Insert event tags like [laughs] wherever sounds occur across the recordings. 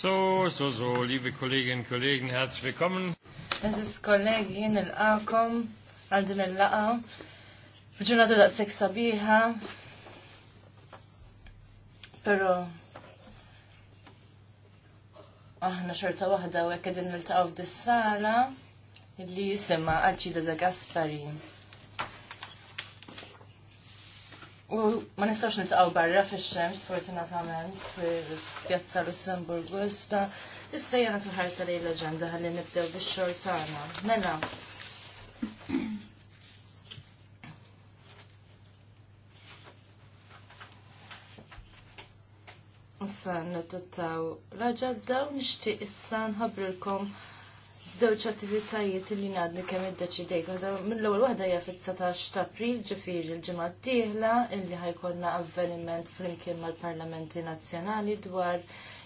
So, so, so, liebe Kolleginnen und Kollegen, herzlich willkommen. Aziz kollegi, nil-għakom għal din il-laqa. Bġunata da' seksa biħa. Pero, aħna xorta wahda u għekedin nil-taqaw f'dis-sala illi jisima għalċida da' Gasparin. U ma nistax nitqaw barra fi xemx, fortunatament fi pjazza u issa issa jena tuħar sali l-aġenda ħalli nibdew bix-xogħol tagħna. Mela. Issa nittuttaw l-aġenda u nixtieq issa nħabbrilkom żewġ attivitajiet li ngħadni kemm iddeċidejt. Mill-ewwel waħda hija fit-19 ta' April ġifieri l-ġimgħa d-dieħla illi ħajkollna avveniment flimkien mal-Parlamenti Nazzjonali dwar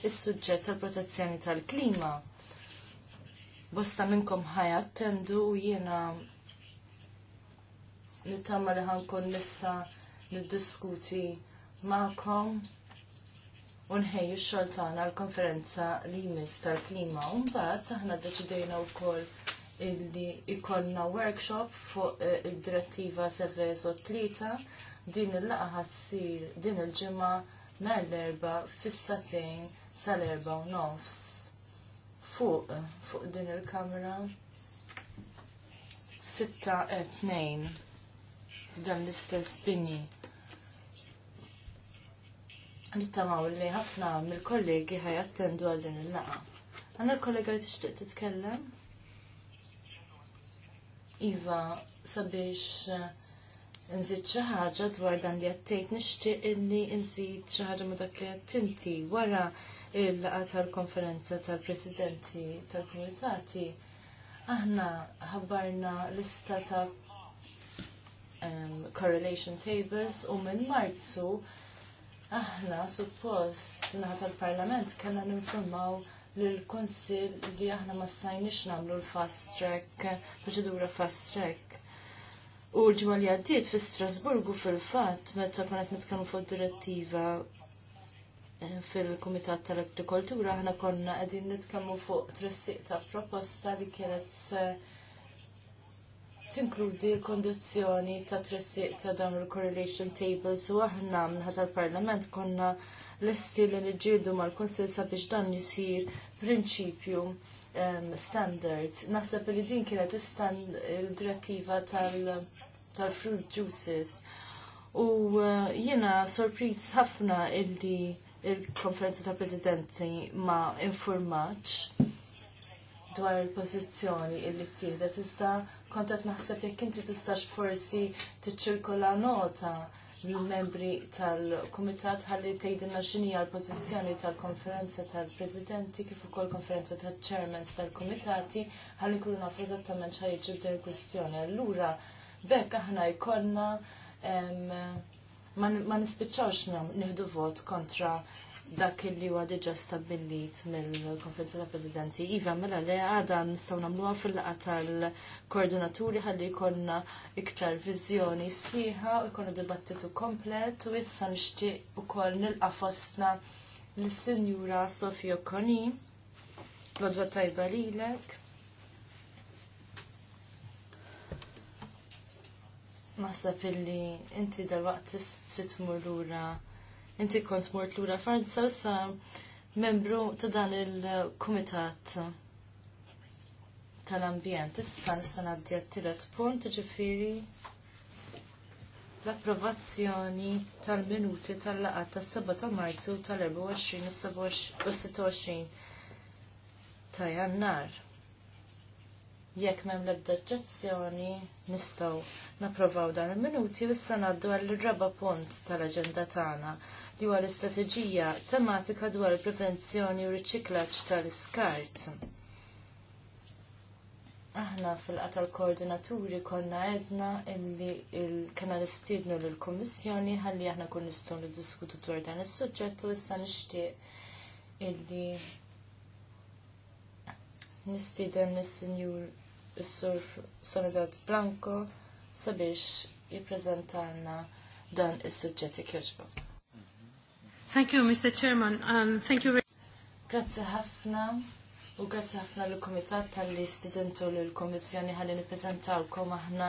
is-suġġett tal-protezzjoni tal-klima. Bosta minnkom ħajattendu u jiena nitama li ħankun nissa niddiskuti ma'kom unħejju x-xogħol tagħna l-konferenza li jmiss tal-klima. u mbagħad aħna ddeċidejna wkoll illi ikollna workshop fuq eh, id-direttiva Seveso 3 din il laqgħa ħassir din il-ġimgħa nhar l-erba fissatejn sal-erba u nofs. Fuq, eh, fuq din il-kamra. Sitta e tnejn f'dan l-istess bini nittamaw li ħafna mill-kollegi ħaj attendu għal din il-laqa. Għanna kollega li tixtieq titkellem? Iva, sabiex eh, nżid xi ħaġa dwar dan li għattejt nixtieq illi nżid xi ħaġa ma' dak li għattinti wara il-laqa tal-konferenza tal-presidenti tal-komitati. Aħna ħabbarna lista ta' correlation tables u minn Marzu Aħna, suppost, naħat l parlament kellna ninformaw l kunsill li aħna ma stajniex nagħmlu l-fast track, proċedura fast track. U l-ġimgħa li għaddiet fi Strasburgu fil-fatt meta konet nitkanu nitkellmu fuq direttiva eh, fil-Kumitat tal-Agrikoltura aħna konna qegħdin nitkellmu fuq tressiq ta' proposta li kienet eh, tinkludi l-kondizzjoni ta' tressiq ta' dawn il-correlation tables u aħna minnħat tal-Parlament konna l-esti li nġirdu mal-Konsil sabiex dan jisir prinċipju ehm, standard. Naħseb li din kienet il-direttiva tal-fruit juices. U eh, jiena sorpriz ħafna illi il-konferenza ta' prezidenti ma informaċ dwar il-pożizzjoni illi tieħdet tista kont qed naħseb jekk inti tistax forsi tiċċirkola nota lill-membri tal-kumitat ħalli tgħidilna x'inhi l-pożizzjoni tal-konferenza tal-presidenti kif ukoll konferenza tal-chairmans tal-kumitati ħalli nkunu nafu eżattament x'ha jiġri din il-kwistjoni. Allura bekk aħna jkollna ma nispiċċawx nieħdu vot kontra dak li huwa diġà stabbilit mill-konferenza ta' Presidenti. Iva, mela li għada nistgħu nagħmluha fil-laqgħa tal-koordinaturi ħalli jkollna iktar viżjoni sħiħa u jkollna dibattitu komplet u issa nixtieq ukoll nilqa' fostna lis-Sinjura Sofia Koni. Lodwa tajba lilek. Ma illi inti dal-waqt titmur lura inti kont mort l-ura Franza u sa membru ta' dan il-Kumitat tal-Ambjent. Issa nistan għaddi għat punt, l-approvazzjoni tal-minuti tal laqat tas-7 ta' Marzu tal-24 u 26 ta' Jannar. Jekk m'hemm l-ebda nistaw nistgħu napprovaw dan il-minuti issa ngħaddu għall raba punt tal-aġenda tagħna dwar l-istrateġija tematika dwar il-prevenzjoni u riċiklaġġ tal-iskart. Aħna fil-qatal koordinaturi konna edna illi il l istidnu l-Komissjoni ħalli aħna kun nistgħu niddiskutu dwar dan is-suġġett u issa nixtieq illi nistieden is-Sinjur is-Sur Soledad Blanco sabiex jippreżentalna dan is-suġġetti kieġbok. Thank you, Mr. Chairman, and thank you very Grazie ħafna u grazie ħafna l-Kumitat tal-li studentu l-Komissjoni ħalli niprezentawkom aħna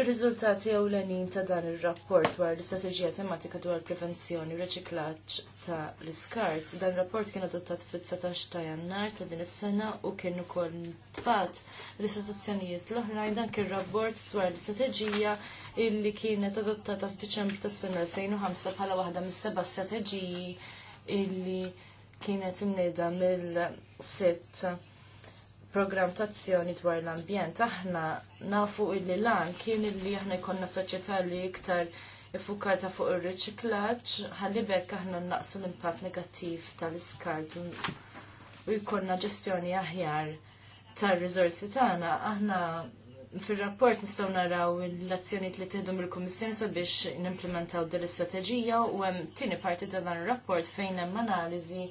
Ir-riżultati ewlenin ta' dan ir-rapport dwar l-istrateġija tematika dwar prevenzjoni u riċiklaġġ ta' l-iskart, dan rapport kien adottat fit-19 ta' jannar ta' din is-sena u kien ukoll tfat l-istituzzjonijiet l-oħrajn dan kien rapport dwar l-istrateġija illi kienet adottata f'Diċembru tas-sena 2005 bħala waħda mis-seba' strateġiji illi kienet imnejda mill-sitt program ta' azzjoni dwar l-ambjent, aħna nafu illi lan kien illi aħna jkollna soċjetà li iktar ifukata fuq ir-riċiklaġġ, ħalli bekk aħna naqsu l-impatt negattiv tal-iskart u jkollna ġestjoni aħjar tar-riżorsi tagħna. Aħna fir-rapport nistgħu naraw l-azzjonijiet li teħdu mill-Kummissjoni sabiex nimplementaw din l-istrateġija u hemm tieni parti ta' dan ir-rapport fejn hemm analiżi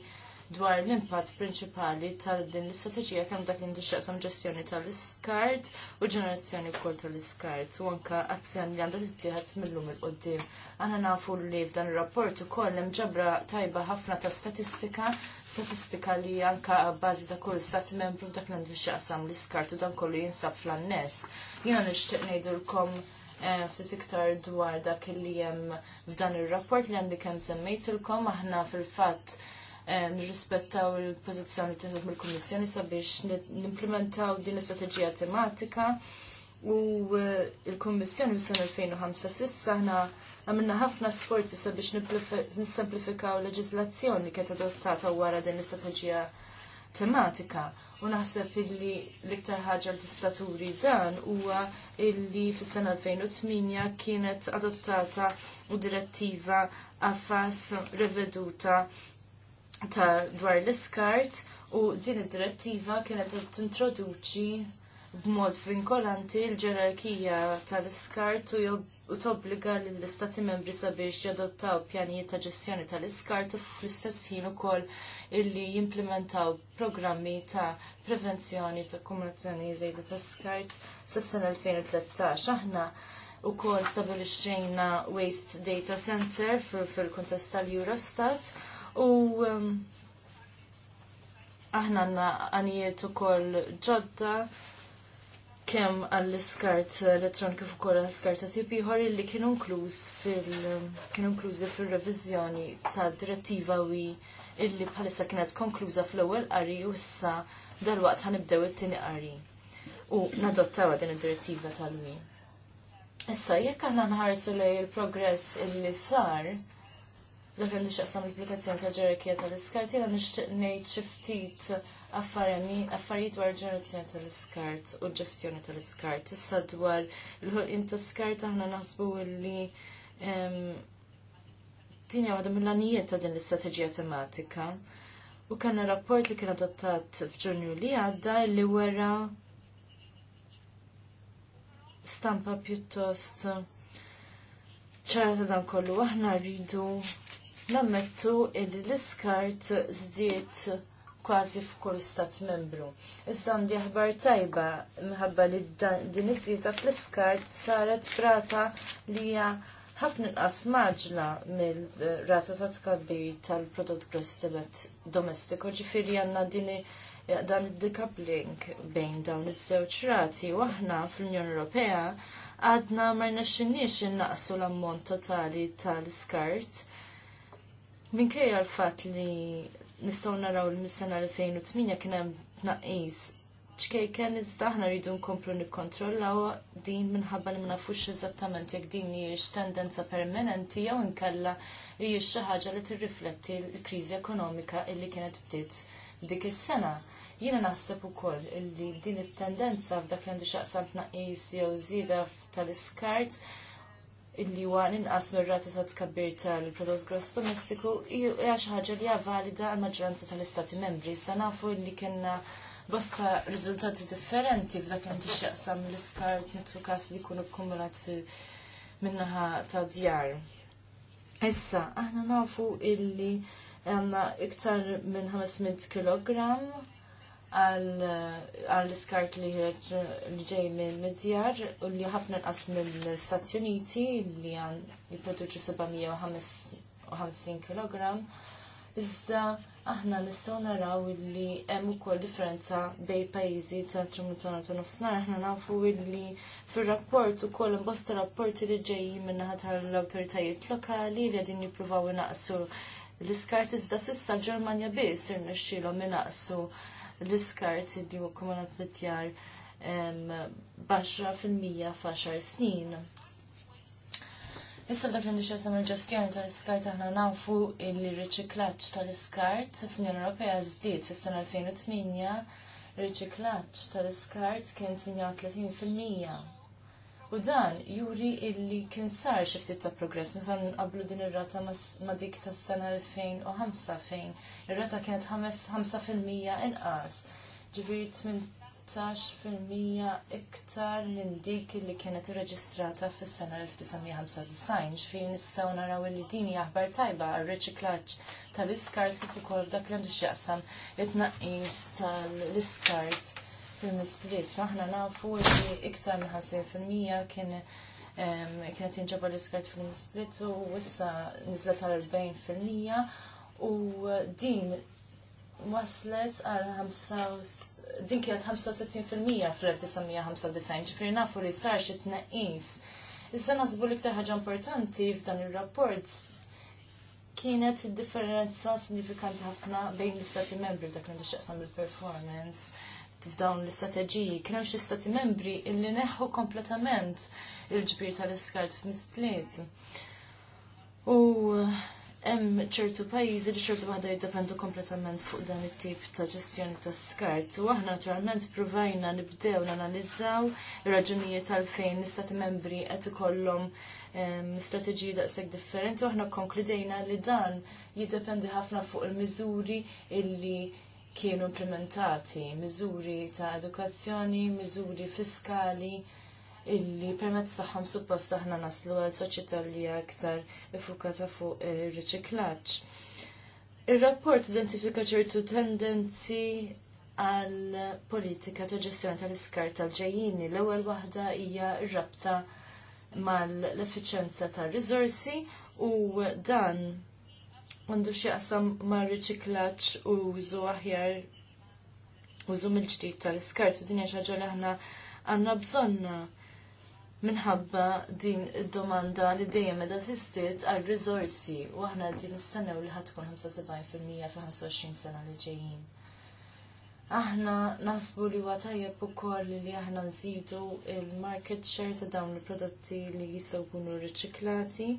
dwar l-impatt prinċipali tal-din l-istrateġija kemm dak li xaqsam ġestjoni tal-iskart u ġenerazzjoni wkoll tal-iskart u anke azzjoni li għandha tittieħed millum il-qoddim. Aħna nafu li f'dan ir-rapport ukoll hemm ġabra tajba ħafna ta' statistika, statistika li anke bażi ta' kull stat membru f'dak li għandu l-iskart u dan kollu jinsab fl-annes. Jiena nixtieq ngħidulkom eh, ftit iktar dwar dak li hemm f'dan ir-rapport li għandi kemm semmejtilkom aħna fil-fatt Eh, nirrispettaw il-pożizzjoni li mill-Kummissjoni sabiex nimplementaw din l-istrateġija tematika u eh, il-Kummissjoni mis 2005 sissa ħna għamilna ħafna sforzi sabiex nissemplifikaw l-leġislazzjoni kienet adottata wara din l-istrateġija tematika u naħseb illi l-iktar ħaġa l-istaturi dan huwa illi fis-sena 2008 kienet adottata u direttiva għafas reveduta ta' dwar l-iskart u din id-direttiva kienet tintroduċi b'mod vinkolanti l-ġerarkija tal-iskart u tobbliga lill-istati membri sabiex jadottaw pjanijiet ta' ġestjoni tal-iskart u fl-istess ħin ukoll illi jimplementaw programmi ta' prevenzjoni ta' kumulazzjoni żejda ta' iskart sas-sena 2013. Aħna u kol stabilixxejna Waste Data Center fil-kontest tal-Eurostat u um, aħna għanna għanijiet u koll ġodda kem għall-iskart elettronik fuq koll għall skart ta' tipi li kienu inkluż fil um, kienu inklużi fil-reviżjoni ta' direttiva u illi bħalissa kienet konkluża fl-ewwel qari u issa dalwaqt ħanibdew it-tieni qari u nadottaw din id-direttiva tal-wi. Issa jekk aħna nħarsu lej il-progress illi sar, dak li nixtaqsam l-applikazzjoni ta' ġerarkija tal-iskart, jena nixtieq ngħid xi ftit affarijiet dwar ġenerazzjoni tal-iskart u ġestjoni tal-iskart. Issa dwar il-ħolqien ta' skart aħna naħsbu li din hija mill-għanijiet ta' din l-istrateġija tematika. U kanna rapport li kien adottat f'ġunju li għadda li wera stampa pjuttost ċara ta' dan kollu aħna rridu nammettu illi l-iskart żdied kważi f'kull stat membru. Iżda għandi aħbar tajba minħabba li din iżjita fl-iskart saret brata li hija ħafna inqas maġla mill-rata ta' tkabbir tal-prodott gross domestiku, ġifieri għandna din dan id-decoupling bejn dawn iż-żewġ rati u aħna fl-Unjoni Ewropea għadna ma rnexxinniex innaqsu l-ammont totali tal-iskart minkejja l-fatt li nistgħu naraw l-mis-sena 2008 kien hemm tnaqqis ċkejken iżda aħna rridu nkomplu nikkontrollaw din minħabba li ma nafux eżattament jekk din hijiex tendenza permanenti jew inkella hijiex xi ħaġa li tirrifletti l-kriżi ekonomika illi kienet bdiet dik is-sena. Jiena naħseb ukoll illi din it-tendenza f'dak li għandu xaqsam tnaqqis jew żieda tal-iskart illi huwa ninqas mir-rati ta' tkabbir tal-prodott gross domestiku hija xi ħaġa li hija valida għal maġġoranza tal-istati membri. Sta nafu li kienna bosta riżultati differenti f'dak li għandu l iskar mitu każ li jkunu kkumulat min-naħa ta' djar. Issa, aħna nafu illi għandna iktar minn 500 kg għal iskart li ġej minn Midjar u li ħafna nqas mill-Stati Uniti li għan jiproduċu 755 kg. Iżda aħna nistgħu naraw li hemm ukoll differenza bej pajjiżi ta' tramuntana ta' nofsinhar aħna nafu li fir-rapport ukoll imbosta rapporti li ġejjin minn naħa tal-awtoritajiet lokali li qegħdin jippruvaw inaqsu l-iskart iżda sissa Ġermanja biss irnexxielhom inaqsu l-iskart li huwa kumulat bid baxra fil-mija f'għaxar snin. Issa dak l-indiċa sam il-ġestjoni tal-iskart aħna nafu il-riċiklaċ tal-iskart fl-Unjoni Ewropea zdid fis-sena 2008 riċiklaċ tal-iskart kien 38%. U dan juri illi kien sar xi ftit ta' progress meta nqablu din ir-rata ma' dik tas-sena 2005 fejn ir-rata kienet 5% inqas. Ġifieri 18% iktar minn dik illi kienet irreġistrata fis-sena 1995 ġifieri nistgħu naraw illi din hija aħbar tajba għar-riċiklaġġ tal-iskart kif ukoll dak li għandu x'jaqsam it-tnaqqis tal-iskart fil misplit Aħna nafu li iktar minn 50% kien kienet jinġabu l-iskart fil misplit u issa nizlet għal 40 u din waslet għal 5 din kienet 65% fil 1995 ġifri nafu li sar xi naqis. Issa nasbu l-iktar ħaġa importanti f'dan ir-rapport kienet differenza sinifikanti ħafna bejn l-istati membri dak li xaqsam il-performance f'dawn l-istrateġiji, kien hemm xi stati membri illi neħħu kompletament il-ġbir tal-iskart f'nispliet. U eh, hemm ċertu pajjiżi li ċertu waħda jiddependu kompletament fuq dan it-tip ta' ġestjoni ta' skart. U aħna naturalment provajna nibdew nanalizzaw ir-raġunijiet għalfejn l-istati membri qed ikollhom ehm, strateġiji daqshekk differenti u aħna konkludejna li dan jiddependi ħafna fuq il-miżuri illi kienu implementati miżuri ta' edukazzjoni, miżuri fiskali illi permezz tagħhom suppost aħna naslu għal soċjetà li hija aktar effukata fuq ir-riċiklaġġ. Ir-rapport identifika ċertu tendenzi għal politika ta' ġestjoni tal-iskar tal-ġejjini. L-ewwel waħda hija r-rabta mal-effiċenza tar-riżorsi u dan għandu xieqsam ma' riċiklaġġ u użu aħjar użu mill-ġdid tal skart u din hija xaġa li aħna għandna bżonna minħabba din id-domanda li dejjem edha tistiet għal rizorsi u aħna din nistennew li ħatkun 75% fil-25 sena li ġejjin. Aħna nasbu li huwa tajjeb ukoll li aħna nżidu il-market share ta' dawn il-prodotti li jistgħu jkunu riċiklati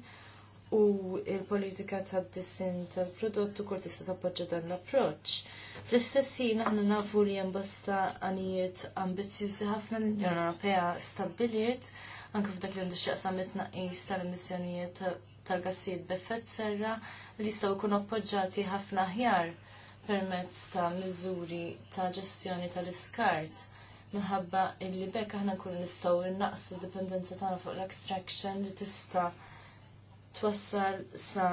u il-politika ta' dissin tal-prodott ukoll tista' tappoġġa dan l-approċċ. Fl-istess ħin aħna nafu li hemm bosta għanijiet ambizjużi ħafna l-Unjoni Ewropea stabbiliet anke f'dak li għandu x'jaqsam it tal-emissjonijiet tal-gassijiet b'effett serra li jistgħu jkunu appoġġjati ħafna aħjar permezz ta' miżuri ta' ġestjoni tal-iskart minħabba illi bekk aħna nkunu nistgħu innaqsu dipendenza tagħna fuq l-extraction li tista' twassal sa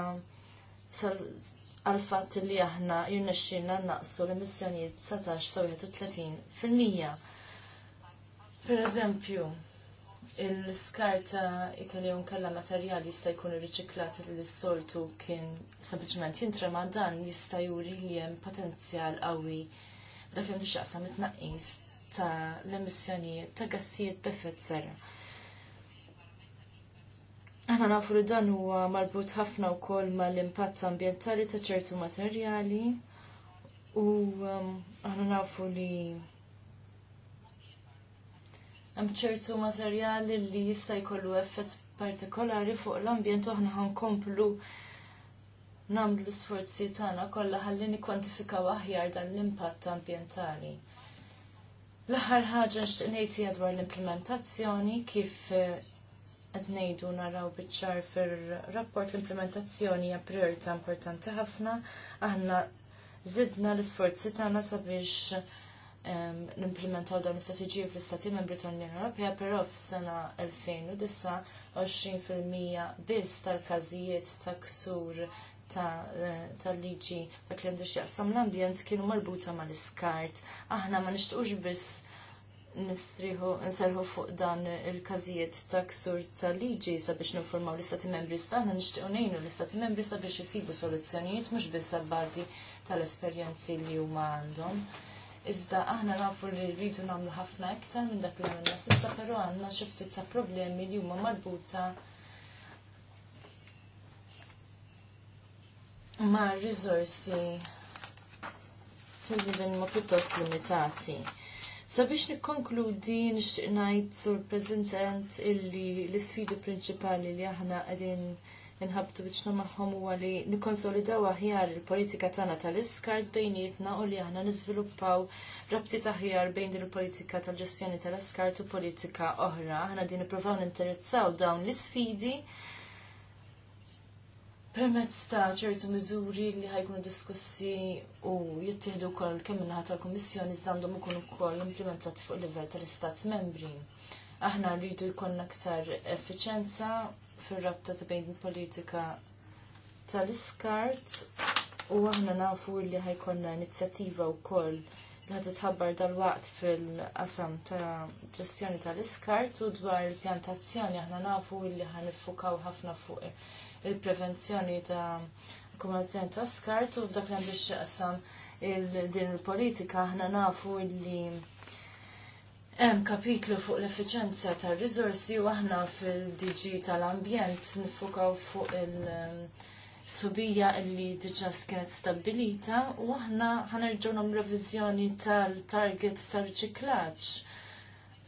għal-fat li aħna jirnexxilna naqsu l-emissjonijiet 19 sa 31 fil-mija. Per eżempju, il-skarta un kalla materjali jista' jkun irriċiklat li s-soltu kien sempliċement ma dan jista' juri li hemm potenzjal qawwi f'dak li xaqsam it-tnaqqis ta' l-emissjonijiet ta' gassijiet b'effett serra. Aħna nafu li dan huwa marbut ħafna wkoll mal-impatt ambjentali ta' ċertu materjali u um, aħna nafu li hemm ċertu materjali li jista' jkollu effett partikolari fuq l-ambjent aħna ħankomplu nagħmlu l-isforzi tagħna kollha ħalli nikkwantifikaw aħjar dan l-impatt ambjentali. L-aħħar ħaġa x'ngħid dwar l-implementazzjoni kif eh, qed ngħidu naraw biċ-ċar fir-rapport l-implementazzjoni hija priorità importanti ħafna. Aħna żidna l-isforzi tagħna sabiex ehm, nimplementaw dawn l-istrateġiji fl-Istati Membri tal-Unjoni Ewropea, però f'sena 2009 20% biss tal-każijiet ta' ksur eh, tal-liġi ta' kliendu jaqsam, l-ambjent kienu marbuta mal iskart Aħna ma nixtuqx biss nistriħu nserħu fuq dan il-każijiet ta' ksur ta' liġi sabiex nifurmaw l-istati membri staħna nixtiequ ngħinu l-istati membri sabiex isibu soluzzjonijiet mhux biss bażi tal-esperjenzi li huma għandhom. Iżda aħna nafu li rridu nagħmlu ħafna iktar minn dak li għamilna s'issa, però għandna xi ftit ta' problemi li huma marbuta ma' riżorsi fil-bidin ma' pjuttost limitati. Sabiex nikkonkludi nixtieq ngħid sur President illi l-isfidi prinċipali li aħna qegħdin nħabtu biex magħhom huwa li nikkonsolidaw aħjar il-politika tagħna tal-iskart bejnietna u li aħna niżviluppaw rabtiet aħjar bejn din il-politika tal-ġestjoni tal-iskart u politika oħra. Aħna din nippruvaw ninterizzaw dawn l-isfidi permezz ta' ċertu miżuri li ħajkunu diskussi u jittieħdu wkoll kemm minnaħa tal-Kummissjoni iżda għandhom ikunu wkoll implementati fuq livell tal-Istat membri. Aħna rridu jkollna aktar effiċenza fir-rabta ta' bejn politika tal-iskart u aħna nafu li ħajkonna inizjattiva wkoll li ħad tħabbar dal-waqt fil-qasam ta' ġestjoni tal-iskart u dwar il-pjantazzjoni aħna nafu li ħanifukaw ħafna fuq il-prevenzjoni ta' kumulazzjoni ta' skart u f'dak li għandu xaqsam din il-politika aħna nafu illi hemm kapitlu fuq l efficienza tar rizorsi u aħna fil-DG tal-ambjent nifukaw fuq il- subija illi diġa kienet stabilita u aħna ħanerġu nom revizjoni tal-target tar riċiklaġġ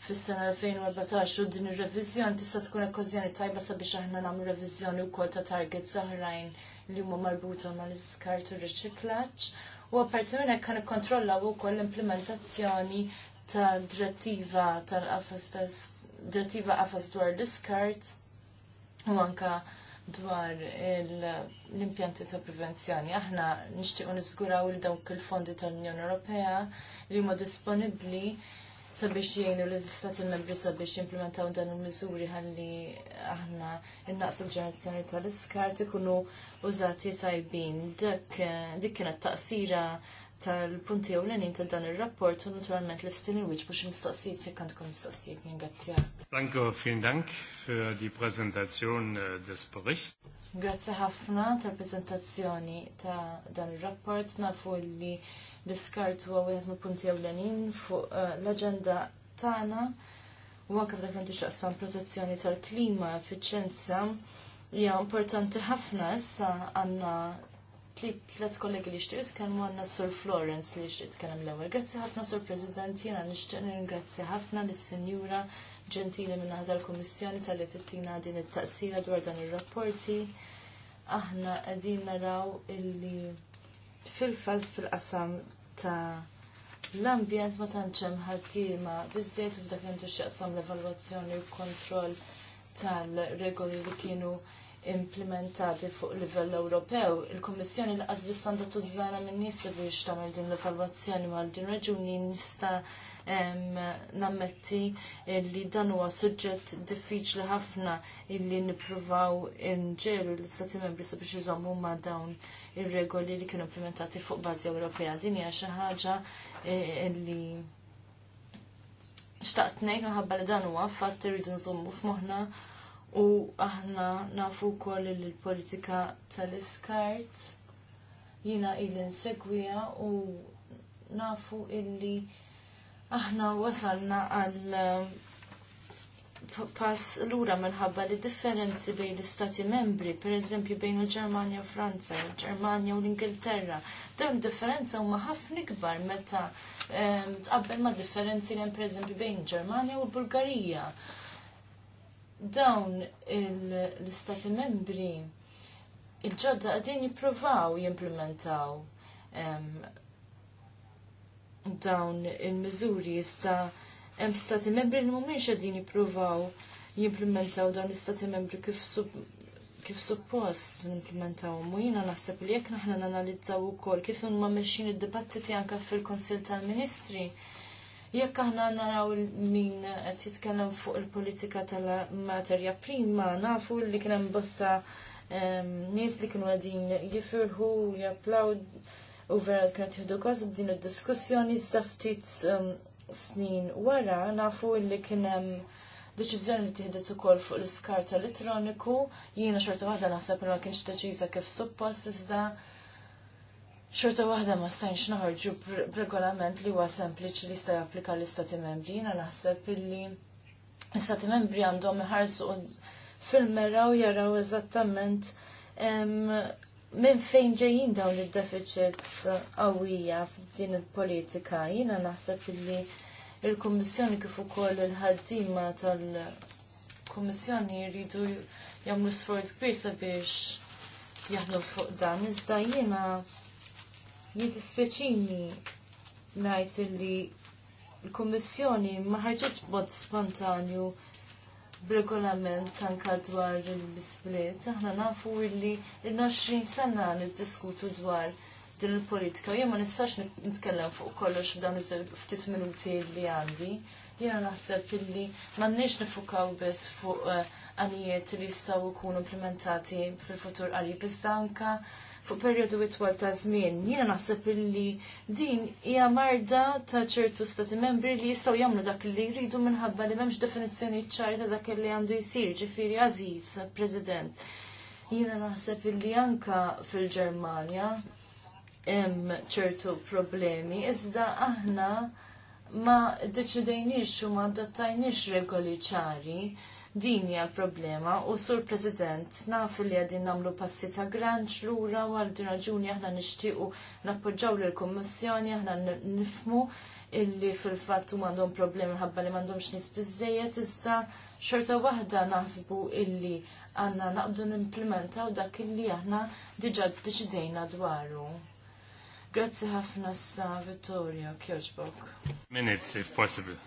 fis-sena 2014 u din ir-reviżjoni tista' tkun okkażjoni tajba sabiex aħna nagħmlu reviżjoni wkoll ta' targets oħrajn li huma marbuta mal-iskart u riċiklaġġ. U apparti minn hekk kan ikkontrollaw ukoll l-implementazzjoni ta' direttiva tal-qafas direttiva qafas dwar l-iskart u anka dwar l-impjanti ta' prevenzjoni. Aħna nixtiequ niżguraw il dawk il-fondi tal-Unjoni Ewropea li huma disponibbli sabiex jgħinu li l-istati membri sabiex jimplementaw dan il-miżuri ħalli aħna in-naqsu l-ġenerazzjoni tal-iskart ikunu użati tajbin. Dik kienet taqsira tal-punti ewlenin ta' dan ir-rapport u naturalment l istini il-wiċ biex mistaqsijiet jekk għandkom mistaqsijiet ningrazzja. Danko, fin Dank für di prezentazzjon äh, des bericht. Grazzi ħafna tal-prezentazzjoni ta' dan ir-rapport nafu li diskart huwa wieħed mill-punti ewlenin fuq eh, l-aġenda tagħna u anke f'dak li xaqsam protezzjoni tal-klima, effiċenza hija importanti ħafna issa għandna tliet kollegi li xtieq tkellmu għandna Sur Florence li xtieq tkellem l-ewwel. Grazzi ħafna Sur President, jiena nixtieq ningrazzi ħafna lis-Sinjura ġentili minn ħadha l-Kummissjoni tal-li tittina din it-taqsira dwar dan ir-rapporti. Aħna qegħdin naraw illi fil fall fil-qasam ta' l-ambjent ma tantx hemm ħaddiema biżżejjed f'dak li għandu x'jaqsam l-evalwazzjoni u kontroll tal-regoli li kienu implementati fuq livell Ewropew. Il-Kummissjoni laqas biss għandha tużżana minn nies biex tagħmel din l-evalwazzjoni mal din raġuni nista' nammetti li dan huwa suġġett diffiċli ħafna illi nippruvaw inġelu l-istati membri sabiex iżommu ma' dawn ir-regoli li kienu implementati fuq bażi Ewropea. Din hija xi ħaġa e, illi xtaqt ngħid minħabba li dan huwa fatt irridu nżommu f'moħħna u aħna nafu wkoll li l-politika tal-iskart jiena illi insegwija u nafu illi aħna wasalna għal um, pass lura minħabba li differenzi bejn l-istati membri, per eżempju bejn il-Ġermanja u Franza, il-Ġermanja u l-Ingilterra, dawn differenza huma ħafna kbar meta um, tqabbel ma' differenzi li per pereżempju bejn il-Ġermanja u l-Bulgarija. Dawn l-istati membri il-ġodda għadin jipprovaw jimplementaw um, dawn il-miżuri iżda hemm stati membri li mhumiex qegħdin jippruvaw jimplementaw dawn l-istati membri kif kif suppost nimplementaw mu jina naħseb li jekk naħna nanalizzaw ukoll kif huma mexxin id-dibattiti anke fil-Kunsill tal-Ministri. Jekk aħna naraw min qed jitkellem fuq il-politika tal-materja prima, nafu li kien hemm bosta nies li kienu qegħdin jifirħu japplaw u vera kienet jihdu kos b'din id-diskussjoni iżda ftit um, snin wara nafu illi kien hemm deċiżjoni li u ukoll fuq l skart elettroniku, jiena xorta waħda naħseb ma kienx deċiża kif suppost iżda xorta waħda ma stajnx naħarġu b'regolament li huwa sempliċi li jista' japplika l-istati membri, jiena naħseb illi l-istati membri għandhom iħarsu fil meraw jaraw eżattament minn fejn ġejjin dawn id-deficit qawwija f'din il-politika, jiena naħseb illi il-Kummissjoni kif ukoll il-ħaddiema tal-Kummissjoni jridu jagħmlu sforz kbir sabiex jaħdmu fuq dan. Iżda jiena jiddispjaċini ngħid illi l-Kummissjoni ma ħarġitx b'mod spontanju b'regolament anka dwar il bisplet aħna nafu illi il-20 sena niddiskutu dwar din il-politika. Jien ma nistax nitkellem fuq kollox f'dan ftit minuti li għandi. Jiena naħseb illi m'għandniex nifukaw biss fuq eh, għanijiet li jistgħu jkunu implementati fil-futur qarib iżda anka fuq perjodu itwal ta' żmien. Jiena naħseb illi din hija marda ta' ċertu stati membri li jistgħu jagħmlu dak li jridu minħabba li m'hemmx definizzjoni ċari ta' dak li għandu jsir, ġifieri Aziz, President. Jiena naħseb illi anka fil-Ġermanja hemm ċertu problemi, iżda aħna ma deċidejniex u ma adottajniex regoli ċari Din hija l-problema u sur President nafu li għadin namlu passi ta' granċ lura u għaldin din raġuni aħna nixtiequ nappoġġaw lill-Kummissjoni aħna nifmu illi fil-fatt u għandhom problemi ħabba li m'għandhomx nies biżejjed iżda xorta waħda naħsbu illi għandna naqbdu nimplementaw dak illi aħna diġà ddeċidejna dwaru. Grazzi ħafna sa Vittorio Kjoġbok. Minutes, if possible.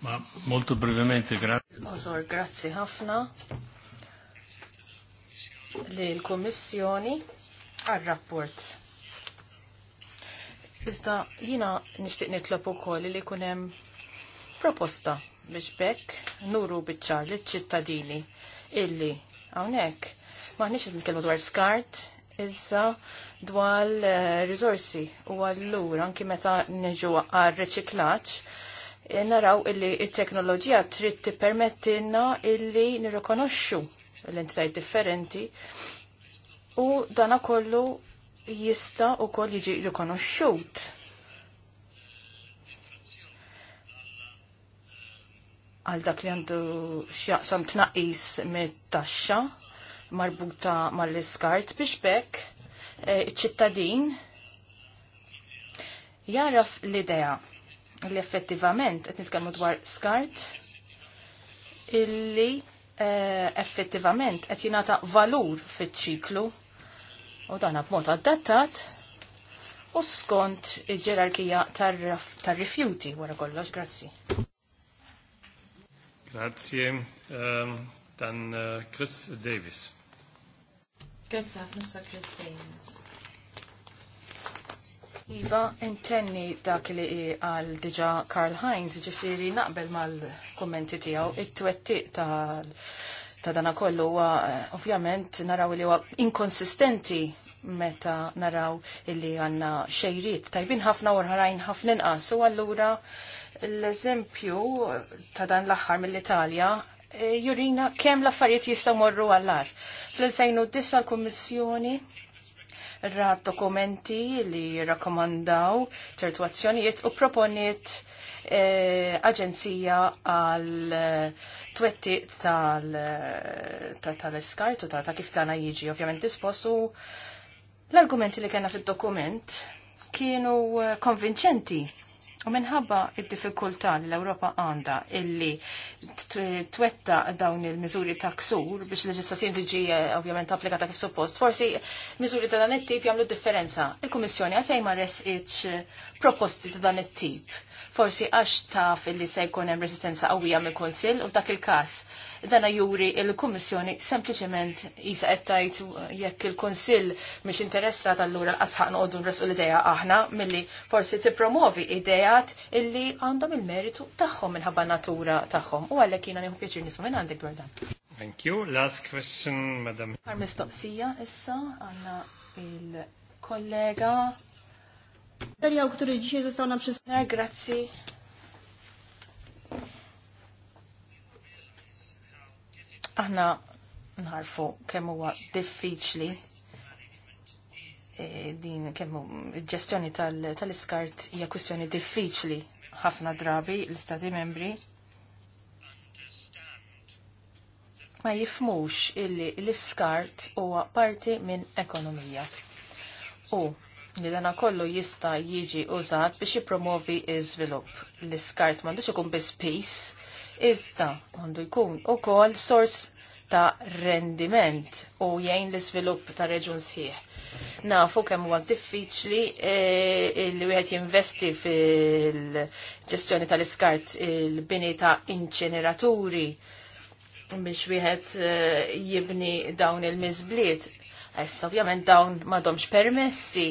Ma molto brevemente, grazie. Ozor, grazie ħafna li l-Kommissjoni għal-rapport. Iżda jina nishtiq nitlob ukoll li kunem proposta biex bekk nuru biċċar li ċittadini illi hawnhekk maħniex qed nitkellmu dwar skart iżda dwar eh, risorsi u allura anki meta niġu għar reċiklaġġ Eh, naraw illi il-teknoloġija trid tippermettilna illi nirrikonoxxu l-entitajiet differenti u dana kollu jista' wkoll jiġi rikonoxxut. Għal dak li għandu x'jaqsam tnaqqis mit-taxxa marbuta mal-iskart biex bekk eh, iċ-ċittadin jaraf l-idea li effettivament qed nitkellmu dwar skart illi eh, effettivament qed jingħata valur fiċ-ċiklu u dan b'mod adattat u skont il-ġerarkija tar-rifjuti tar wara kollox, grazzi. Grazie. Um, dan uh, Chris Davis. Grazie, Chris Davis. Iva, intenni dak li għal diġa Karl Heinz, ġifiri naqbel mal-kommenti tijaw, it-twettiq ta', dana kollu huwa eh, ovvjament naraw li huwa inkonsistenti meta naraw li għanna xejriet tajbin ħafna u ħarajn ħafna inqas. U allura l-eżempju ta' dan l-aħħar mill-Italja eh, jurina kemm l-affarijiet jistgħu morru għall-ar. Fl-2009 l-Kummissjoni rab dokumenti li rakomandaw ċertu azzjonijiet u proponiet eh, aġenzija għal eh, twetti tal-eskartu eh, ta', ta, ta kif tana jiġi ovvjament dispostu l-argumenti li kena fil-dokument kienu eh, konvinċenti U minħabba id-diffikultà li l-Ewropa għandha illi twetta dawn il-miżuri ta' ksur biex leġislazzjoni tiġi eh, ovvjament applikata kif suppost, forsi miżuri ta' dan it-tip jagħmlu differenza. Il-Kummissjoni għalfejn ma resqitx eh, proposti ta' dan it-tip. Forsi għax taf illi se jkun hemm resistenza qawwija mill-Kunsill u dak il-każ dana juri il-Kummissjoni sempliċement jisa għettajt jekk il-Konsil miex interessat allura l-asħaq noqdu nresu l-ideja aħna milli forsi t-promovi idejat illi għandhom il-meritu tagħhom minħabba natura tagħhom. U għalhekk jiena nieħu pjaċir nismu minn għandek dwar dan. Thank you. Last question, madam. Għar mistoqsija issa għanna il-kollega. Serja Grazzi. Aħna nħarfu kemm huwa diffiċli e, din kemm il-ġestjoni tal-iskart hija kwistjoni diffiċli ħafna drabi l-istati membri ma jifmux illi l-iskart huwa parti minn ekonomija. U li dana kollu jista jiġi użat biex jipromovi iż-żvilupp. L-iskart m'għandux ikun biss peace iżda għandu jkun ukoll sors ta' rendiment u jgħin l-iżvilupp ta' reġun sħiħ. Nafu kemm huwa diffiċli e, il li wieħed jinvesti fil-ġestjoni tal-iskart il-bini ta' inċeneraturi biex wieħed e, jibni dawn il-miżbliet. Issa ovvjament dawn m'għadhomx permessi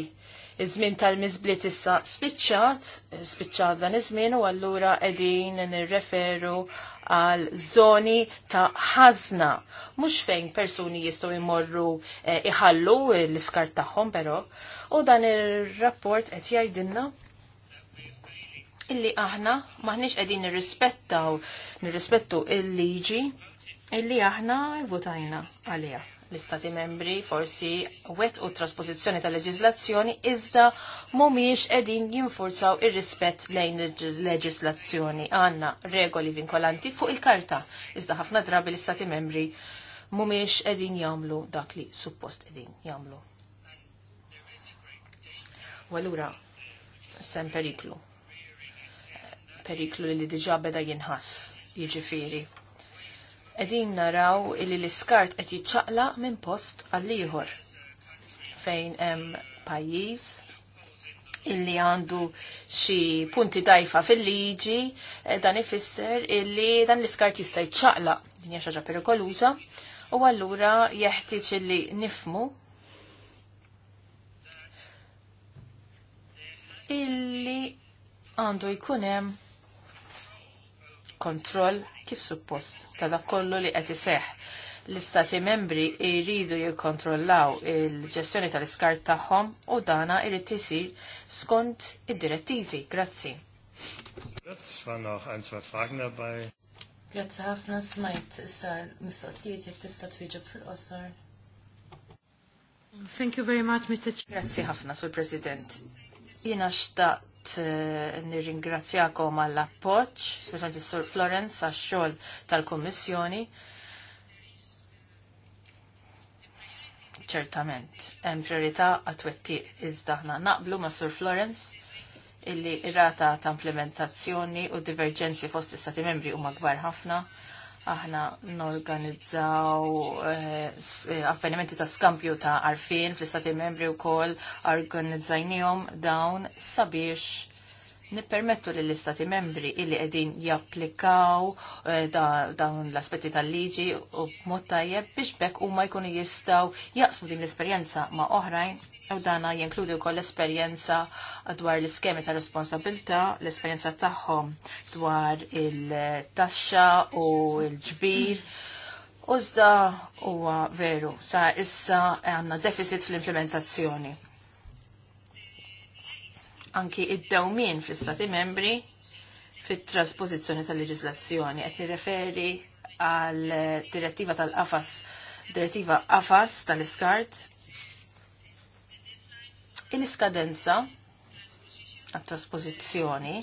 iż-żmien tal-miżbliet issa spiċċat, spiċċat dan iż-żmien u allura qegħdin nirreferu għal zoni ta' ħazna. Mux fejn persuni jistgħu jmorru eh, iħallu l-iskart tagħhom però. U dan ir-rapport qed jgħidilna illi aħna maħniex qegħdin nirrispettaw nirrispettu il-liġi illi aħna votajna għaliha l-Istati membri forsi wet u trasposizjoni tal leġislazzjoni iżda mumiex edin jinfurzaw ir-rispett lejn leġislazzjoni għanna regoli vinkolanti fuq il-karta iżda ħafna drabi l-Istati membri mumiex edin jamlu dak li suppost edin jamlu. Walura, sem periklu. Periklu li diġa beda jinħass, jiġifiri Edin naraw illi l-iskart qed jiċċaqla minn post għal ieħor fejn hemm pajjiż illi għandu xi punti dajfa fil-liġi eh, dan ifisser illi dan l-iskart jista' jiċċaqla din hija xaġa perikoluża u allura jeħtieġ illi nifmu illi għandu jkun hemm kontroll kif suppost ta' dak kollu li qed iseħħ. L-istati membri jridu jikkontrollaw il-ġestjoni tal-iskart tagħhom u dana jrid isir skont id-direttivi. Grazzi. Grazzi ħafna smajt issa mistoqsijiet jekk tista' twieġeb fil-qosor. Thank you very much, Mr. Grazzi ħafna, Sur President. Jiena xta nixtieq eh, nirringrazzjakom għall appoġġ specialment is-Sur Florence għax-xogħol tal-Kummissjoni. Ċertament, hemm priorità għat twetti iżda aħna naqblu ma' Sur Florence illi r rata ta' implementazzjoni u diverġenzi fost is is-Stati membri huma kbar ħafna aħna norganizzaw eh, eh, avvenimenti ta' skampju ta' arfin fl-istati membri u kol organizzajnijom dawn sabiex nippermettu li l-istati membri illi edin japplikaw eh, dawn l-aspetti tal-liġi u mod tajjeb biex bekk u ma jkunu jistaw jaqsmu din l-esperienza ma oħrajn u dana jinkludi wkoll l-esperjenza dwar l-iskemi ta' responsabilta, l-esperjenza tagħhom dwar il-taxxa u l-ġbir. Użda huwa veru, sa issa għandna deficit fl-implementazzjoni anki id-dawmin fl-istati membri fit-trasposizjoni tal-leġislazzjoni. Qed nirreferi għal direttiva tal-qafas, direttiva qafas tal-iskart. Il-iskadenza għat-trasposizjoni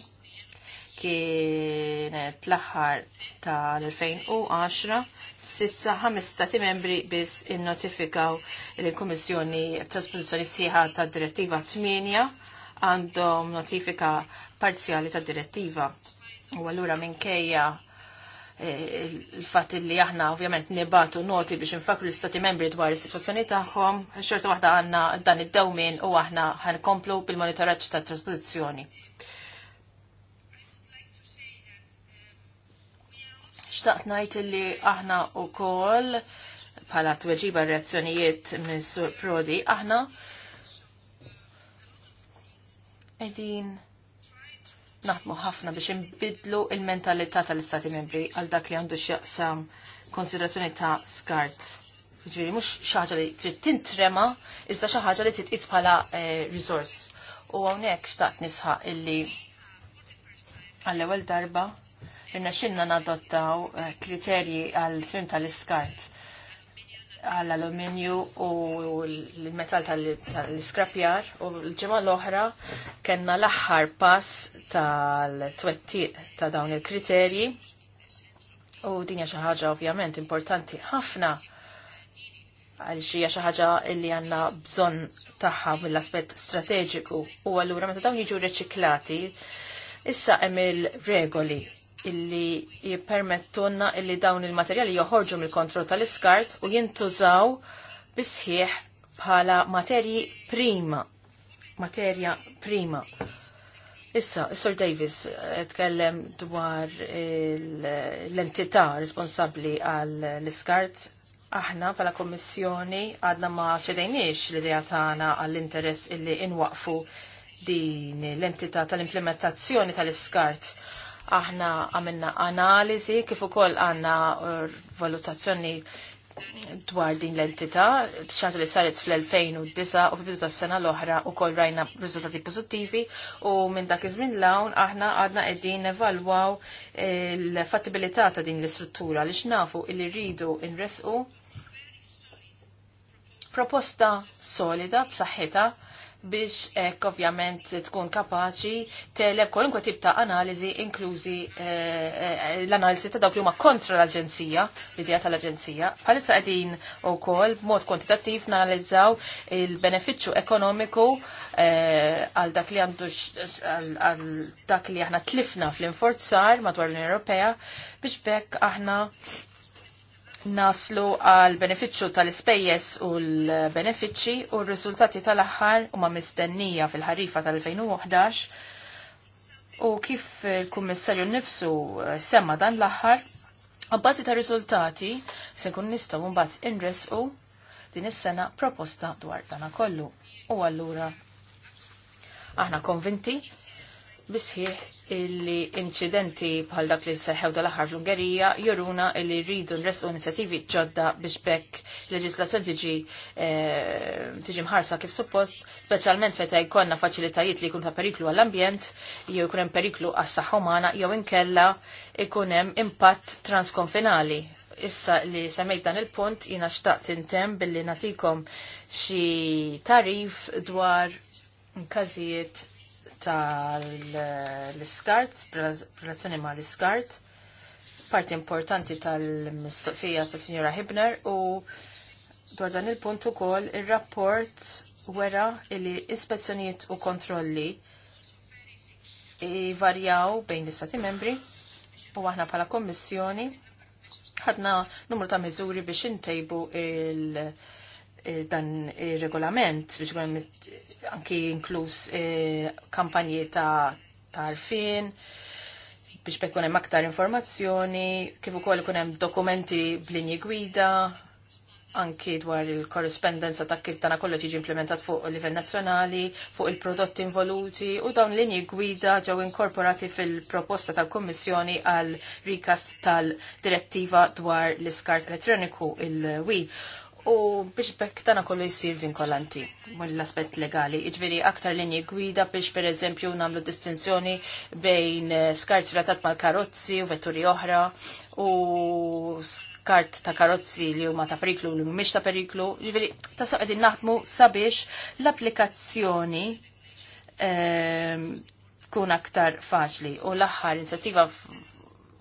kienet l-aħħar tal-2010 sissa ħames stati membri biss innotifikaw il-Kummissjoni trasposizjoni sieħa tad direttiva 8 għandhom notifika parzjali ta' direttiva. U għallura minkejja eh, il-fat li aħna ovvjament nibatu noti biex nfakru l-istati membri dwar is-situazzjoni tagħhom, xorta waħda għandna dan id-dawmin u aħna ħankomplu bil-monitoraġġ ta' trasposizjoni. Xtaqt ngħid li aħna wkoll bħala tweġiba reazzjonijiet minn Sur Prodi aħna Edin naħdmu ħafna biex imbidlu il-mentalità tal-Istati membri għal dak li għandu x'jaqsam konsiderazzjoni ta' skart. mhux mux xaħġa li trid tintrema, iżda xaħġa li titqis bħala eh, resource. U hawnhekk xtaqt nisħaq illi għall-ewel darba Inna xinna nadottaw eh, kriterji għal trim tal-iskart għall-alluminju u l-metal tal-iskrapjar u l-ġimgħa l-oħra kellna l-aħħar pass tal-twettiq ta' dawn il-kriterji u din hija xi ħaġa ovvjament importanti ħafna għal xija hija xi ħaġa li għandna bżonn tagħha mill-aspett strateġiku u allura meta dawn jiġu reċiklati issa hemm il-regoli illi jippermettunna illi dawn il-materjali joħorġu mill-kontroll tal-iskart u jintużaw bisħieħ bħala materji prima. Materja prima. Issa, Sir Davis, eh, tkellem dwar l-entità responsabli għal l-iskart. Aħna pala kommissjoni għadna ma ċedejniex l-idea tagħna għall-interess illi inwaqfu din l-entità tal-implementazzjoni tal-iskart aħna għamilna analizi kif ukoll għandna uh, valutazzjoni dwar din l-entità, xaġa li saret fl-2009 u fil-bidu sena l-oħra u koll rajna riżultati pozittivi u minn dak iż-żmien lawn aħna għadna qegħdin nevalwaw eh, l-fattibilità ta' din l-istruttura li xnafu li rridu nresqu proposta solida b'saħħitha biex ek ovvjament tkun kapaċi teleb kolunkwe tip ta' analizi inklużi eh, eh, l-analizi ta' dawk li huma kontra l-aġenzija, l-idea tal-aġenzija. Bħalissa qegħdin ukoll b'mod kwantitattiv nanalizzaw il-benefiċċju ekonomiku eh, għal dak li għandu għal dak li aħna tlifna fl-inforzar madwar l-Unjoni Ewropea biex bekk aħna naslu għal beneficju tal-ispejjes u l-benefiċi u r-riżultati tal-aħħar huma mistennija fil-ħarifa tal-2011 u kif il-kummissarju nifsu eh, semma dan l-aħħar Għabbażi ta' riżultati se nkun nistgħu mbagħad inresqu din is-sena proposta dwar dana kollu. U allura aħna konvinti bisħieħ illi incidenti bħal dak li seħħew dal-aħħar fl-Ungerija juruna illi rridu nresqu inizjattivi ġodda biex bekk leġislazzjoni tiġi eh, tiġi mħarsa kif suppost, speċjalment feta jkollna faċilitajiet li jkun ta' periklu għall-ambjent, jew jkun hemm periklu għas-saħħa umana, jew inkella jkun hemm impatt transkonfinali. Issa li semmejt dan il-punt jiena xtaqt intem billi natikom xi tarif dwar każijiet tal-iskart, relazzjoni ma' l-iskart, parti importanti tal-mistoqsija ta' Signora Hibner u dwar dan il-punt ukoll ir-rapport wera li ispezzjonijiet u kontrolli varjaw bejn l-istati membri u aħna pala kommissjoni ħadna numru ta' miżuri biex intejbu il- dan il-regolament biex anki inkluż eh, kampanji ta' tarfin biex bekkun hemm aktar informazzjoni, kif ukoll ikun hemm dokumenti b'linji gwida, anki dwar il-korrespondenza ta' kif dana kollox jiġi implementat fuq livell nazzjonali, fuq il-prodotti involuti u dawn linji gwida ġew inkorporati fil-proposta tal-Kommissjoni għal rikast tal-direttiva dwar l-iskart elettroniku il-wi u biex bekk dana kollu jisir vinkolanti l-aspet legali. Iġveri aktar linji gwida biex per eżempju namlu distinzjoni bejn eh, skart ratat mal karozzi u vetturi oħra u skart ta' karozzi li huma ta' periklu li mhumiex ta' periklu. Iġveri ta' sa' din naħdmu sabiex l-applikazzjoni ehm, tkun aktar faċli u l-aħħar inizjattiva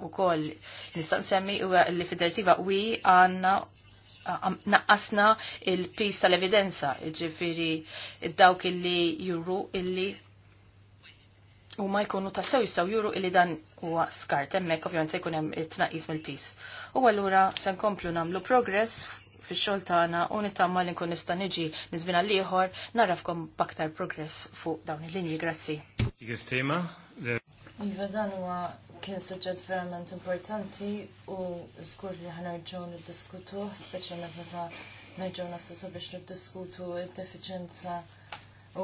u koll nistan li fid-direttiva wi għandna naqqasna il-pis tal-evidenza, ġifiri dawk illi juru illi u ma jkunu tassew jistaw juru illi dan huwa skart, emmek ovvjament jkun hemm it-tnaqqis mill-pis. U allura se nkomplu nagħmlu progress fix-xogħol tagħna u nitamma li nkun nista' niġi minn l ieħor narafkom baktar progress fuq dawn il-linji. Grazzi. Iva dan huwa kien suġġett verament importanti u zgur li ħanerġgħu diskutu, specialment meta nerġgħu nistessa biex niddiskutu d-defiċenza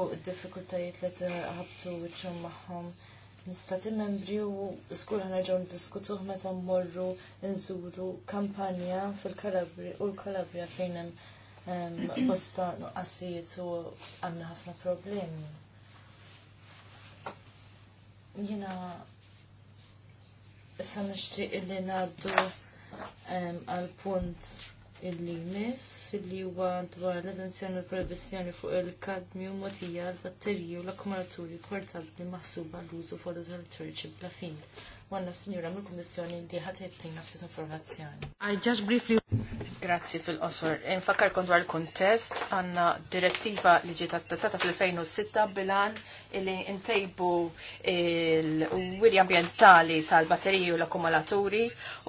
u d-diffikultajiet li t wiċċhom magħhom l Nistati membri u żgur ħanerġgħu diskutu meta mmorru nżuru kampanja fil-Kalabri u l-Kalabria fejn hemm bosta nuqqasijiet u għandna ħafna problemi. Jiena Issa nixtieq illi ngħaddu għal punt illi mis, illi huwa dwar l-eżenzjoni u l-prohibizjoni fuq il-kadmju motija l-batteriji u l-akkumulaturi portabli maħsuba l-użu fotovoltaiċi bla fin għanna s-sinjura mill kummissjoni li ħatettin nafsit informazzjoni. I just briefly. Grazzi fil-qosor. Infakkar kont dwar il-kontest għanna direttiva li ġiet attattata fil-2006 bilan li intejbu il-wiri ambientali tal-batteriji u l-akkumulaturi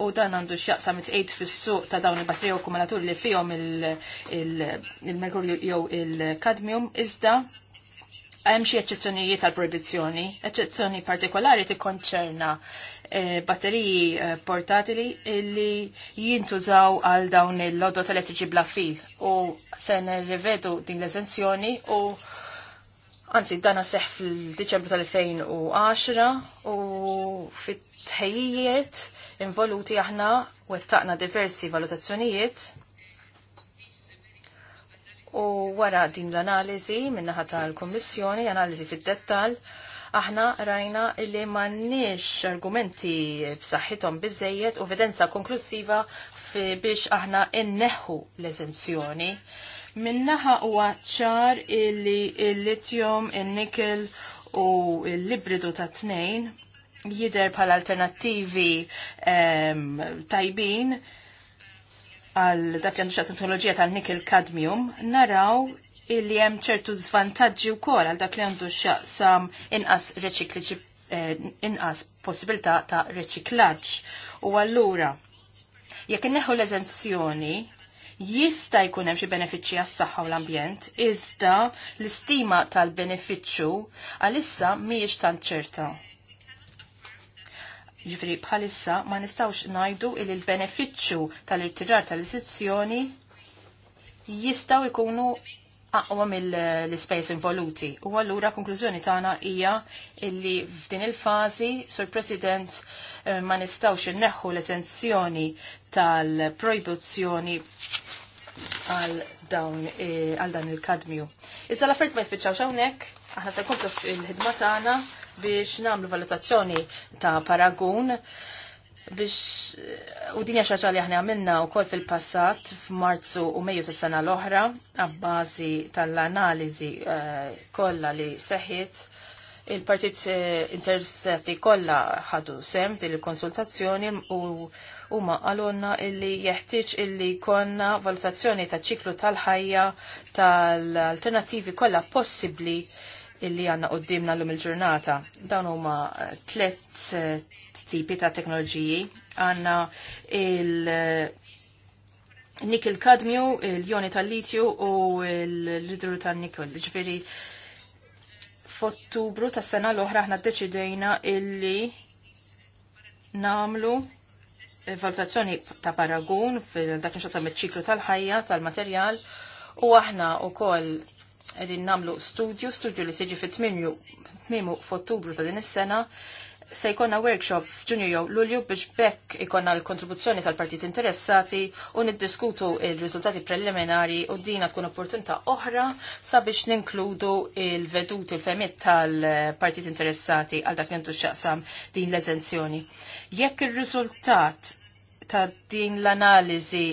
u dan għandu x'jaqsam it fis-suq ta' dawn il-batteriji u l-akkumulaturi li fihom il-merkurju jew il-kadmium iżda hemm xi eċċezzjonijiet għal proibizzjoni, eċċezzjoni partikolari tikkonċerna eh, batteriji eh, portatili li jintużaw għal dawn il-lodot elettriċi bla fil u se nirrivedu din l-eżenzjoni u Anzi, dana seħ fil-Deċembru tal-2010 u fit-tħejjiet involuti aħna wettaqna diversi valutazzjonijiet U wara din l-analizi minnaħa tal-Kommissjoni, analizi fid-dettal, aħna rajna li mannix argumenti b'saħħithom biżejjed u evidenza konklusiva biex aħna inneħħu l-eżenzjoni. Minnaħa huwa ċar illi il-litjum, il-nikel u l-libridu ta' tnejn jider bħal alternattivi ehm, tajbin għal dak li għandu xaqsim teknoloġija tal nikel kadmium, naraw il hemm ċertu zvantaġġi wkoll għal dak li għandu xaqsam inqas reċikliġi eh, inqas possibilità ta' reċiklaġġ. U allura, jekk inneħħu l-eżenzjoni, jista' jkun hemm xi benefiċċji għas-saħħa u l-ambjent, iżda l-istima tal-benefiċċju għalissa mhijiex tant ċerta. Ġifri bħalissa ma nistawx najdu il l-beneficju tal-irtirar tal-istituzzjoni jistaw ikunu aqwa mill-space involuti. U għallura konklużjoni tagħna hija illi f'din il-fażi, Sur President, eh, ma nistawx inneħħu l-esenzjoni tal-proibuzzjoni għal dawn eh, għal dan il-kadmju. Iżda l-affert ma jispiċċawx hawnhekk, aħna se nkomplu fil-ħidma tagħna biex namlu valutazzjoni ta' paragun biex u dinja xaċa li aħna għamilna u kol fil-passat f'Marzu u Mejju s-sena l-oħra għabbażi tal-analizi uh, eh, kolla li seħiet, il-partit eh, intersetti kolla ħadu sem il-konsultazzjoni u huma għalonna illi jeħtieġ illi konna valutazzjoni ta' ċiklu tal-ħajja tal-alternativi kollha possibbli illi għanna qoddimna l-lum il-ġurnata. Dawn huma eh, tlet eh, tipi ta' teknoloġiji. Għanna il- eh, nikil kadmju, il-joni tal-litju u l-idru tal-nikol. Ġveri, f'ottubru tas sena l-oħra ħna deċidejna illi namlu valutazzjoni ta' paragun fil me ċiklu tal-ħajja, tal-materjal, u aħna u koll Edin namlu studju, studju li siġi fit tmimu f'Ottubru ta' din is-sena, se jkonna workshop f'Ġunju jew Lulju biex bekk ikonna l-kontribuzzjoni tal-partit interessati u niddiskutu il-riżultati preliminari u dina tkun opportunità oħra sabiex ninkludu il-vedut il-femit tal-partit interessati għal dak li xaqsam din l-eżenzjoni. Jekk il-riżultat ta' din l-analizi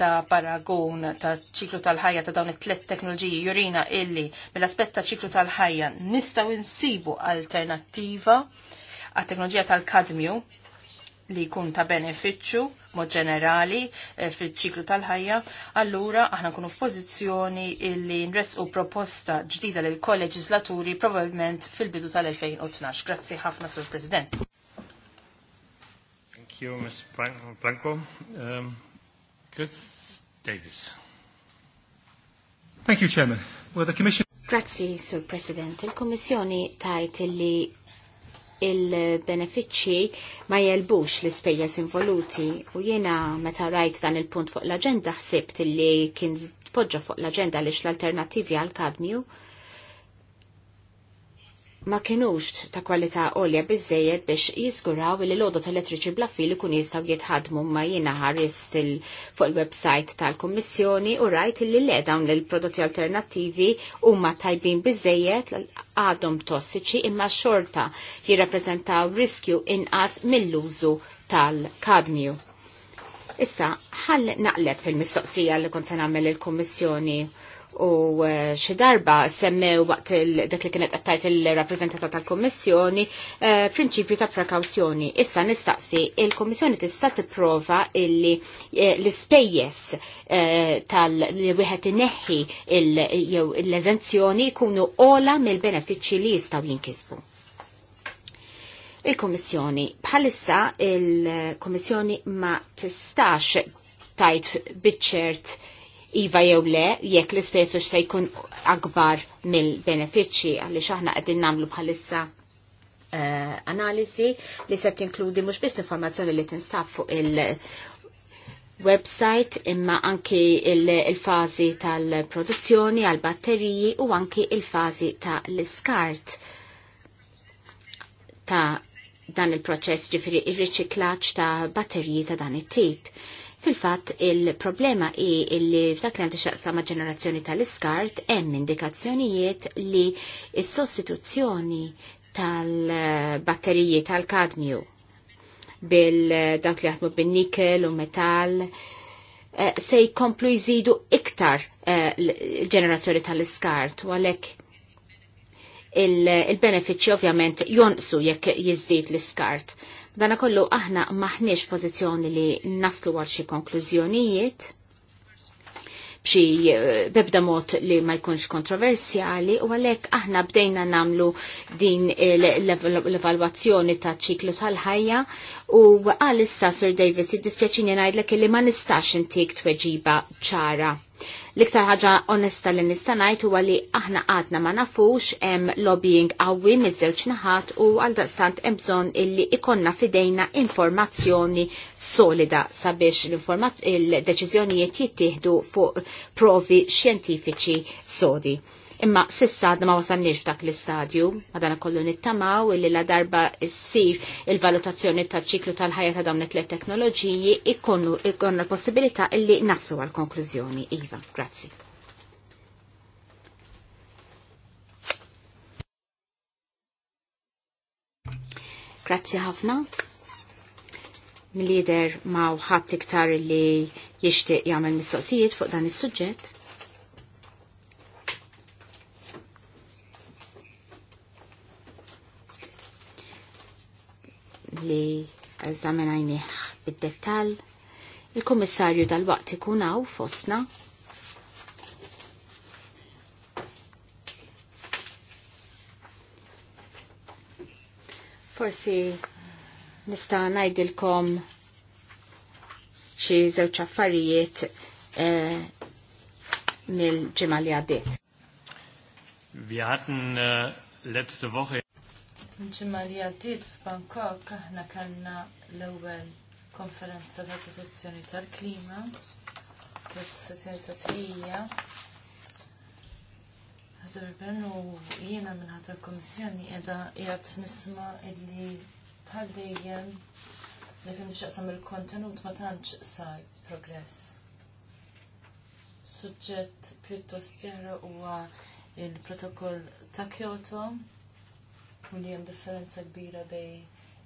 ta' paragon ta' ċiklu tal-ħajja ta' dawn it-tlet teknoloġiji jurina illi mill-aspett ta' ċiklu tal-ħajja nistaw insibu alternattiva għat teknoloġija tal-kadmju li jkun ta' beneficju mod ġenerali eh, fil-ċiklu tal-ħajja, allura aħna nkunu f'pożizzjoni illi nresqu proposta ġdida lil kolleġislaturi probabbilment fil-bidu tal-2012. Grazzi ħafna, Sur President. Thank you, Ms. Blanco. Um... Chris Davis. Thank you, Chairman. Well, the Commission... Grazzi, Sur President. Il-Kommissjoni tajt li il-benefiċċji ma jelbux l-ispejjeż involuti u jiena meta rajt dan il-punt fuq l-aġenda ħsibt li kien tpoġġa fuq l agenda lix l-alternattivi għal kadmju ma kienux ta' kwalità olja bizzejed biex jiżguraw li l-odot elettriċi bla fil kun jistgħu jitħadmu ma jiena ħarist fuq il-website tal-Kummissjoni u rajt li le dawn il-prodotti alternattivi huma tajbin biżejjed għadhom tossiċi imma xorta jirrappreżentaw riskju inqas mill-użu tal-kadmju. Issa, ħall naqleb il-mistoqsija li kont se nagħmel il-Kummissjoni u eh, xi darba semmew waqt dak li kienet qattajt il-rappreżentata tal-Kommissjoni eh, prinċipju ta' prekawzjoni. Issa nistaqsi il-Kommissjoni tista' tipprova illi eh, l-ispejjeż tal-li wieħed ineħħi jew l-eżenzjoni jkunu ola mill-benefiċċji li jistgħu jinkisbu. Il-Kommissjoni bħalissa il-Kommissjoni ma tistax tajt biċċert iva jew le jekk l-ispejsu se jkun akbar mill-benefiċċji għaliex aħna qegħdin nagħmlu bħalissa uh, eh, analiżi li se tinkludi mhux biss l-informazzjoni li tinstab fuq il- website imma anki il-fazi il tal-produzzjoni għal-batteriji u anki il-fazi tal-iskart ta' dan il-proċess ġifiri ir-riċiklaċ ta' batteriji ta' dan it-tip. Fil-fatt il-problema i li f'dak li għandu ma' ġenerazzjoni tal-iskart hemm indikazzjonijiet li s-sostituzzjoni tal-batterijiet tal-kadmju bil-dawk li jaħdmu bin-nikel u metall eh, se jkomplu jżidu iktar eh, l-ġenerazzjoni tal-iskart u għalhekk il-benefiċċji ovvjament jonqsu jekk jiżdied l-iskart. Dana kollu aħna maħniex pozizjoni li naslu għal xi konklużjonijiet bxi eh, bebda mod li ma jkunx kontroversjali u għalhekk aħna bdejna namlu din l-evalwazzjoni ta' ċiklu tal-ħajja u għal issa Sir Davis jiddispjaċini ngħidlek li ma nistax intik tweġiba ċara L-iktar ħaġa onesta li nista' ngħid huwa li aħna għadna ma nafux hemm lobbying qawwi miż-żewġ naħat u għal daqstant hemm bżonn illi ikonna fidejna informazzjoni solida sabiex l-deċiżjonijiet jittieħdu fuq provi xjentifiċi sodi. Imma sissa għadna ma wasalniex dak l-istadju, għadna kollu nittamaw illi la darba s-sir il-valutazzjoni ta' ċiklu tal-ħajja ta' dawn it-tlet teknoloġiji ikonnu ikonu l-possibilità illi naslu għal-konklużjoni. Iva, grazzi. Grazzi ħafna mill-lider ma' ħadd iktar li jixtieq jagħmel mistoqsijiet fuq dan is-suġġett. li eżaminajnieh bid-dettal. Il-Kummissarju dal-waqt ikun hawn fostna. Forsi nista' ngħidilkom xi żewġ affarijiet eh, mill-ġimgħa li għaddiet. Wir hatten äh, letzte Woche Nċimma li għaddit f'Bangkok aħna kanna l-ewwel konferenza ta' protezzjoni tal-klima kif sezzjoni ta' trija. Ħadurben u jiena minn ħadd komissjoni kummissjoni qiegħda nisma' illi bħal dejjem li kien xaqsam il-kontenut ma tantx sar progress. Suġġett pjuttost jara huwa il-protokoll ta' Kyoto niftakru li hemm differenza kbira bej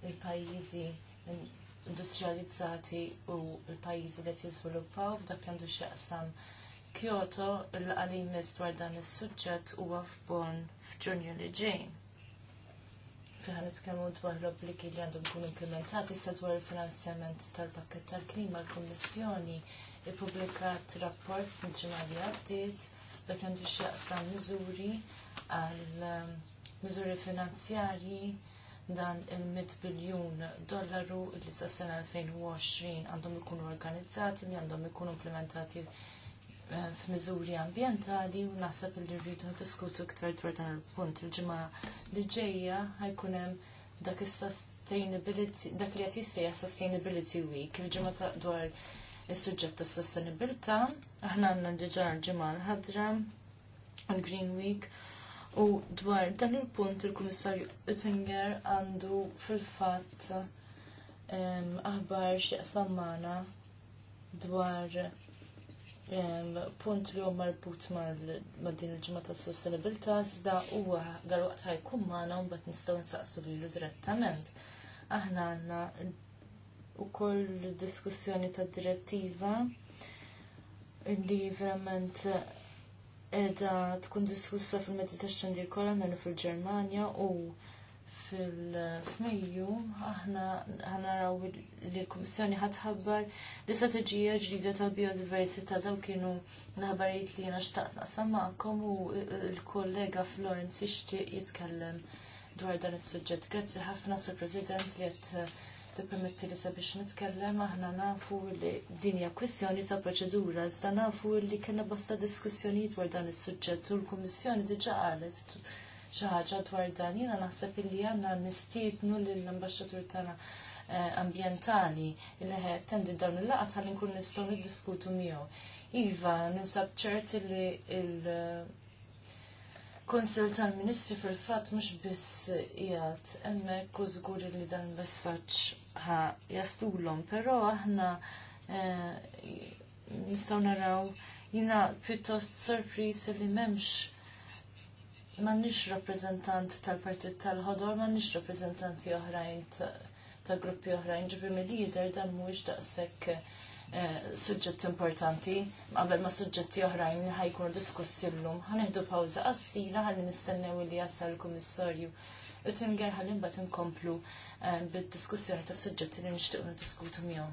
il-pajjiżi industrializzati u l-pajjiżi li qed jiżviluppaw f'dak li għandu x'jaqsam Kyoto l-qalim dwar dan is-suġġett huwa f'Bonn f'Ġunju li ġej. Fiħan nitkellmu dwar l-obbligi li għandhom jkunu implementati sa dwar il-finanzjament tal-pakket tal-klima l-Kummissjoni ippubblikat rapport mill-ġimgħa li għaddiet dak li għandu x'jaqsam miżuri għal um, miżuri finanzjarji dan il-100 biljun dollaru li sa sena 2020 għandhom ikunu organizzati li għandhom ikunu implementati eh, f'miżuri ambjentali u naħseb li rridu diskutu iktar dwar dan il-punt. Il-ġimgħa li ġejja ħajkun hemm dak is-sustainability dak li qed jissejja Sustainability Week, il-ġimgħa dwar is-suġġett tas-sostenibilità. Aħna għandna diġà l-ġimgħa l-ħadra, l-Green Week U dwar dan il-punt il-Kummissarju Oettinger għandu fil-fatt aħbar xieq sammana dwar punt li huwa marbut ma' din il-ġimgħa tas-sostenibilità iżda huwa dalwaqt ħajkun magħna u mbagħad nistgħu nsaqsu lilu direttament. Aħna għandna wkoll diskussjoni tad direttiva li verament edha tkun diskussa fil-mezzi ta' xandir kolla melu fil-Germania u fil-fmejju aħna ħanaraw li l-Kummissjoni ħatħabbar l-istrateġija ġdida tal-biodiversità daw kienu l li jena xtaqt naqsam u l-kollega Florence ixtieq jitkellem dwar dan is-suġġett. Grazzi ħafna, Sur President, li qed tippermetti li sabiex nitkellem aħna nafu li din hija kwistjoni ta' proċedura, iżda nafu li kellna bosta diskussjonijiet dwar dan is-suġġett u l-Kummissjoni diġà qalet xi ħaġa dwar dan. Jiena naħseb illi għandna nistiednu lill-ambaxxatur tagħna eh, ambjentali li ħed tendi dawn il laqat ħalli nkun nistgħu niddiskutu miegħu. Iva, ninsab ċert li l- Konsil tal-Ministri fil-fat mux biss jgħat emme u li dan messaċ ħa jaslulom, pero aħna eh, nistaw naraw jina pjuttost sorpris li memx nix rappresentant tal-partit tal-ħodor, nix rappresentanti oħrajn ta' gruppi oħrajn ġivi mill-lider dan mux daqsek Eh, suġġett importanti, qabel ma suġġetti oħrajn ħajkunu diskussi llum. pawza pawża qassira ħalli nistennew li jasal il-Kummissarju Oettinger ħalli mbagħad inkomplu eh, bid-diskussjoni tas suġġetti li nixtiequ diskutu miegħu.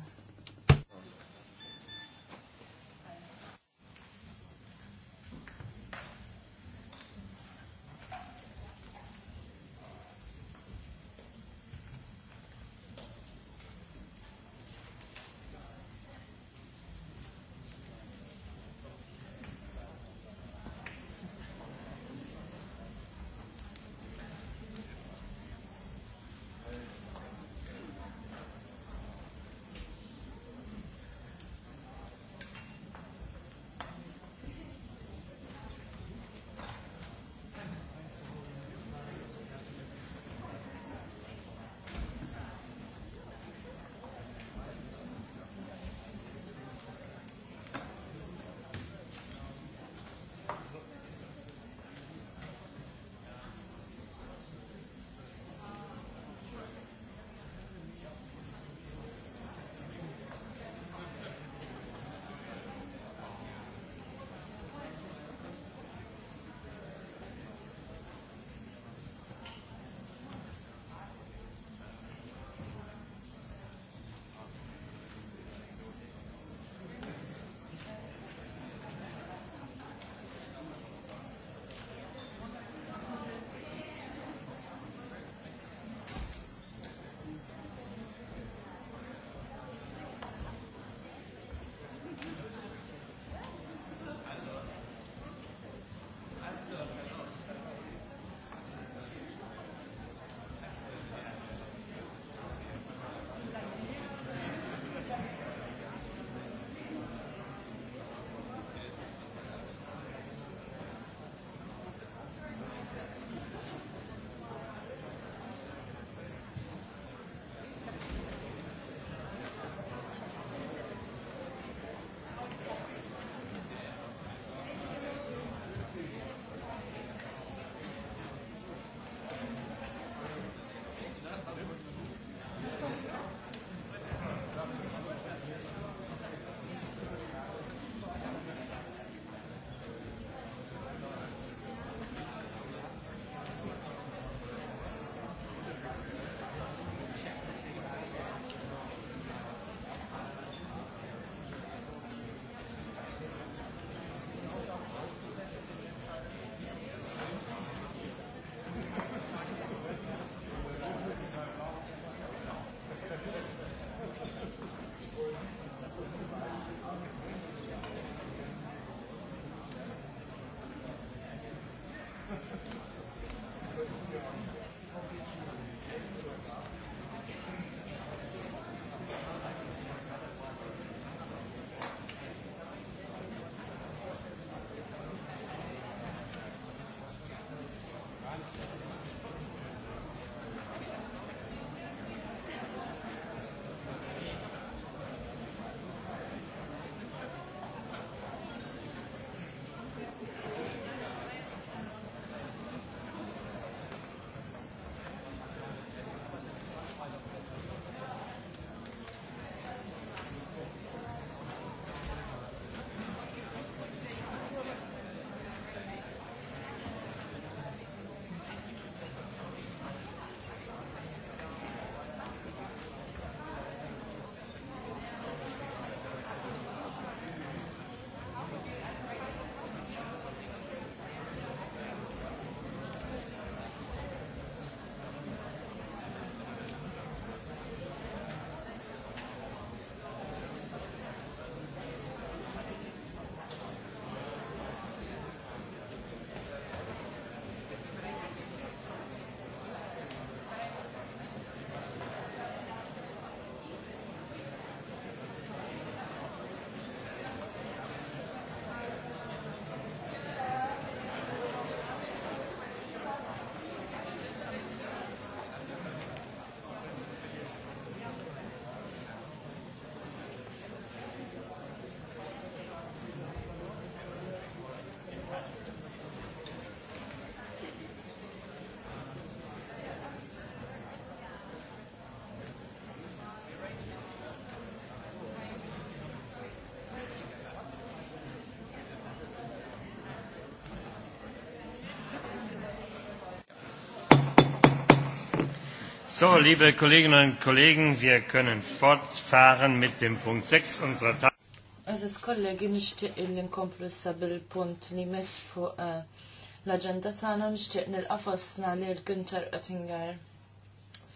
So, liebe Kolleginnen und Kollegen, wir können fortfahren mit dem Punkt 6 unserer Tagesordnung. Aziz kollegi, nishtiq li nkomplu issa bil-punt li mis fuq eh, l-agenda tagħna nixtieq nilqafosna lil Günther Oettinger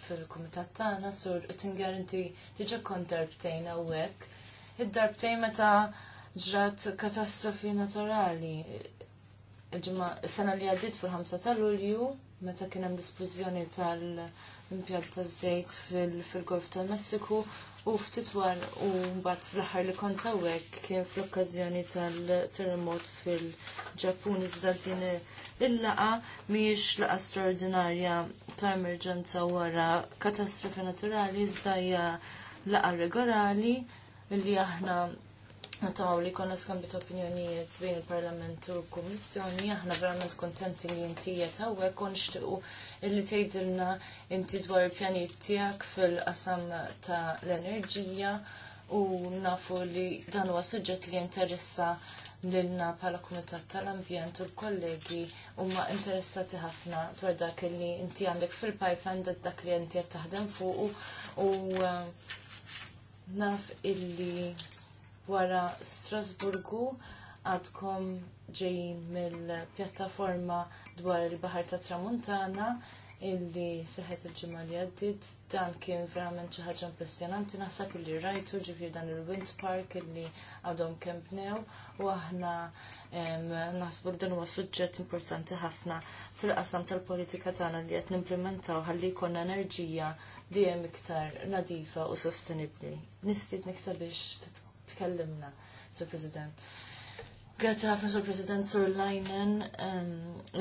fil komitat tana, sur Oettinger inti diġà kont darbtejn hawnhekk. Id-darbtejn meta ġrat katastrofi naturali. Ġimma, s-sena li għaddit fil-5 ta' Lulju, meta kien hemm l-isplużjoni tal- impjant ta' żejt fil-Golf ta' Messiku u ftitwar u mbagħad l-aħħar li kont hawnhekk kien fl-okkażjoni tal-terremot fil-Ġappun iżda din il-laqa mhijiex laqa straordinarja ta' emerġenza wara katastrofi naturali iżda hija laqa regolari li aħna Nataw li konna skambit opinjonijiet bejn il-Parlament u l-Kommissjoni, aħna verament kontenti li inti jeta u għekon xtiqu illi tejdilna inti dwar il pjanijiet tijak fil-qasam ta' l-enerġija u nafu li dan huwa suġġett li interessa lilna bħala Komitat tal-Ambjent u l-kollegi huma interessati ħafna dwar dak li inti għandek fil-pipeline dak li inti taħdem fuq u uh, naf illi wara Strasburgu għadkom ġejjin mill-pjattaforma dwar il-Bahar ta' Tramuntana illi seħet il-ġimgħa li għaddit dan kien verament xi ħaġa impressjonanti naħseb illi rajtu ġifier dan il-Wind Park illi għadhom kempnew, u aħna naħsbu dan huwa suġġett importanti ħafna fil-qasam tal-politika tagħna li qed nimplementaw ħalli jkollna enerġija dejjem iktar nadifa u sostenibbli. Nistied niktar biex tkellimna, Sur President. Grazie ħafna Sur President Sir Leinen,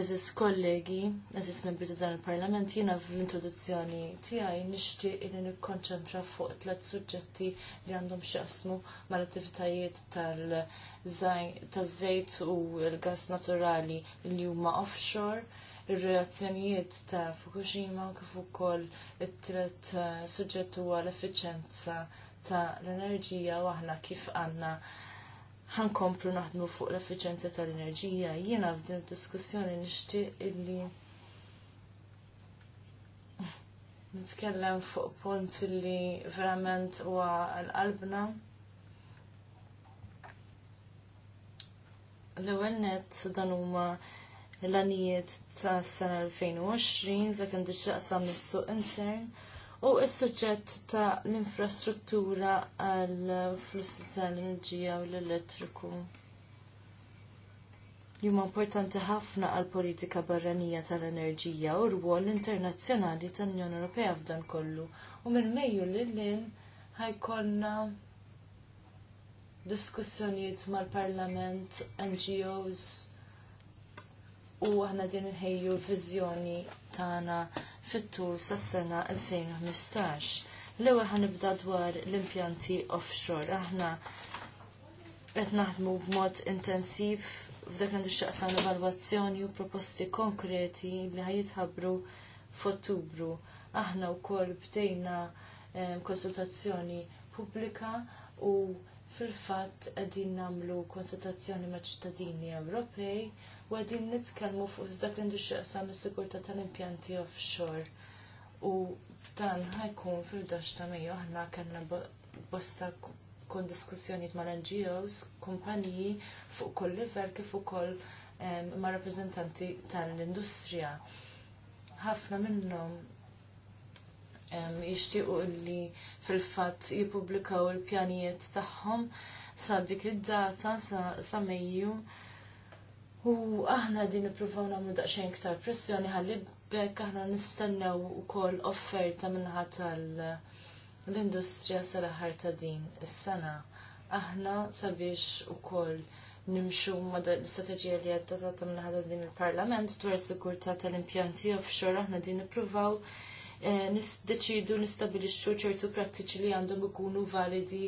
eżis kollegi, eżis membri ta' dan il-Parlament, jiena fl-introduzzjoni tiegħi nixtieq li nikkonċentra fuq tliet suġġetti li għandhom x'jaqsmu mal-attivitajiet tal żejt u l-gas naturali li huma offshore ir-reazzjonijiet ta' Fukushima kif ukoll it-tret eh, suġġett huwa l-effiċenza ta' l-enerġija u aħna kif għandna ħankomplu naħdmu fuq l efficienza tal-enerġija. Jiena f'din diskussjoni nixtieq illi [laughs] nitkellem fuq punt illi verament huwa l-qalbna. L-ewwel nett dan huma l-anijiet ta' sena 2020 dak għandi xaqsam mis-suq intern u s-suġġett ta' l-infrastruttura għal flussi tal-enerġija u l-elettriku li huma importanti ħafna għal politika barranija tal-enerġija u rwol internazzjonali tal-Unjoni Ewropea f'dan kollu. U minn Mejju l lin ħajkollna diskussjonijiet mal-Parlament, NGOs u aħna din vizjoni viżjoni tagħna fit-tul sas-sena 2015. L-ewwel ħanibda dwar l-impjanti offshore. Aħna qed naħdmu b'mod intensiv f'dak għandu xaqsan evalwazzjoni u proposti konkreti li ħajitħabru f'Ottubru. Aħna wkoll bdejna eh, konsultazzjoni pubblika u fil-fatt qegħdin nagħmlu konsultazzjoni ma' ċittadini Ewropej u għadin nitkellmu fuq dak l-industrija qasam is-sigurtà tal-impjanti offshore. U dan ħajkun fil-dax ta' Mejju aħna kellna bosta kon diskussjonijiet mal-NGOs, kumpaniji fuq kull livell kif ukoll ma' rappreżentanti tal-industrija. Ħafna minnhom jixtiequ li fil-fatt jippubblikaw il-pjanijiet tagħhom sa dik id-data sa, sa Mejju U aħna din nippruvaw nagħmlu daqsxejn ktar pressjoni ħalli bekk aħna nistennew ukoll offerta minħa tal-industrija sal-aħħar ta' din is-sena. Aħna sabiex ukoll nimxu ma l-istrateġija li għaddottata minna ħadda din il-parlament dwar sigurtà tal-impjanti offshore aħna din nippruvaw eh, deċidu nistabilixxu ċertu prattiċi li għandhom ikunu validi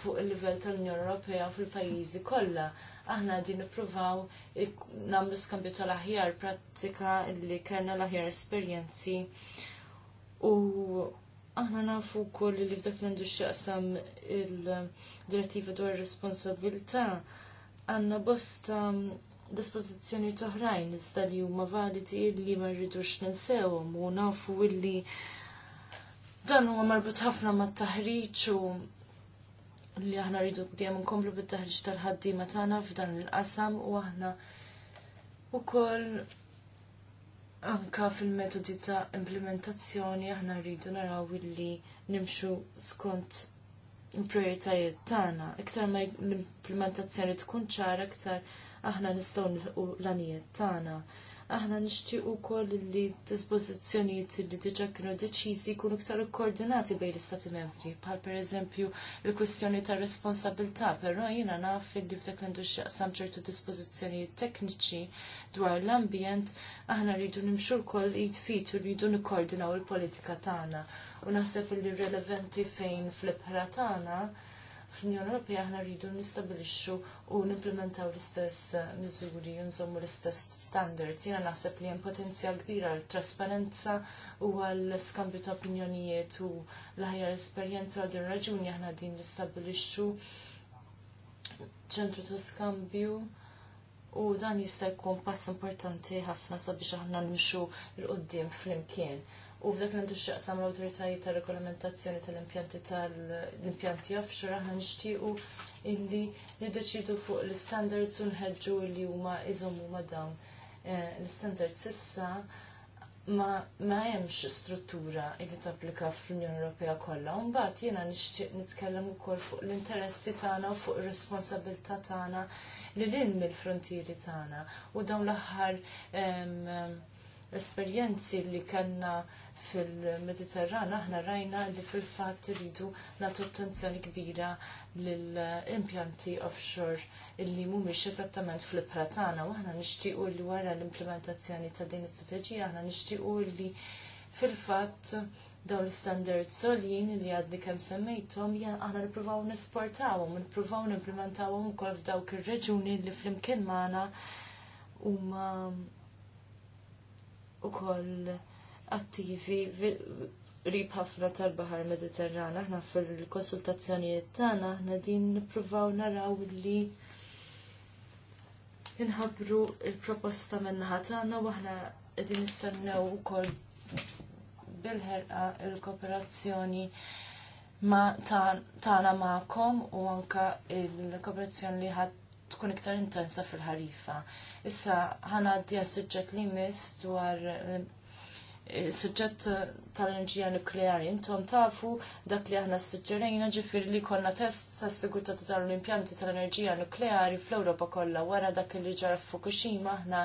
fuq il-livell tal-Unjoni Ewropea fil-pajjiżi kollha aħna din nipruvaw nagħmlu skambju tal-aħjar prattika li kellna l-aħjar esperjenzi. U aħna nafu wkoll li f'dak li għandu x'jaqsam il-direttiva dwar ir responsabilità għandna bosta dispozizjoni toħrajn iżda li huma validi li ma rridux ninsewhom u nafu illi dan huwa marbut ħafna mat-taħriġ li aħna rridu dejjem nkomplu bit daħriġ tal-ħaddiema tagħna f'dan il-qasam u aħna wkoll anka fil-metodi ta' implementazzjoni aħna rridu naraw li nimxu skont il-prioritajiet tagħna. Iktar ma l-implementazzjoni tkun ċara iktar aħna nistgħu nilħu l-anijiet tagħna aħna nixtiequ wkoll li dispożizzjonijiet li diġà kienu deċiżi jkunu iktar ikkoordinati bejn l-istati membri, bħal pereżempju l kwestjoni tar responsabilità, però jiena naf li f'dak l xaqsam ċertu dispożizzjonijiet tekniċi dwar l-ambjent, aħna rridu nimxu wkoll jitfitu li rridu nikkoordinaw il-politika tagħna u naħseb li relevanti fejn fl-ibħra tagħna fl-Unjoni Ewropea aħna rridu nistabilixxu u nimplementaw l-istess eh, miżuri u nżommu l-istess standards. Jiena naħseb li hemm potenzjal kbir għal trasparenza u għal skambju ta' opinjonijiet u l-ħajja esperjenza għal din raġuni aħna din nistabilixxu ċentru ta' skambju u dan jista' jkun pass importanti ħafna sabiex aħna nimxu l-qoddim flimkien. U f'dak għandu xaqsam l-autoritajiet tal regolamentazzjoni tal-impjanti tal-impjanti offshore aħna nixtiequ illi niddeċidu fuq l-standards u nħeġġu li huma iżommu ma' dawn. Eh, l-standards issa ma, ma hemmx struttura li tapplika fl-Unjoni Ewropea kollha. u Mbagħad jiena nixtieq nitkellem ukoll fuq l-interessi tagħna u fuq ir-responsabilità tagħna li lil mill-frontieri tagħna u dawn l-aħħar ehm, esperjenzi li kellna fil-Mediterran aħna rajna li fil-fatt rridu nagħtu attenzjoni kbira lill-impjanti offshore illi mhumiex eżattament fl fil-pratana u aħna nixtiequ li wara l-implementazzjoni ta' din l-istrateġija aħna nixtiequ li fil-fatt dawn l-standard solin li għadni kemm semmejthom aħna nippruvaw nesportawhom, nippruvaw un ukoll f'dawk ir-reġuni li flimkien magħna huma ukoll attivi rib ħafna tal-Bahar Mediterran. Aħna fil-konsultazzjonijiet tagħna aħna din nippruvaw naraw li inħabru il-proposta minnaħa tagħna u aħna qegħdin nistennew ukoll bil-ħerqa il-kooperazzjoni ma tagħna magħkom u anke il-kooperazzjoni li ħadd tkun iktar intensa fil-ħarifa. Issa ħanaddi għas suġġett li jmiss dwar suġġett tal-enerġija nukleari, intom tafu dak li aħna suġġerejna ġifir li konna test ta' sigurtà tal-impjanti tal-enerġija nukleari fl-Ewropa kollha wara dak li ġara Fukushima aħna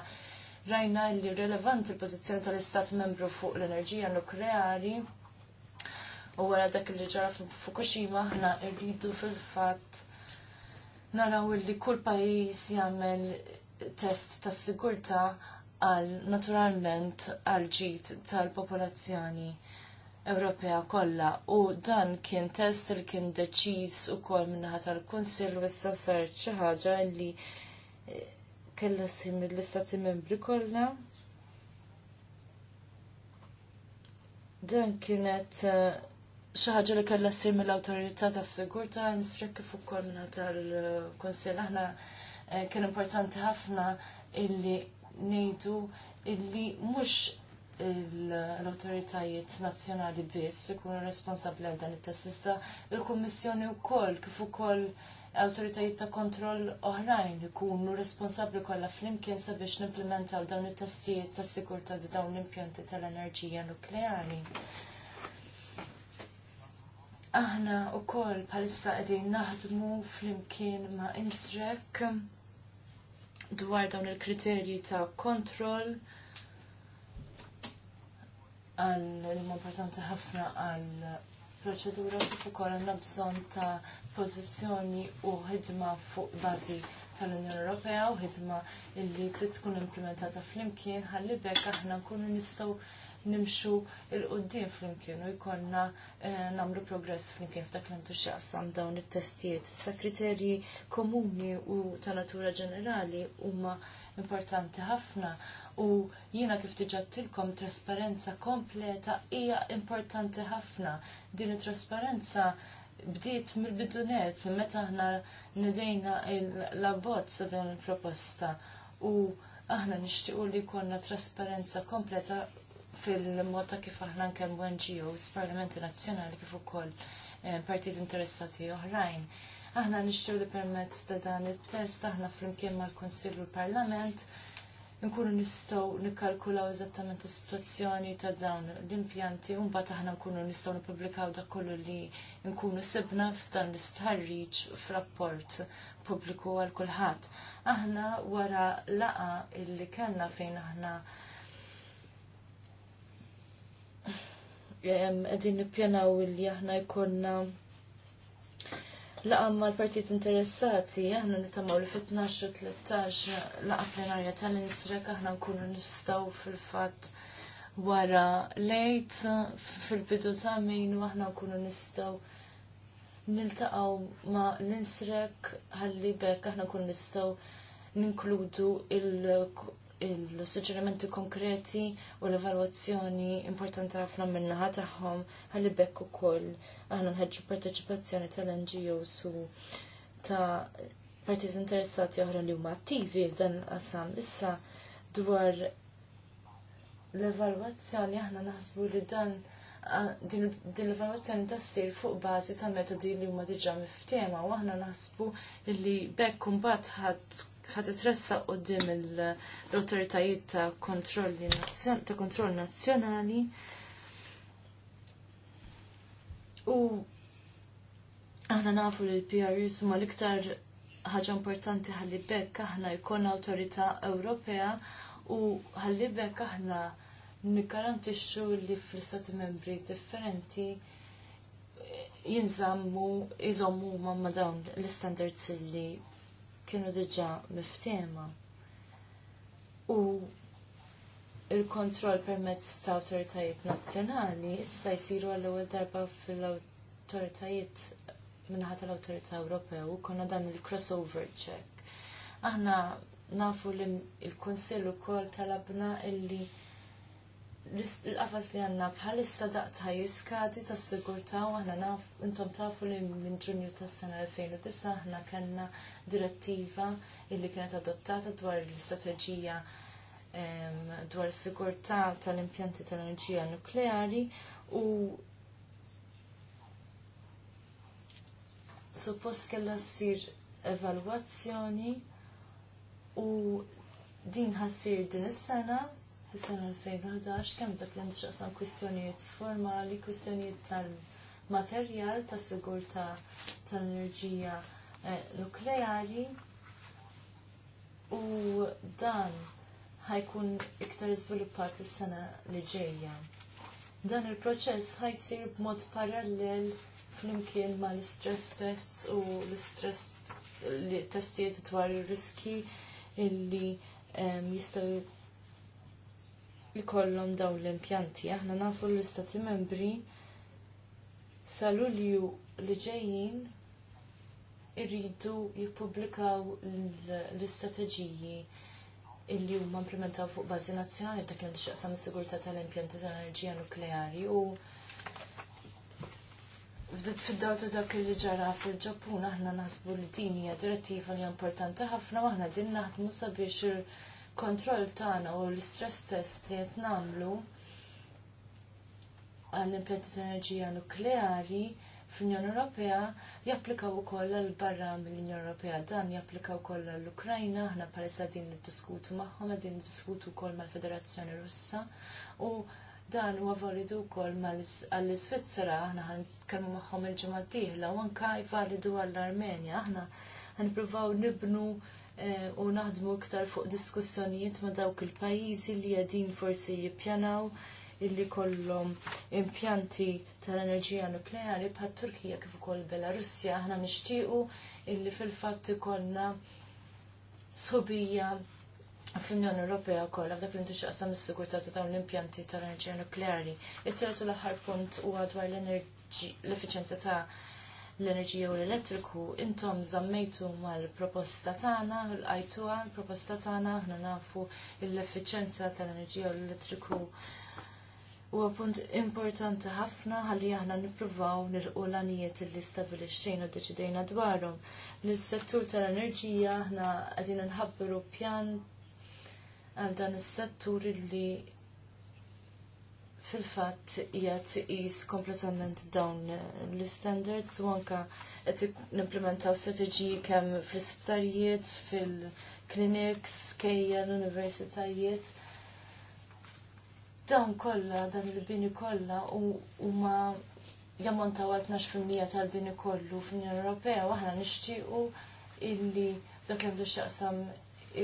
rajna li rilevanti l-pożizzjoni tal-Istat membru fuq l-enerġija nukleari u wara dak li ġara Fukushima aħna rridu fil-fatt naraw li kull pajjiż jagħmel test ta' sigurtà għal naturalment għal ġid tal-popolazzjoni Ewropea kollha u dan kien test li kien deċiż ukoll min-naħa tal-Kunsill u issa sar xi ħaġa li eh, kellha sim l-istati membri kollha. Dan kienet eh, xi ħaġa li kellha sim mill-awtorità tas-sigurtà nisrek kif ukoll minħa tal-Kunsill aħna eh, kien importanti ħafna illi ngħidu illi mhux l-autoritajiet nazzjonali biss ikunu responsabbli għal dan it-test il il-Kummissjoni wkoll kif ukoll autoritajiet ta' kontroll oħrajn ikunu responsabbli kollha flimkien sabiex nimplementaw dawn it-testijiet ta' sigurtà ta' dawn l-impjanti tal-enerġija nukleari. Aħna wkoll bħalissa qegħdin naħdmu flimkien ma' Insrek dwar dawn il-kriterji ta' kontroll għal l-importanti ħafna għal proċedura kif ukoll għandna bżonn ta' pożizzjoni u ħidma fuq bażi tal-Unjoni Ewropea u ħidma illi tkun implementata flimkien ħalli bekk aħna nkunu nistgħu nimxu il-qoddim flimkien u jkollna eh, namlu progress flimkien f'dak l-entuxjaqsam dawn it-testijiet. Issa kriterji komuni u ta' natura ġenerali huma importanti ħafna u jiena kif tiġattilkom trasparenza kompleta hija importanti ħafna. Din it-trasparenza bdiet mill-bidunet, minn meta aħna nedejna l-abbozz ta' dawn il-proposta u aħna nixtiequ li jkollna trasparenza kompleta fil-mod ta' kif aħna nkemmu NGOs, Parlamenti Nazzjonali kif ukoll eh, partit interessati oħrajn. Aħna nixtru li permezz ta' dan it-test aħna flimkien mal-Kunsill u l-Parlament nkunu nistgħu nikkalkulaw eżattament is-sitwazzjoni ta' dawn l-impjanti u mbagħad aħna nkunu nistgħu nippubblikaw dak kollu li nkunu sibna f'dan l-istħarriġ f'rapport pubbliku għal kulħadd. Aħna wara laqa illi kellna fejn aħna qegħdin nippjanaw li aħna jkollna laqam mal partit interessati, aħna nitamaw li fit-12 13 laqa plenarja tal-insrek aħna nkunu nistgħu fil-fatt wara lejt fil-bidu ta' min u aħna nkunu nistgħu niltaqgħu ma' l-insrek ħalli bekk aħna nkunu nistgħu ninkludu il- il-suġġerimenti konkreti u l-evalwazzjoni importanti ħafna minnaħa tagħhom ħalli bekk ukoll aħna nħeġġu parteċipazzjoni tal-NGOs u ta' partiz interessati oħra li huma attivi f'dan qasam issa dwar l-evalwazzjoni aħna naħsbu li dan din l-evalwazzjoni tassir fuq bażi ta' metodi li huma diġà miftema u aħna naħsbu li bekk kumbat ħadd ħat tressa dim l-autoritajiet ta' ta' kontroll nazzjonali u aħna nafu li l-PRUs huma l-iktar ħaġa importanti ħalli bekk aħna jkun awtorità Ewropea u ħalli bekk aħna nikkarantixxu li fl-istati membri differenti jinżammu, jizommu ma' dawn l-standards li kienu diġà miftema. U il-kontroll permezz ta' awtoritajiet nazzjonali issa jsiru għall-ewwel darba fil-awtoritajiet minnaħat tal-Awtorità Ewropew u konna dan il-crossover check. Aħna nafu li il-Kunsill ukoll talabna illi l-qafas li għanna bħalissa daqtħa jiskati ta' sigurta u għanna naf, intom tafu li minn ġunju ta' sena 2009 għanna kanna direttiva illi kienet adottata dwar l strategija dwar sigurta tal-impjanti tal-enerġija nukleari u suppost kella ssir evalwazzjoni u din ħassir din is-sena fis-sena 2011 kemm dak li għandu xaqsam kwistjonijiet formali, kwistjonijiet tal-materjal, tas-sigurtà tal-enerġija eh, nukleari u dan ħajkun iktar iżviluppat is-sena li ġejja. Dan il-proċess ħajsir b'mod parallel flimkien mal istress tests u l-istress testijiet dwar ir-riski illi eh, jistgħu jkollhom dawn l-impjanti. Aħna nafu l-istati membri sal-ulju li ġejjin irridu jippubblikaw l-istrateġiji illi huma implementaw fuq bażi nazzjonali ta' kien xaqsam is-sigurtà tal-impjanti tal-enerġija nukleari u fid-dawl ta' dak li ġara fil-Ġappun aħna naħsbu li din hija direttiva li importanti ħafna u aħna din naħdmu sabiex kontroll tagħna u l-stress test li qed nagħmlu għall impjanti enerġija nukleari fl-Unjoni Ewropea japplikaw ukoll għal barra mill-Unjoni Ewropea dan japplikaw koll għall ukrajna aħna bħalissa din niddiskutu magħhom qegħdin niddiskutu wkoll mal-Federazzjoni Russa u dan huwa validu wkoll għall-Iżvizzera aħna ħankellmu magħhom il-ġimgħa d-dieħla u anke validu għall-Armenja aħna ħanipruvaw nibnu Eh, u naħdmu iktar fuq diskussjonijiet ma' dawk il-pajjiżi li għedin forsi jippjanaw illi kollhom impjanti tal-enerġija nukleari bħat Turkija kif ukoll Belarusja aħna nixtiequ illi fil-fatt ikollna sħubija fl-Unjoni Ewropea wkoll f'dak li qasam is-sigurtà ta' dawn l-impjanti tal-enerġija nukleari. It-tielet u l-aħħar punt huwa dwar l enerġija l l-effiċjenza ta' l-enerġija u l-elettriku, intom zammejtu mal-proposta tagħna, l qajtuha l-proposta tagħna, aħna nafu l efficienza tal-enerġija u l-elettriku huwa punt importanti ħafna ħalli aħna nippruvaw nilqu l-għanijiet li stabilixxejn u deċidejna dwarhom. Lis-settur tal-enerġija aħna qegħdin nħabbru pjan għal dan is-settur li fil-fatt qiegħed jis kompletament dawn l-standards u anke qed nimplementaw strateġiji kemm fl-isptarijiet, fil-kliniks, kejja l-universitajiet. Dawn kollha, dan il-bini kollha huma jammontaw għal 12% tal-bini kollu fl-Unjoni Ewropea u aħna nixtiequ illi dak li għandu x'jaqsam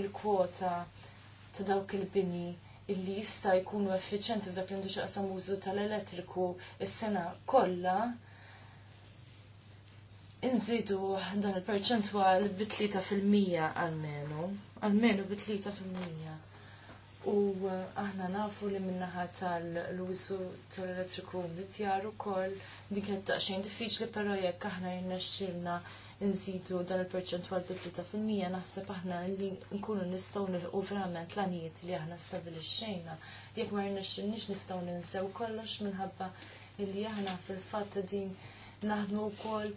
il-kwota ta' dawk il-bini illi jista' jkunu effiċenti f'dak li għandu xaqsam użu tal-elettriku is-sena kollha, inżidu dan il-perċentwal bi mija għalmenu, għalmenu bi mija U eh, aħna nafu li minnaħa tal-użu tal-elettriku mitjar ukoll koll, dik qed taqxejn diffiċli però jekk aħna jirnexxilna nżidu dan il-perċentwal bi 3% naħseb aħna li nkunu nistgħu nilqu verament l-anijiet li aħna stabilixxejna. Jekk ma rnexxinniex nistgħu ninsew kollox minħabba li aħna fil-fatt din naħdmu wkoll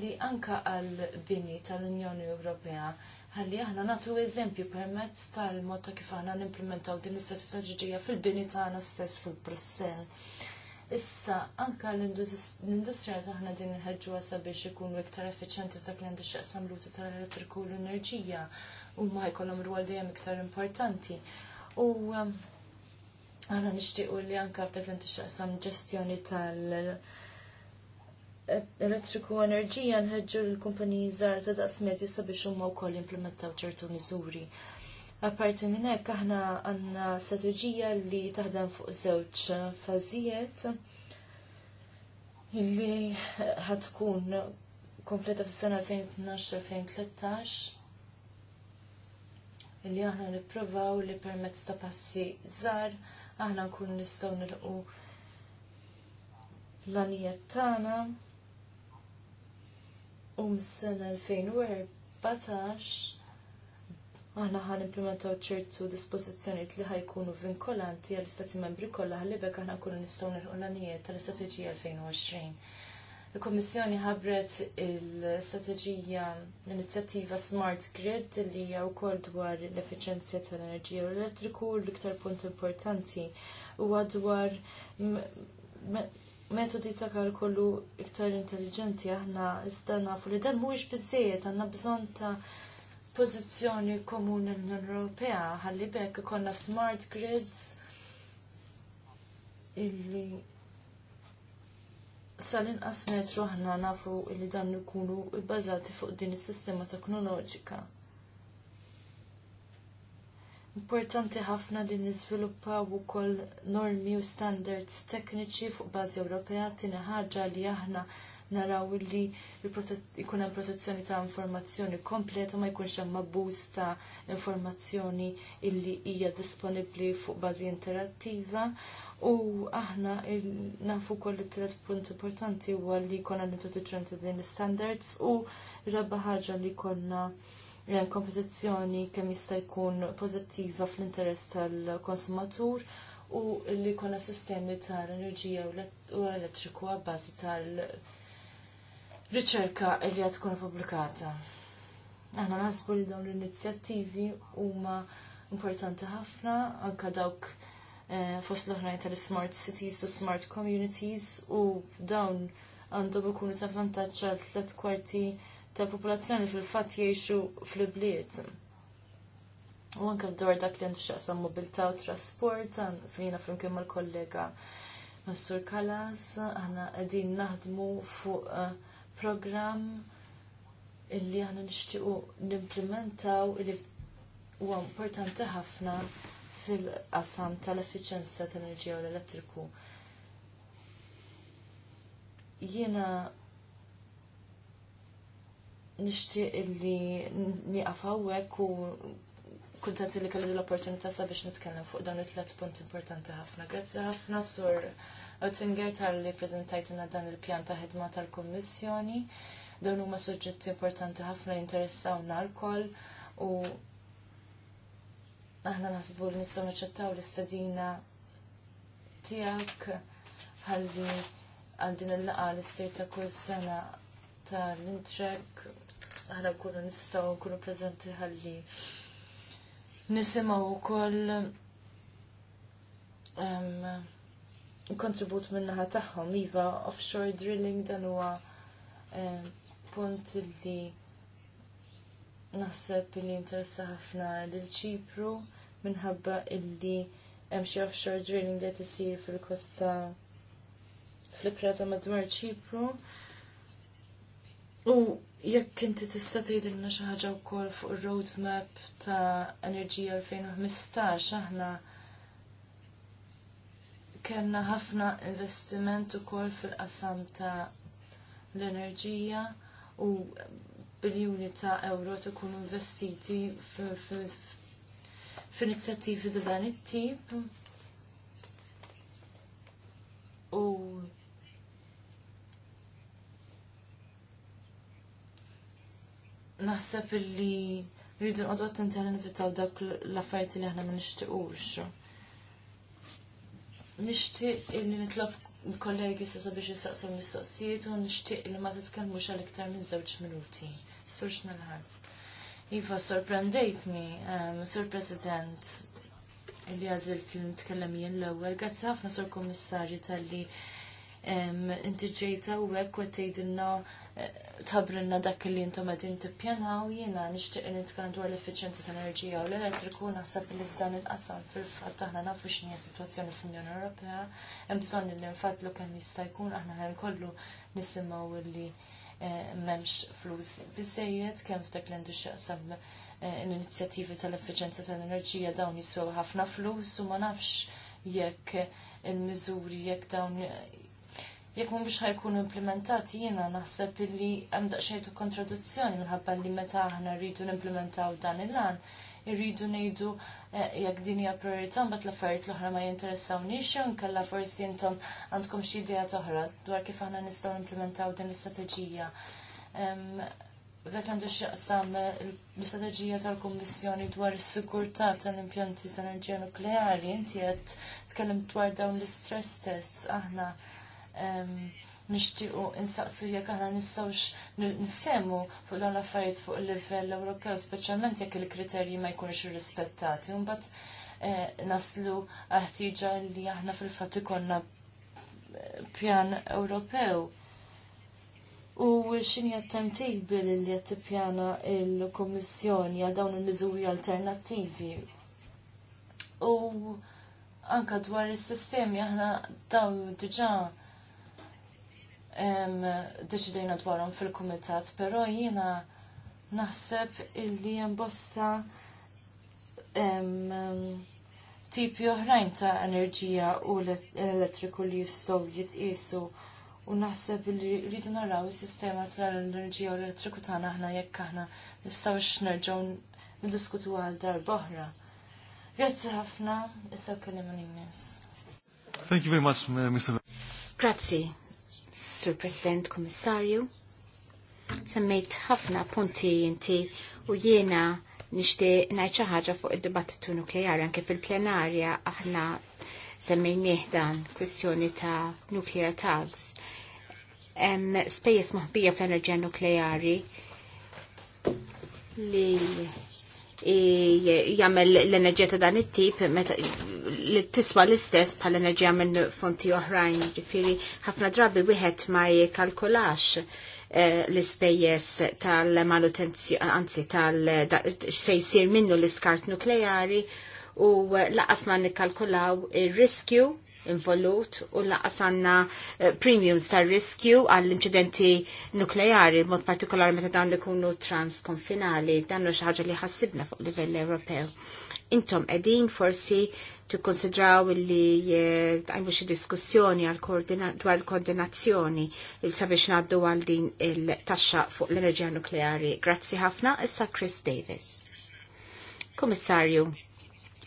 li anka għal bini tal-Unjoni Ewropea ħalli aħna natu eżempju permezz tal-mod ta' kif aħna nimplementaw din is-strateġija fil-bini tagħna stess fil-Brussell. Issa, anka l-industrija taħna din nħedġu sabiex ikunu iktar effiċenti f'dak li għandu xaqsam l-użu tal-elettriku l-enerġija u ma jkollhom rwol dejjem iktar importanti. U għana um, nixtiequ li anka f'dak li għandu xaqsam ġestjoni tal- elettriku enerġija nħedġu l-kumpaniji żgħar ta' daqs biex sabiex huma wkoll implementaw ċertu miżuri. Apparti minn hekk aħna għandna strategija li taħdem fuq żewġ fażijiet li ħatkun kompleta fis-sena 2012-2013 li aħna nippruvaw li permezz ta' passi żgħar aħna nkun nistgħu nilqu l-għanijiet tagħna u um mis-sena 2014 aħna ħan implementaw ċertu dispożizzjonijiet li ħajkunu vinkolanti għall istati membri kollha ħalli aħna nkunu nistgħu nilħu l tal-istrateġija 2020. Il-Kommissjoni ħabret il-strateġija l-inizjattiva Smart Grid li hija wkoll dwar l-effiċenzja tal-enerġija u l-elettriku l-iktar punt importanti huwa dwar metodi ta' kalkolu iktar intelligenti aħna iżda nafu li dan mhuwiex biżejjed għandna bżonn ta' pożizzjoni komuni l-Unjoni Ewropea ħalli bekk ikonna smart grids illi sal-inqas metru aħna nafu illi dan ikunu bbażati fuq din is-sistema teknoloġika. Importanti ħafna li niżviluppaw ukoll normi u standards tekniċi fuq bażi Ewropea tieni ħaġa li aħna naraw illi ikun hemm protezzjoni ta' informazzjoni kompleta ma jkunx hemm abbuż ta' informazzjoni illi hija disponibbli fuq bażi interattiva u aħna nafu koll it-tret punt importanti huwa li jkollna introduċjon ta' din l-standards u rabba ħaġa li jkollna eh, kompetizzjoni kemm jista' jkun pożittiva fl-interess tal-konsumatur u li jkollna sistemi tal-enerġija u elettriku għabbażi tal- riċerka li għad tkun publikata. Aħna nasbu li dawn l-inizjattivi huma importanti ħafna anke dawk eh, fost l-oħrajn tal-smart cities u smart communities u dawn għandhom ikunu ta' vantaġġ għal tliet kwarti tal-popolazzjoni fil-fatt jgħixu fl-ibliet. U anke dor dak li għandu x'jaqsam mobilta u trasport fejna flimkien mal-kollega Massur Kalas, aħna qegħdin naħdmu fuq uh, programm illi aħna nixtiequ nimplementaw illi huwa importanti ħafna fil-qasam tal-effiċenza tal-enerġija u l-elettriku. Jiena nixtieq illi nieqaf hawnhekk u kuntat illi kalli l-opportunità sabiex nitkellem fuq dawn it-tlet punt importanti ħafna. Grazzi ħafna sur Oettinger tal-li prezentajtina dan il-pjan ta' tal-Kommissjoni. Dawn huma suġġetti importanti ħafna interessawna l-koll u aħna naħsbu li nistgħu naċċettaw l-istadina tiegħek ħalli għandin il-laqa l-istir ta' kull sena tal-intrek aħna nkunu nistaw nkunu prezenti ħalli nisimaw u koll um, ehm, kontribut min-naħa tagħhom iva offshore drilling dan huwa eh, punt li naħseb li interessa ħafna lil ċipru minħabba illi hemm xi offshore drilling li qed isir fil-kosta fl-ikra ta' madwar ċipru. U jekk inti tista' tgħidilna xi ħaġa wkoll fuq ir roadmap ta' enerġija 2015 aħna kellna ħafna investiment ukoll fil-qasam ta' l-enerġija u biljuni ta' euro ikunu investiti f'inizjattivi ta' dan it-tip. U naħseb illi rridu nqodu attenti għal nifitaw dak l-affarijiet li aħna ma nixtiequx. Nixtieq illi nitlob kollegi sisa biex jistaqsu mistoqsijiet u nixtieq illi ma titkellmux għal iktar minn żewġ minuti. Surx mill-ħarf. Iva, sorprendejtni, ehm, Sur President, illi għażilt li nitkellem jien l-ewwel. Grazzi ħafna Sur Kommissarju, tal-li ehm, inti ġejta u għek u tabrinna dak li jintom għedin tippjanaw jiena nixtieq li nitkellem dwar l efficienza tal-enerġija u l-elettriku naħseb li f'dan il-qasam fil-fatt aħna nafu xnija situazzjoni fl-Unjoni Ewropea, hemm bżonn li nfadlu kemm jista' jkun aħna ħin kollu nisimgħu li eh, memx flus bizzejiet, kem f'dak l-għandu xaqsam eh, l-inizjativi tal-efficienza tal-enerġija dawn jiswew ħafna flus u ma nafx jekk il-mizuri jekk dawn jekk biex ħajkunu implementati jiena naħseb illi hemm daqsxejn ta' kontradizzjoni minħabba li meta aħna rridu nimplementaw dan il-lan irridu ngħidu eh, jekk din hija priorità mbagħad l-affarijiet l-oħra ma jinteressawniex jew inkella forsi intom għandkom xi idea oħra dwar kif aħna nistgħu nimplementaw din l-istrateġija. Dak għandu x'jaqsam eh, l-istrateġija tal-Kummissjoni dwar is-sigurtà tal-impjanti tal-enerġija nukleari, inti qed tkellem dwar dawn l-istress tests aħna nixtiequ insaqsu jekk aħna nistgħux niftehmu fuq dawn l-affarijiet fuq il-livell Ewropew, speċjalment jekk il-kriterji ma jkunx irrispettati. mbagħad eh, naslu ħtiġa li aħna fil-fatt ikollna eh, pjan Ewropew. U x'inhi għat-timetable li qed tippjana l-Kummissjoni għal dawn il-miżuri alternattivi. U anka dwar is-sistemi aħna dawn diġà' deċidejna dwarhom fil-kumitat, però jiena naħseb illi hemm bosta tipi oħrajn ta' enerġija u elettriku li jistgħu jitqisu u naħseb li rridu naraw is-sistema tal-enerġija u elettriku tagħna aħna jekk aħna nistgħux nerġgħu niddiskutu għal darb'oħra. Grazzi ħafna, issa kellim Thank you very much, Mr. Grazzi, Sur President Komissarju. Semmejt ħafna punti inti u jiena nixti ngħid ħaġa fuq id-dibattitu nukleari anke fil-plenarja aħna semmejnieh dan kwestjoni ta' nuclear tags. Hemm spejjeż maħbija fl-enerġija nukleari li jagħmel l-enerġija ta' dan it-tip li tiswa l-istess l enerġija minn fonti oħrajn, ġifiri, ħafna drabi wieħed ma jkalkulax eh, l-ispejjeż tal-malutenzjoni, anzi tal-se jsir minnu l-iskart nukleari u eh, laqas ma nikkalkulaw ir-riskju involut u laqas għanna eh, premiums ta' riskju għall-inċidenti nukleari, mod partikolari meta dawn li kunu transkonfinali, dan xi ħaġa li ħassibna fuq livell Ewropew. Intom edin forsi tikkonsidraw li għajmu eh, xi diskussjoni dwar koordinazzjoni il sabiex naddu għal din il-taxxa fuq l-enerġija nukleari. Grazzi ħafna, issa Chris Davis. Komissarju,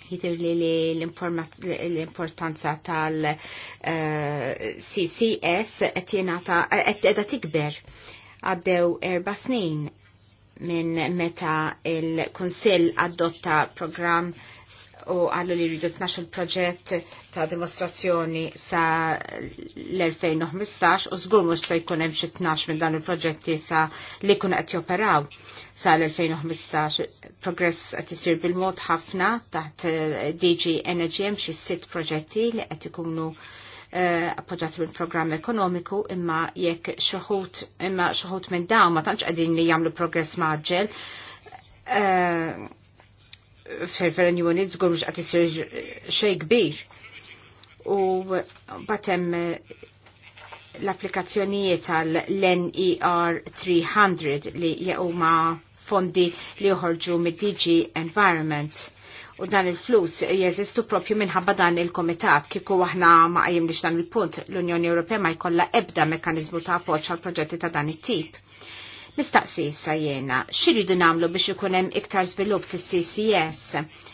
jitir li l-importanza tal-CCS eh, għedda tikber għaddew erba snin minn meta il-Konsil adotta program u għallu li rridu l proġett ta' dimostrazzjoni sa' l-2015 u zgur mux se jkun hemm xi 12 minn dan il-proġetti sa' li kun qed joperaw sal-2015 progress qed isir bil-mod ħafna taħt eh, DG Energy hemm xi sitt proġetti li qed ikunu uh, minn programm ekonomiku imma jekk xoħut imma xoħut minn dawn ma tantx qegħdin li jagħmlu progress maġġel. Uh, eh, Fer-Verenju Unit żgur mhux qed isir kbir. U batem l-applikazzjonijiet tal-NER 300 li huma fondi li joħorġu mid-DG Environment. U dan il-flus jeżistu propju minħabba dan il-komitat kieku aħna ma qajjim dan il-punt l-Unjoni Ewropea ma jkollha ebda mekkaniżmu ta' appoġġ għal proġetti ta' dan it-tip. Nistaqsi issa jiena, xiridu nagħmlu biex ikun hemm iktar żvilupp fis-CCS?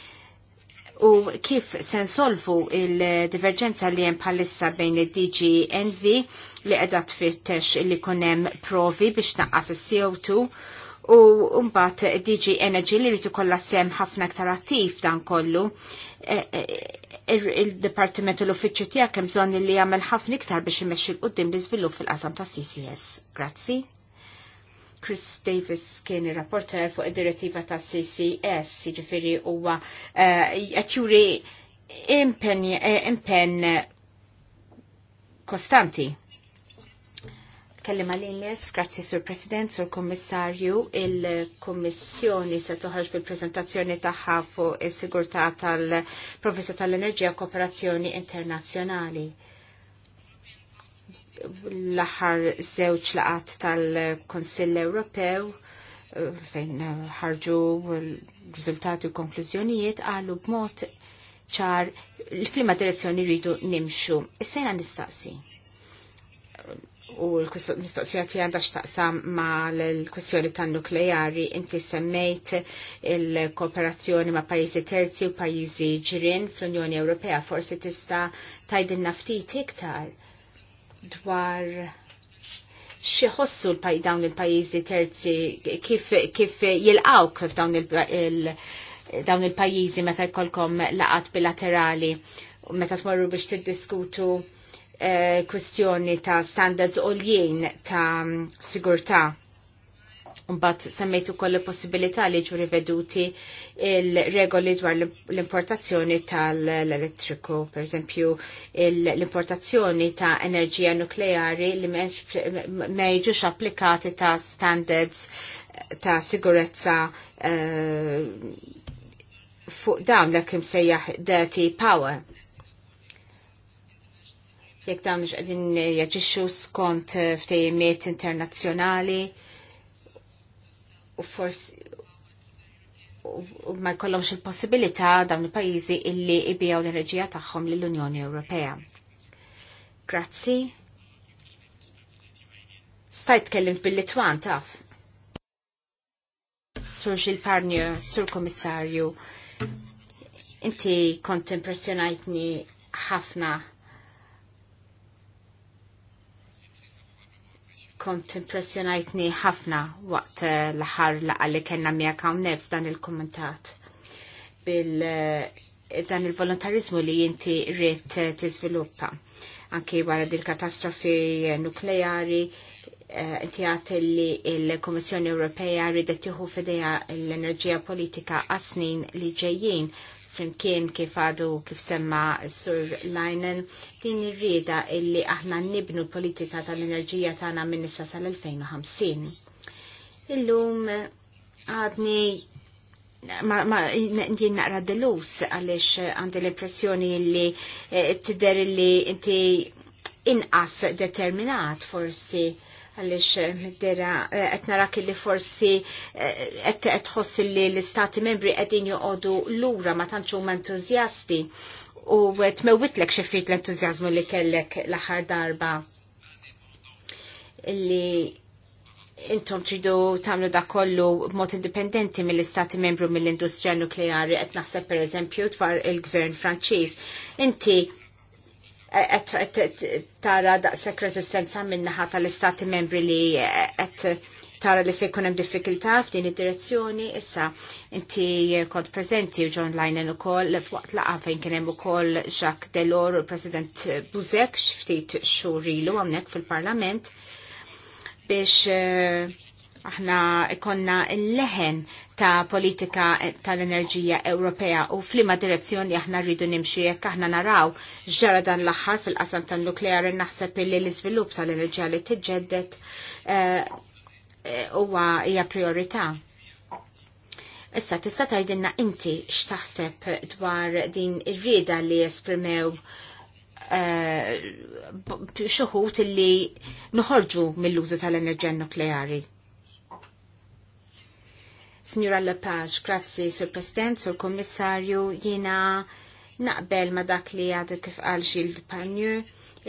u kif nsolvu il-diverġenza li jem palissa bejn il-DG Envy li qiegħda tfittex li kunem provi biex naqqas il-CO2 u mbagħad DG Energy li rritu kollha sem ħafna aktar attiv dan kollu eh, eh, il-Departiment u l-Uffiċċju tiegħek hemm bżonn li jagħmel ħafna iktar biex imexxi l qudiem li żvilupp fil-qasam ta' CCS. Grazzi. Chris Davis kien ir-rapporter fuq id-direttiva ta' CCS, jiġifieri huwa eh, qed juri impenn kostanti Kellim għal-inles, grazzi sur President, sur Kommissarju, il-Kommissjoni se toħarġ bil-prezentazzjoni taħħa fuq is-sigurtà tal-Provvista tal-Enerġija Kooperazzjoni Internazzjonali. L-aħħar żewġ laqat tal-Konsill Ewropew fejn ħarġu l riżultati u konklużjonijiet għalu b'mod ċar l-flima direzzjoni rridu nimxu. Is-sena nistaqsi u l-mistoqsija ti għandha xtaqsam ma l-kwestjoni tan nukleari inti semmejt il-kooperazzjoni ma' pajjiżi terzi u pajjiżi ġirin fl-Unjoni Ewropea forsi tista' tajdin ftit iktar dwar xieħossu dawn il-pajjiżi terzi kif, kif jilqaw kif dawn il-pajjiżi il meta jkollkom laqat bilaterali meta tmorru biex tiddiskutu Eh, kwestjoni ta' standards l-jien ta' mm, sigurtà. Mbatt semmejtu koll possibilità li ġu riveduti il-regoli dwar l-importazzjoni tal-elettriku, per eżempju l-importazzjoni ta' enerġija nukleari li ma jiġux applikati ta' standards ta' sigurezza uh, fuq dawn l-kim sejjaħ dirty power jekk dawn mhux qegħdin jaġixxu skont eh, ftejimiet internazzjonali u forsi ma jkollhomx il-possibilità dawn il-pajjiżi illi jbijaw l-enerġija tagħhom lill-Unjoni Ewropea. Grazzi. Stajt tkellimt bil-Litwan taf. Sur Gil Parnio, Sur Komissarju, inti kont impressjonajtni ħafna kont impressjonajtni ħafna waqt eh, l-ħar laqa li kena mija nef f'dan il-kommentat bil eh, dan il-volontarizmu li jinti rrit eh, tiżviluppa. Anki wara dil-katastrofi nukleari, inti għat li il-Komissjoni Ewropea rridet tiħu fideja l-enerġija politika għasnin li ġejjien flimkien kif għadu kif semma Sur Leinen din irrida illi aħna nibnu politika tal-enerġija tagħna minn issa sal-2050. Illum għadni ma, ma jien naqra delus għalix għandi l-impressjoni li eh, tider li inti inqas determinat forsi għalix eh, dera eh, qed narak li forsi eh, qed tħoss li l-istati membri qegħdin joqogħdu lura ma tantx huma entużjasti u tmewwitlek xi ftit l-entużjażmu li kellek l-aħħar darba li intom tridu tagħmlu da kollu b'mod indipendenti mill-istati membru mill-industrija nukleari qed naħseb pereżempju dwar il-gvern Franċiż. Inti tara daqshekk resistenza min-naħa tal-istati membri li qed eh, tara li se jkun hemm diffikultà f'din id-direzzjoni, issa inti kont preżenti u John Linen ukoll f'waqt laqa fejn kien hemm ukoll Jacques Delors u President Buzek ftit xhur ilu hawnhekk fil-Parlament biex eh, aħna ikonna il leħen ta' politika e, tal-enerġija Ewropea u flima direzzjoni aħna rridu nimxi jekk aħna naraw ġara dan l-aħħar fil-qasam tan-nukleari naħseb li l-iżvilupp tal-enerġija li tiġġedded e, e, huwa hija priorità. Issa tista' tgħidilna inti x'taħseb dwar din ir-rieda li esprimew xuħut li noħorġu mill-użu tal-enerġija nukleari. Signora Lepage, grazie, Sur President, Sur Kommissarju, jina naqbel ma dak li għadu kif għal Gilles panju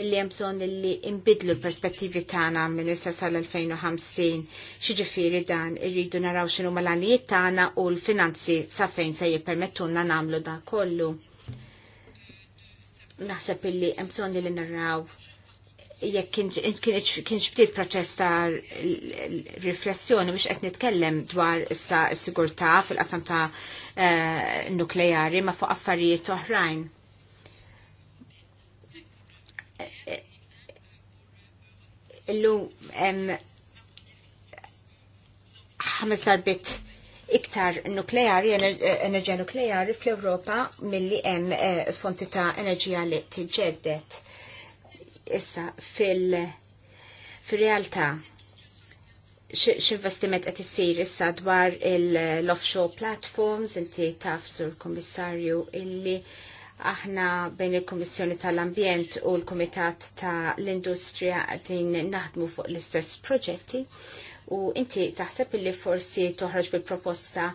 illi hemm bżonn illi imbidlu l-perspettivi tagħna minn issa sal-2050. Xiġifieri dan irridu naraw xinu malanijiet tana tagħna u l-finanzi sa fejn se jippermettulna nagħmlu dan kollu. Naħseb illi hemm illi naraw jekk kienx bdiet proċess ta' riflessjoni biex qed nitkellem dwar issa s-sigurtà fil-qasam ta' eh, nukleari ma' fuq affarijiet oħrajn. Eh, eh, illum hemm ħames darbit iktar nukleari, enerġija nukleari fl-Ewropa milli hemm fonti ta' enerġija li tiġġeddet issa fil- fil-realtà x'investiment qed issir issa dwar l-offshore platforms, inti taf sur kummissarju illi aħna bejn il-Kummissjoni tal-Ambjent u l-Kumitat ta' l-Industrija qegħdin naħdmu fuq l-istess proġetti u inti taħseb illi forsi toħroġ bil-proposta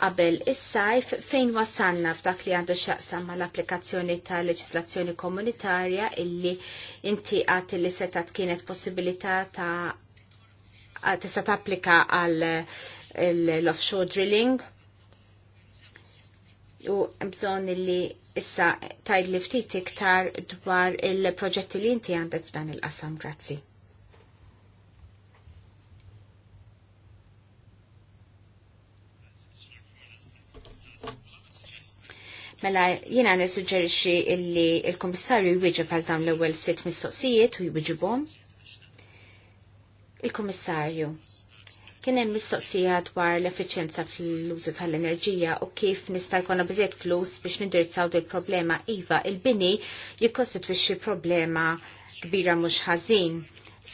qabel is-sajf fejn wasanna f'dak li għandu xaqsam mal applikazzjoni ta' leġislazzjoni komunitarja illi inti għat li setat kienet possibilità ta' tista' tapplika għal eh, l-offshore drilling u bżon illi issa tajd li ftit iktar dwar il-proġetti li inti għandek f'dan il-qasam. Grazzi. Mela jiena nissuġġerixxi illi il-Kummissarju jwieġeb għal dawn l-ewwel sitt mistoqsijiet u jwieġibhom. Il-Kummissarju kien hemm mistoqsija dwar l-effiċjenza fl-użu tal-enerġija u kif nista' jkollna biżiet flus biex nindirizzaw il problema iva il-bini jikkostitwixxi problema kbira mhux ħażin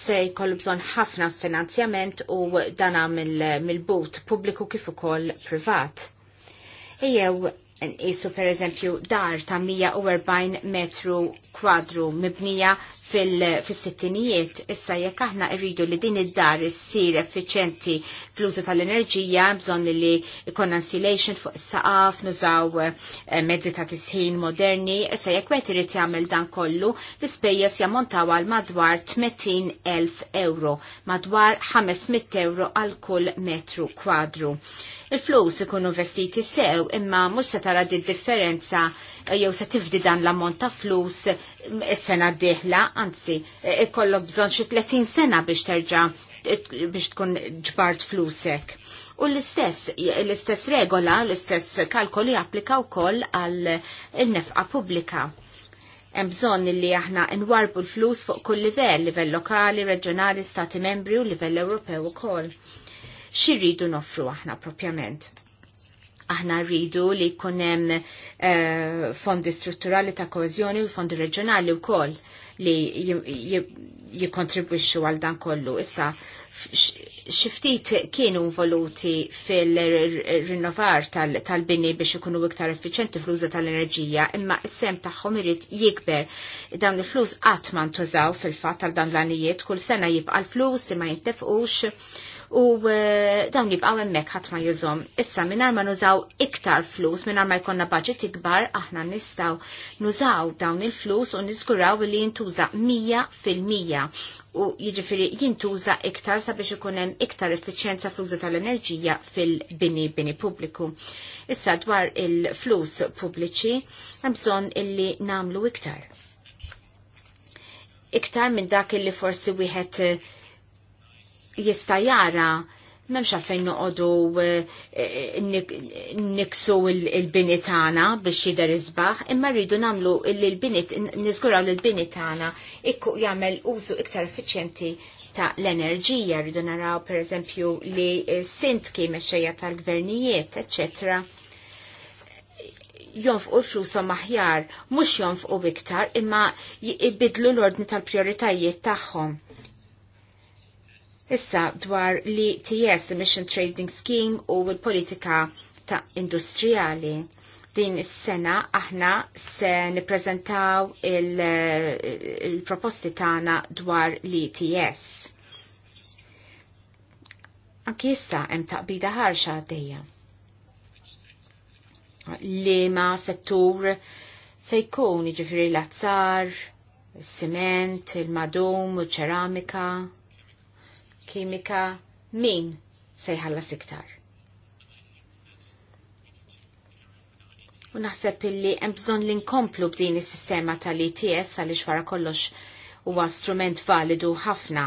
se jkollu bżonn ħafna finanzjament u dana mill-but mil pubbliku kif ukoll privat. Ejjew nqisu per eżempju dar ta' 140 metru kwadru mibnija fil-sittinijiet, issa jekk aħna rridu li din id-dar issir effiċenti fl-użu tal-enerġija, bżonn li ikonna insulation fuq is-saqaf, nużaw eh, mezzi ta' tisħin moderni, issa jekk qed irid jagħmel dan kollu, l-ispejjeż jammontaw għal madwar 80,000 euro, madwar 500 euro għal kull metru kwadru il-flus ikunu vestiti sew imma mhux se tara differenza eh, jew se tifdi dan l-ammont ta' flus s-sena diħla, anzi, kollu bżon xi 30 sena biex terġa biex tkun ġbart flusek. U l-istess, l-istess regola, l-istess kalkoli applikaw wkoll għal il-nefqa pubblika. Hemm bżonn li aħna nwarbu l-flus fuq kull livell, livell lokali, reġjonali, stati membri u livell Ewropew ukoll. Xi rridu noffru aħna propjament? Aħna rridu li kunem uh, fondi strutturali ta' koezjoni u fondi reġjonali u koll li jikontribwixxu għal dan kollu. Issa, xiftit kienu voluti fil-rinnovar tal-bini biex ikunu iktar effiċenti fl-użu tal-enerġija, imma s-sem tagħhom irrit jikber dawn il-flus qatt ma ntużaw fil-fatt tal dan l-għanijiet, kull sena jibqa' l-flus li ma jintefqux u eh, dawn jibqaw hemmhekk ħadd ma jużhom. Issa mingħajr ma nużaw iktar flus mingħajr ma jkollna budget ikbar aħna nistgħu nużaw dawn il-flus u niżguraw li jintuża mija fil-mija u jiġifieri jintuża iktar sabiex ikun hemm iktar effiċjenza fl-użu tal-enerġija fil-bini bini pubbliku. Issa dwar il-flus pubbliċi hemm bżonn illi nagħmlu iktar. Iktar minn dak illi forsi wieħed eh, jista jara memx għalfejn noqogħdu eh, eh, niksu il-bini tagħna biex jidher izbaħ, imma rridu nagħmlu l-bini niżguraw l-bini tagħna jagħmel użu iktar effiċjenti ta' l-enerġija, rridu naraw pereżempju li sint sintki mexxejja tal-gvernijiet, eċċetera jonfqu flusom aħjar, mhux jonfqu iktar, imma jibidlu l-ordni tal-prioritajiet tagħhom Issa dwar li TS, the Mission Trading Scheme, u l-politika ta' industrijali. Din is-sena aħna se nippreżentaw il-proposti il, tagħna dwar l-ETS. Anki issa hemm taqbida ħarxa għaddejja. Liema settur se jkun jiġifieri l-azzar, is-siment, il-madum, il-ċeramika, il madum il ċeramika kimika min se jħallas iktar. U naħseb illi hemm bżonn li nkomplu b'din is-sistema tal-ETS għaliex wara kollox huwa strument validu ħafna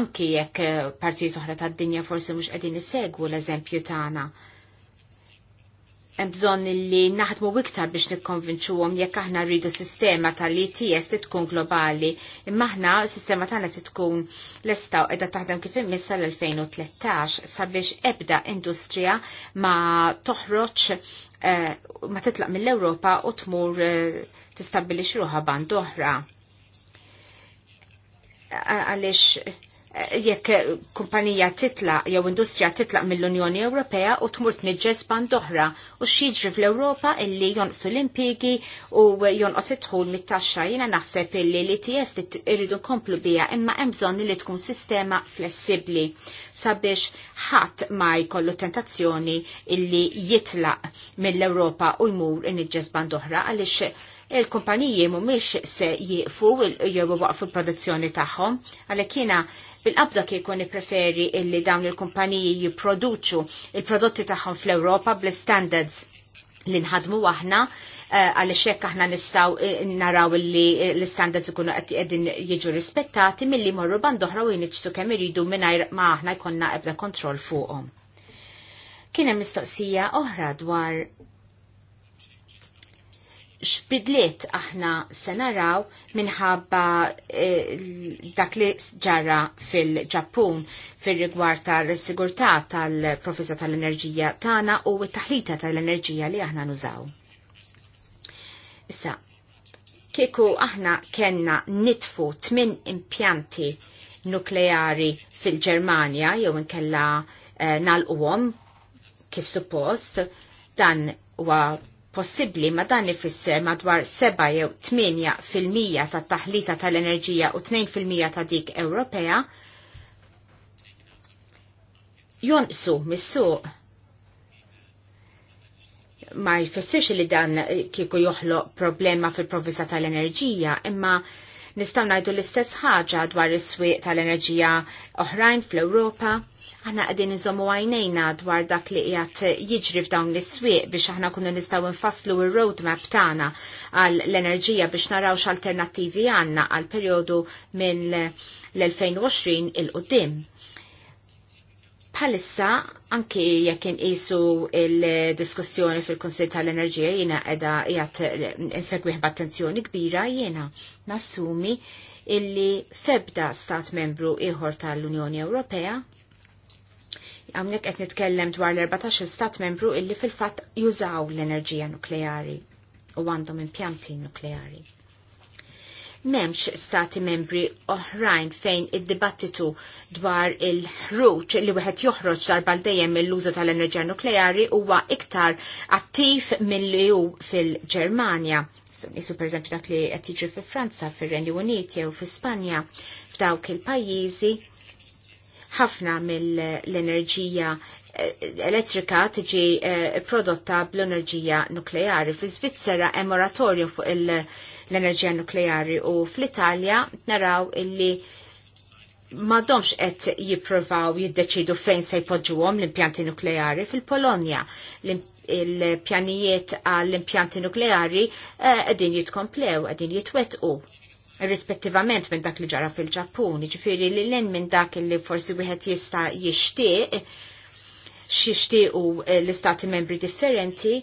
anki jekk eh, partijiet oħra tad-dinja forsi mhux qegħdin isegwu l-eżempju tagħna bżon li naħdmu iktar biex nikkonvinċuhom jekk aħna rridu sistema tal-ETS li tkun globali. Imma aħna sistema tagħna tkun l-istaw qiegħda taħdem kif immiss l 2013 sabiex ebda industrija ma toħroġ eh, ma titlaq mill-Ewropa u tmur uh, eh, tistabbilix ruħha band oħra. Għaliex jekk kumpanija titla' jew industrija titlaq mill-Unjoni Ewropea u tmur tniġġes band oħra u x'jiġri fl-Ewropa illi jonqsu l-impjiegi u jonqos it-tħul mit-taxxa jiena naħseb illi l-ITS irridu nkomplu biha imma hemm bżonn li tkun sistema flessibbli sabiex ħadd ma jkollu tentazzjoni illi jitlaq mill-Ewropa u jmur inniġġes band oħra għaliex il-kumpaniji mhumiex se jieqfu jew waqfu l-produzzjoni tagħhom, għalhekk jiena Bil-qabda kikun preferi illi dawn il-kumpaniji jipproduċu il-prodotti tagħhom fl-Ewropa bl-standards li nħadmu aħna eh, għal xekk aħna nistaw eh, naraw li eh, l-standards ikunu qegħdin jiġu rispettati milli morru bandoħra u jniġsu kemm iridu mingħajr ma aħna jkollna ebda kontroll fuqhom. Kien hemm mistoqsija oħra dwar xbidliet aħna se naraw minħabba eh, dak li ġara fil-Ġappun fil-rigward tal-sigurtà tal-professa tal-enerġija tagħna u t-taħlita tal-enerġija li aħna nużaw. Issa, kieku aħna kenna nitfu tmin impjanti nukleari fil-Germania jew inkella eh, nal kif suppost dan huwa possibbli ma dan fisser madwar 7 jew 8 fil tat taħlita tal-enerġija u 2 fil ta' dik Ewropea jonqsu mis-suq. Ma jfessirx li dan kieku joħloq problema fil-provvista tal-enerġija, imma Nistaw najdu l-istess ħaġa dwar is-swieq tal-enerġija oħrajn fl-Ewropa. Aħna qegħdin iżommu għajnejna dwar dak li qiegħed jiġri f'dawn l-iswieq biex aħna kunu nistgħu nfasslu r roadmap tagħna għal l-enerġija biex naraw x'alternattivi għandna għal perjodu minn l-2020 il-qudiem. Palissa, anki jekk isu il-diskussjoni fil-Konsil tal-Enerġija jiena qiegħda qiegħed insegwih b'attenzjoni kbira jiena nassumi illi febda stat membru ieħor tal-Unjoni Ewropea għamnek qed nitkellem dwar l-14 stat membru illi fil-fatt jużaw l-enerġija nukleari u għandhom impjanti nukleari. Memx stati membri oħrajn fejn id-dibattitu dwar il-ħruċ li wieħed joħroġ darba dejjem mill-użu tal-enerġija nukleari huwa iktar attiv mill-li fil-Ġermanja. Nisu per eżempju dak li qed jiġri fi Franza, fir-Renju Uniti jew fi Spanja, f'dawk il-pajjiżi ħafna mill-enerġija eh, elettrika tiġi eh, prodotta bl-enerġija nukleari. Fi Svizzera hemm moratorju fuq il- l-enerġija nukleari u fl-Italja naraw illi madomx qed jipprovaw jiddeċidu fejn se jpoġġuhom l-impjanti nukleari fil-Polonja. Il-pjanijiet għall-impjanti nukleari eh, qegħdin jitkomplew, qegħdin jitwetqu rispettivament minn dak li ġara fil-Ġappun, ġifiri li l minn dak li forsi wieħed jista' jixtieq u eh, l-istati membri differenti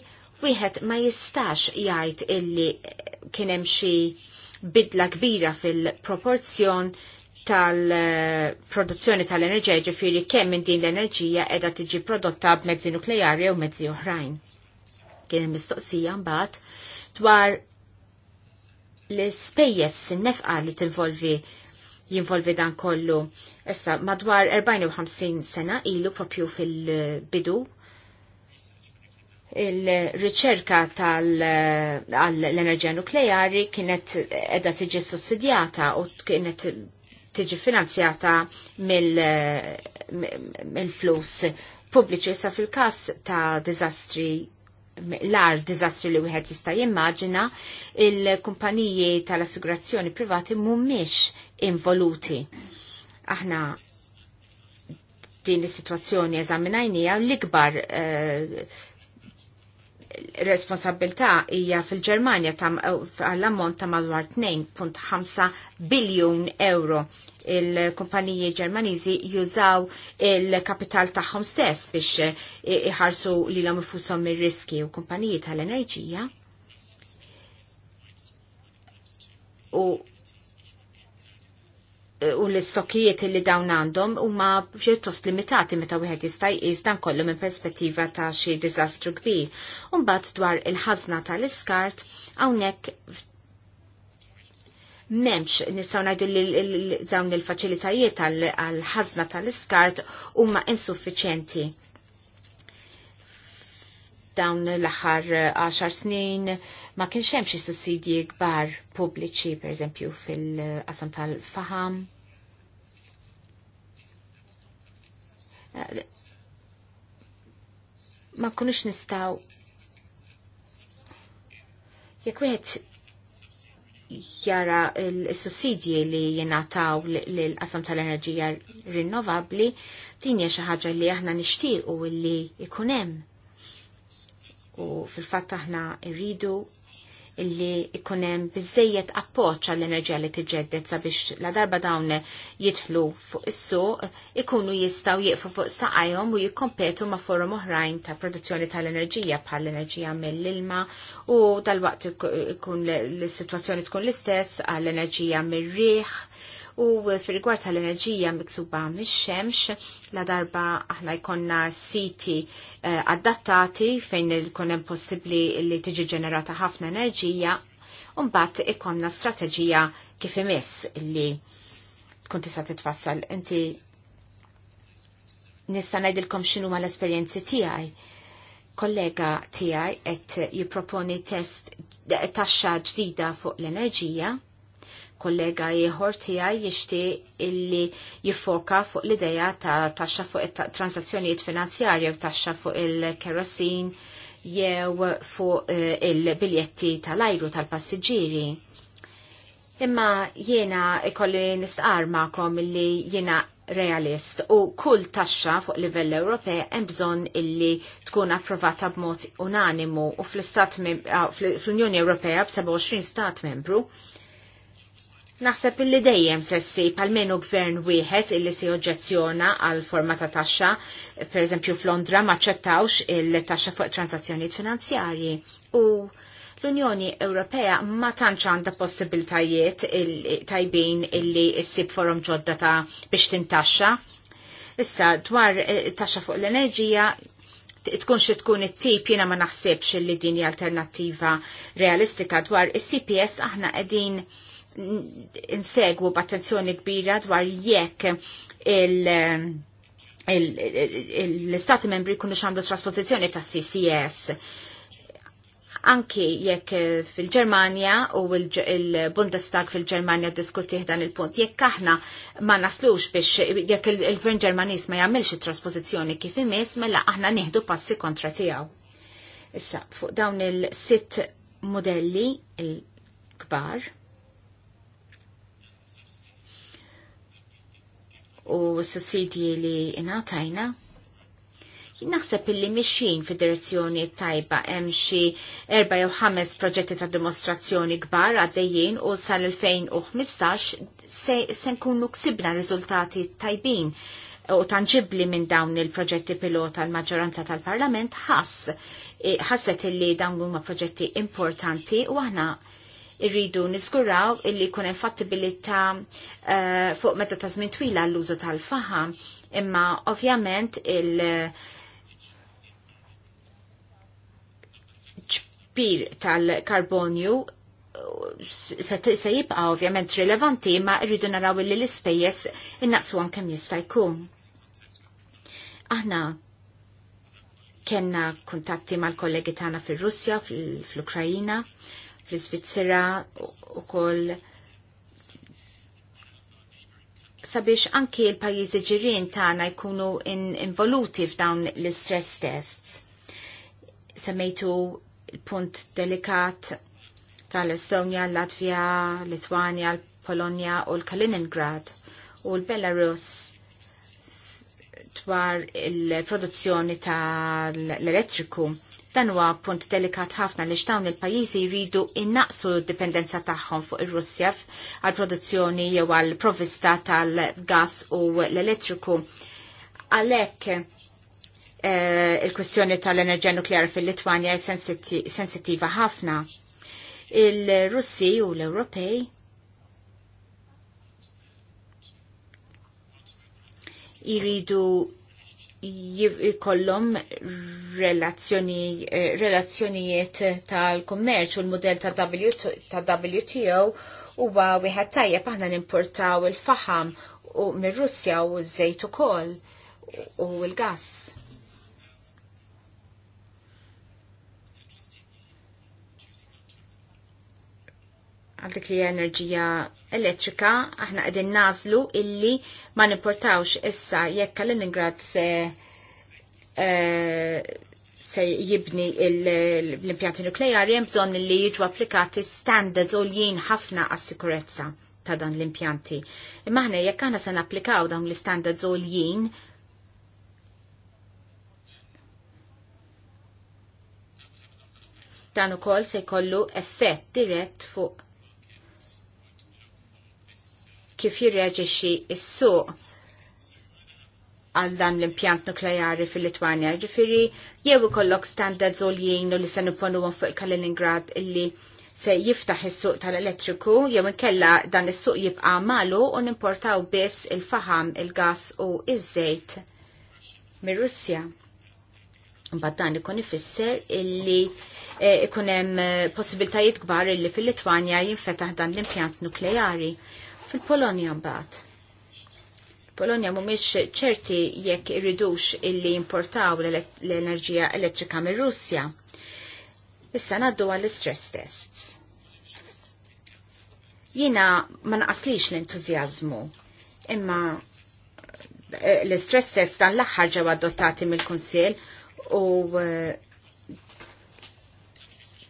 wieħed ma jistax jgħid illi kien hemm xi bidla kbira fil-proporzjon tal-produzzjoni tal-enerġija ġifiri kemm minn din l-enerġija qiegħda tiġi prodotta b'mezzi nukleari u mezzi oħrajn. Kien hemm mistoqsija mbagħad dwar l-ispejjeż sin-nefqa li tinvolvi jinvolvi dan kollu. Issa madwar 40 u 50 sena ilu propju fil-bidu il-riċerka tal-enerġija nukleari kienet edha tiġi sussidjata u kienet tiġi finanzjata mill-flus pubbliċi sa fil-kas ta' dizastri l-ar dizastri li wieħed jista' jimmaġina il-kumpaniji tal-assigurazzjoni privati mhumiex involuti. Aħna din is-sitwazzjoni eżaminajnija l-ikbar eh, responsabilità hija fil-Ġermanja għall-ammont ta' madwar 2.5 biljun euro. Il-kumpaniji Ġermaniżi jużaw il-kapital tagħhom stess biex iħarsu lilhom ifushom ir-riski u kumpaniji tal-enerġija. U Eh, u l-istokijiet li dawn għandhom huma pjuttost limitati meta wieħed jista' jqis dan kollu minn perspettiva ta' xi diżastru kbir. Imbagħad dwar il ħazna tal-iskart hawnhekk memx nistgħu ngħidu li dawn il-faċilitajiet għal ħazna tal-iskart huma insuffiċenti Dawn l-aħħar 10 snin ma kienx hemm xi sussidji kbar pubbliċi pereżempju fil-qasam tal-faham. Ma kunux nistaw jekk wieħed jara l-sussidji li jingħataw l-qasam tal-enerġija rinnovabbli, din hija xi ħaġa li aħna nixtiequ li jkun hemm u fil-fatt aħna rridu li ikunem bizzejiet appoċ għall-enerġija li tiġeddet sabiex la darba dawn jitħlu fuq is-suq ikunu jistaw jieqfu fuq saqajhom u jikkompetu ma' forum oħrajn ta' produzzjoni tal-enerġija bħal enerġija mill-ilma u dal-waqt ikun l-sitwazzjoni tkun l-istess għall-enerġija mir-riħ u fil-rigward tal-enerġija miksuba mix-xemx la darba aħna jkonna siti eh, adattati fejn il-konem possibli li tiġi ġenerata ħafna enerġija Umbat ikonna strategija kif imiss li tkun tista' titfassal. Inti nista' ngħidilkom xinu ma l-esperjenzi tiegħi. Kollega tiegħi qed jipproponi test eh, taxxa ġdida fuq l-enerġija kollega ieħor tiegħi jixtieq illi jiffoka fuq l-idea ta' taxxa fuq it-transazzjonijiet finanzjarji u taxxa fuq il-kerosin jew fuq eh, il-biljetti tal-ajru tal-passiġġieri. Imma jiena ikolli nistqar ma'kom illi jiena realist u kull taxxa fuq livell Ewropej hemm bżonn illi tkun approvata b'mod unanimu u ah, fl-Unjoni Ewropea b'27 stat membru Naħseb illi dejjem sessi palmenu gvern wieħed illi se oġġezzjona għal forma ta' taxxa, per eżempju f'Londra ma ċettawx il-taxxa fuq transazzjonijiet finanzjarji. U l-Unjoni Ewropea ma tantx għandha possibiltajiet tajbin illi ssib forum ġodda ta' biex tintaxxa. Issa dwar eh, taxxa fuq l-enerġija tkun xi tkun it-tip jiena ma naħsibx li din hija alternattiva realistika dwar is-CPS aħna qegħdin insegwu b'attenzjoni kbira dwar jekk il- l-istati membri kunu xamlu trasposizjoni ta' CCS. Anki jekk fil-Germania u il-Bundestag fil-Germania diskutih dan il-punt, jekk aħna ma naslux biex jekk il-Gvern Ġermanis ma jagħmilx it-trasposizzjoni kif imiss, mela aħna nieħdu passi kontra tiegħu. Issa, fuq dawn il sit modelli il-kbar, u sussidji li inatajna. naħseb illi mixin fi direzzjoni tajba hemm xi erba' jew ħames proġetti ta' dimostrazzjoni kbar għaddejjin u sal-2015 se, se nkunu ksibna riżultati tajbin u tanġibli minn dawn il-proġetti pilota l-maġġoranza tal-Parlament ħass ħasset illi dawn huma proġetti importanti u aħna irridu niskuraw illi jkun hemm fattibilità uh, fuq meta ta' żmien twila l-użu tal-faħam, imma ovvjament il- ċpir tal-karbonju eh, se jibqa' ovvjament rilevanti ma rridu naraw li l-ispejjeż innaqsu kemm jista' jkun. Aħna kenna kuntatti mal-kollegi tagħna fir-Russja, fl-Ukrajina, fl fl-Svizzera u koll sabiex anki l-pajjiżi ġirien tagħna jkunu involuti f'dawn l-istress tests. Semmejtu il-punt delikat tal-Estonja, l-Latvija, Litwanja, l-Polonja u l-Kaliningrad u l-Belarus dwar il-produzzjoni tal-elettriku Dan huwa punt delikat ħafna li dawn il-pajjiżi jridu innaqsu d-dipendenza tagħhom fuq ir-Russja għal produzzjoni jew għal provista tal-gas u l-elettriku. Għalhekk eh, il-kwestjoni tal-enerġija nukleari fil-Litwanja sensittiva ħafna. Il-Russi u l-Ewropej jridu jikollom eh, relazzjonijiet tal-kummerċ u l model ta' WTO huwa wieħed tajjeb aħna nimportaw il-faħam u mir-Russja u ż-żejt ukoll u l-gass. Għal li enerġija elettrika aħna qegħdin nażlu illi ma nimportawx issa jekk Kaliningrad se eh, se jibni l-impjanti nukleari hemm bżonn li jiġu applikati standards u jien ħafna għas-sikurezza ta' dan l-impjanti. Imma aħna jekk aħna se napplikaw dawn l-standards u jien dan ukoll se jkollu effett dirett fuq kif jirreġixxi is suq għal dan l-impjant nukleari fil-Litwanja. Ġifiri, jew ikollok standards għoljien u li se nipponuhom fuq Kaliningrad illi se jiftaħ is-suq tal-elettriku, jew inkella dan is-suq jibqa' malu u nimportaw biss il-faħam, il-gas u iż-żejt mir-Russja. Mbagħad dan ikun ifisser illi eh, ikun hemm eh, possibiltajiet kbar illi fil-Litwanja jinfetaħ dan l-impjant nukleari. Fil-Polonja mbagħad. Polonja mhumiex ċerti jekk irridux illi importaw l-enerġija elettrika mir russja Issa naddu għall stress tests. Jina ma naqaslix l-entużjażmu, imma eh, l-stress test dan l-aħħar ġew adottati mill-Kunsill u eh,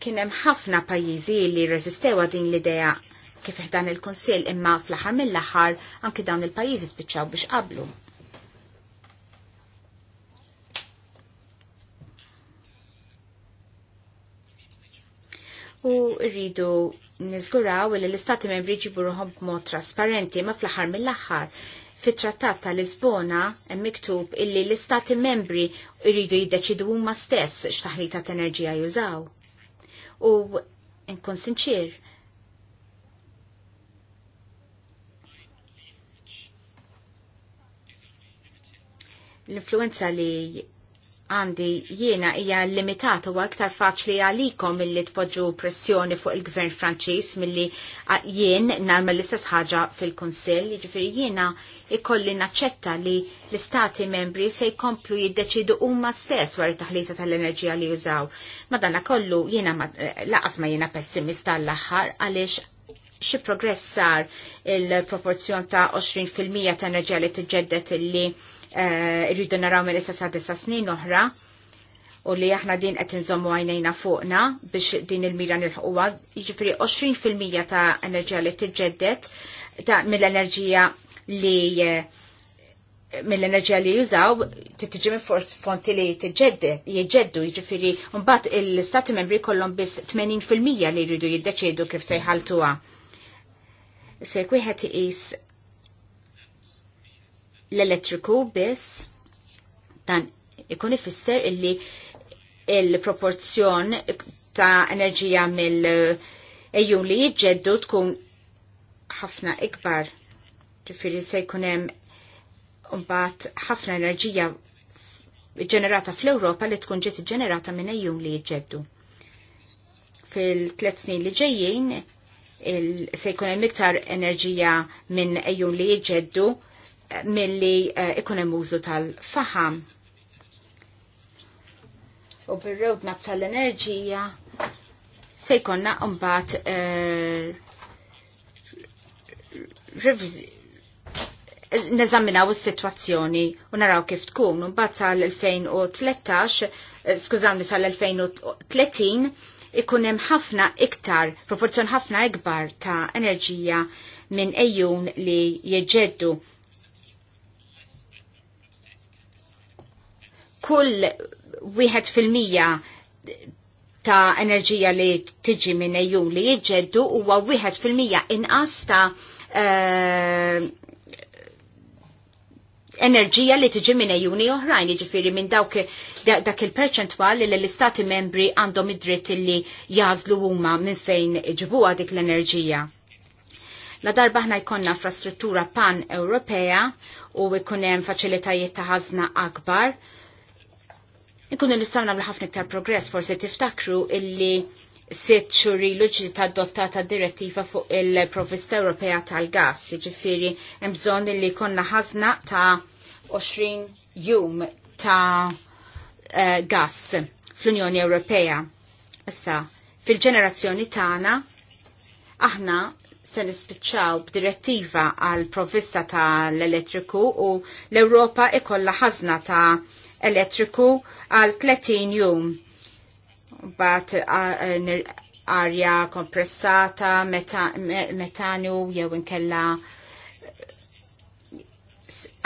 kien hemm ħafna pajjiżi li rreżistew din l-idea kif dan il-Konsil imma fl-aħħar mill-aħħar anki dawn il-pajjiżi spiċċaw biex qablu. U rridu niżguraw li l-Istati membri ġibu ruħom b'mod trasparenti ma fl-aħħar mill-aħħar fit-trattat ta' Lisbona hemm miktub illi l-Istati membri rridu jiddeċidu huma stess x'taħlita ta' enerġija jużaw. U nkun sinċir, l-influenza li għandi jiena hija limitata u aktar faċli għalikom milli tpoġġu pressjoni fuq il-gvern Franċiż milli jien nagħmel l-istess ħaġa fil-Kunsill, jiġifieri jiena ikolli naċċetta li l-istati membri se jkomplu jiddeċidu huma stess wara taħlita tal-enerġija li jużaw. Madanakollu kollu jiena eh, laqas ma jiena pessimista l-aħħar għaliex xi progress sar il-proporzjon ta' 20% ta' enerġija li tiġġedet illi Eh, irridu naraw mill issa sa' disa snin oħra u li aħna din qed inżommu għajnejna fuqna biex din il-mira nilħquha, jiġifieri 20% ta' enerġija li tiġġedded ta' mill-enerġija li eh, mill-enerġija li jużaw titġi minn fonti li tiġġedded jiġġeddu jiġifieri mbagħad il-Stati Membri kollhom biss 80% li jridu jiddeċiedu kif se jħaltuha se wieħed iqis l-elettriku biss dan ikun ifisser illi il-proporzjon ta' enerġija mill ejjun li jġeddu tkun ħafna ikbar. Ġifiri se jkun hemm mbagħad ħafna enerġija ġenerata fl-Ewropa li tkun ġiet ġenerata minn ejjun li jġeddu. Fil-tliet snin li ġejjin se jkun hemm iktar enerġija minn ejjun li jġeddu milli eh, ikun hemm użu tal-faħam. U bir-roadmap tal-enerġija se jkollna mbagħad eh, neżaminaw is-sitwazzjoni u naraw kif tkun. Mbagħad sal-2013, eh, skużawni sal-2030, ikun hemm ħafna iktar, proporzjon ħafna ikbar ta' enerġija minn ejjun li jieġeddu kull wieħed fil-mija ta' enerġija li tiġi minn ejjun li jiġġeddu huwa wieħed fil-mija inqas ta' eh, enerġija li tiġi minn ejjuni oħrajn, jiġifieri minn dawk dak il-perċentwal li l-istati membri għandhom id-dritt li jażlu huma minn fejn ġibuha dik l-enerġija. La darba ħna jkonna infrastruttura pan-Ewropea u jkun hemm faċilitajiet ta' ħażna akbar, Nkunu nistgħu nagħmlu ħafna iktar progress forsi tiftakru illi sitt xhur ilu ġiet adottata direttiva fuq il-Provista Ewropea tal-Gas, jiġifieri hemm bżonn illi konna ħazna ta' 20 jum ta' uh, gas fl-Unjoni Ewropea. Issa, fil-ġenerazzjoni tagħna aħna se nispiċċaw b'direttiva għal provista tal-elettriku u l-Ewropa ikolla ħazna ta' elettriku għal 30 jum. Bat arja kompressata, metanu, jew inkella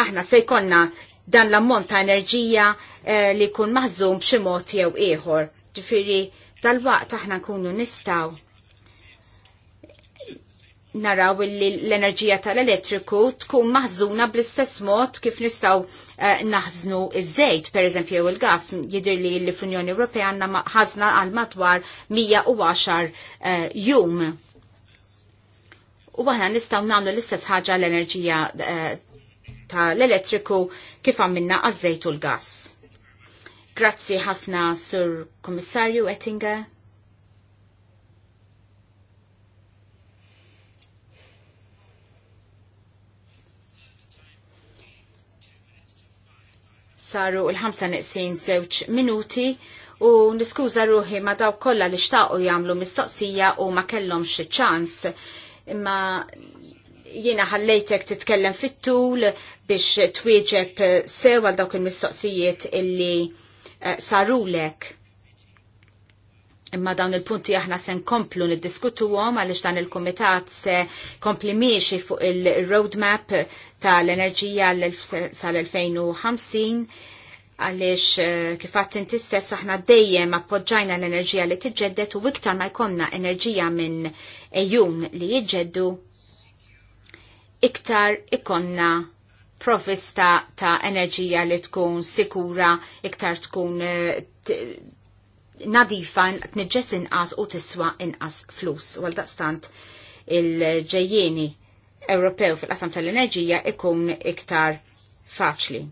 aħna se jkollna dan l-ammont ta' enerġija eh, li jkun maħżum b'xi mod jew ieħor. Ġifieri tal-waqt aħna nkunu nistgħu naraw li l-enerġija tal-elettriku tkun maħżuna bl-istess mod kif nistaw naħznu eh, naħżnu iż-żejt, per eżempju, jew il-gas, jidir li l-Unjoni Ewropea għanna ħażna għal madwar 110 eh, jum. U għahna nistaw namlu l-istess ħaġa l-enerġija eh, tal-elettriku kif għamilna għaż-żejt u l-gas. Grazzi ħafna, Sur Kommissarju Ettinger. saru l-ħamsa neqsin żewġ minuti u niskuża ruħi ma daw kollha li xtaqu jagħmlu mistoqsija u ma kellhomx ċans imma jiena ħallejtek titkellem fit-tul biex twieġeb sew għal dawk il-mistoqsijiet illi eh, sarulek. Imma dawn il-punti aħna se nkomplu niddiskutuhom għaliex dan il-kumitat se kompli miexi fuq il-roadmap tal-enerġija sal-2050 għaliex eh, kifat inti stess aħna dejjem appoġġajna l-enerġija li tiġġeddet u iktar ma jkollna enerġija minn ejjun li jiġġeddu iktar ikonna provvista ta' enerġija li tkun sikura, iktar tkun eh, nadifa tniġġes inqas u tiswa inqas flus. Għal daqstant il-ġejjeni Ewropew fil-qasam tal-enerġija ikun iktar faċli.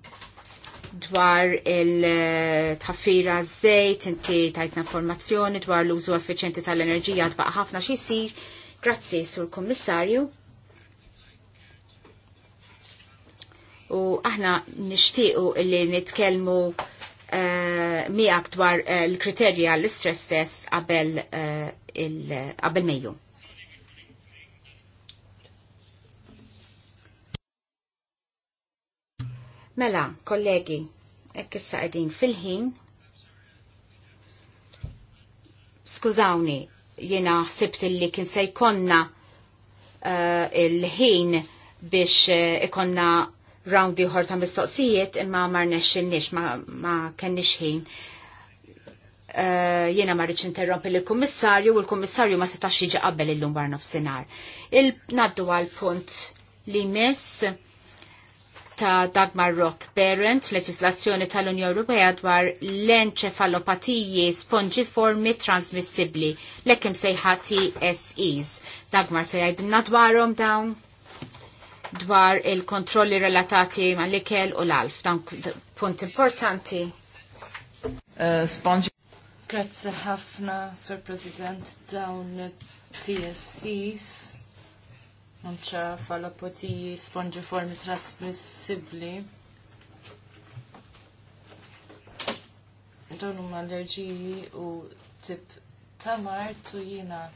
Dwar il-tħaffira żejt, inti tajtna informazzjoni dwar l-użu effiċenti tal-enerġija dbaq ħafna xisir. Grazzi, Sur Kommissarju. U aħna nixtiequ li nitkellmu Eh, miegħek dwar eh, l-kriterja l-istress test eh, qabel Mejju. Mela, kollegi, hekk issa qegħdin fil-ħin. Skużawni, jiena ħsibt li kien se jkollna il-ħin biex ikonna round ieħor ta' mistoqsijiet imma ma rnexxinniex ma, ma kenniex ħin. Uh, eh, jena ma rridx interrompi l-kummissarju u l-kummissarju ma setax jiġi qabel illum bar nofsinhar. Il-naddu għal punt li ta' Dagmar Roth Parent, leġislazzjoni tal-Unjoni Ewropea dwar l-enċefalopatiji spongiformi transmissibli, lekkim sejħati SEs. Dagmar se jgħidimna dwarhom dawn? dwar il-kontrolli relatati ma' l-ikel u l-alf. Dan punt importanti. Uh, sponge. Grazzi ħafna, Sir President, dawn TSCs. Nċa falapotiji spongiformi trasmissibli. Dawn huma allerġiji u tip ta' tu jina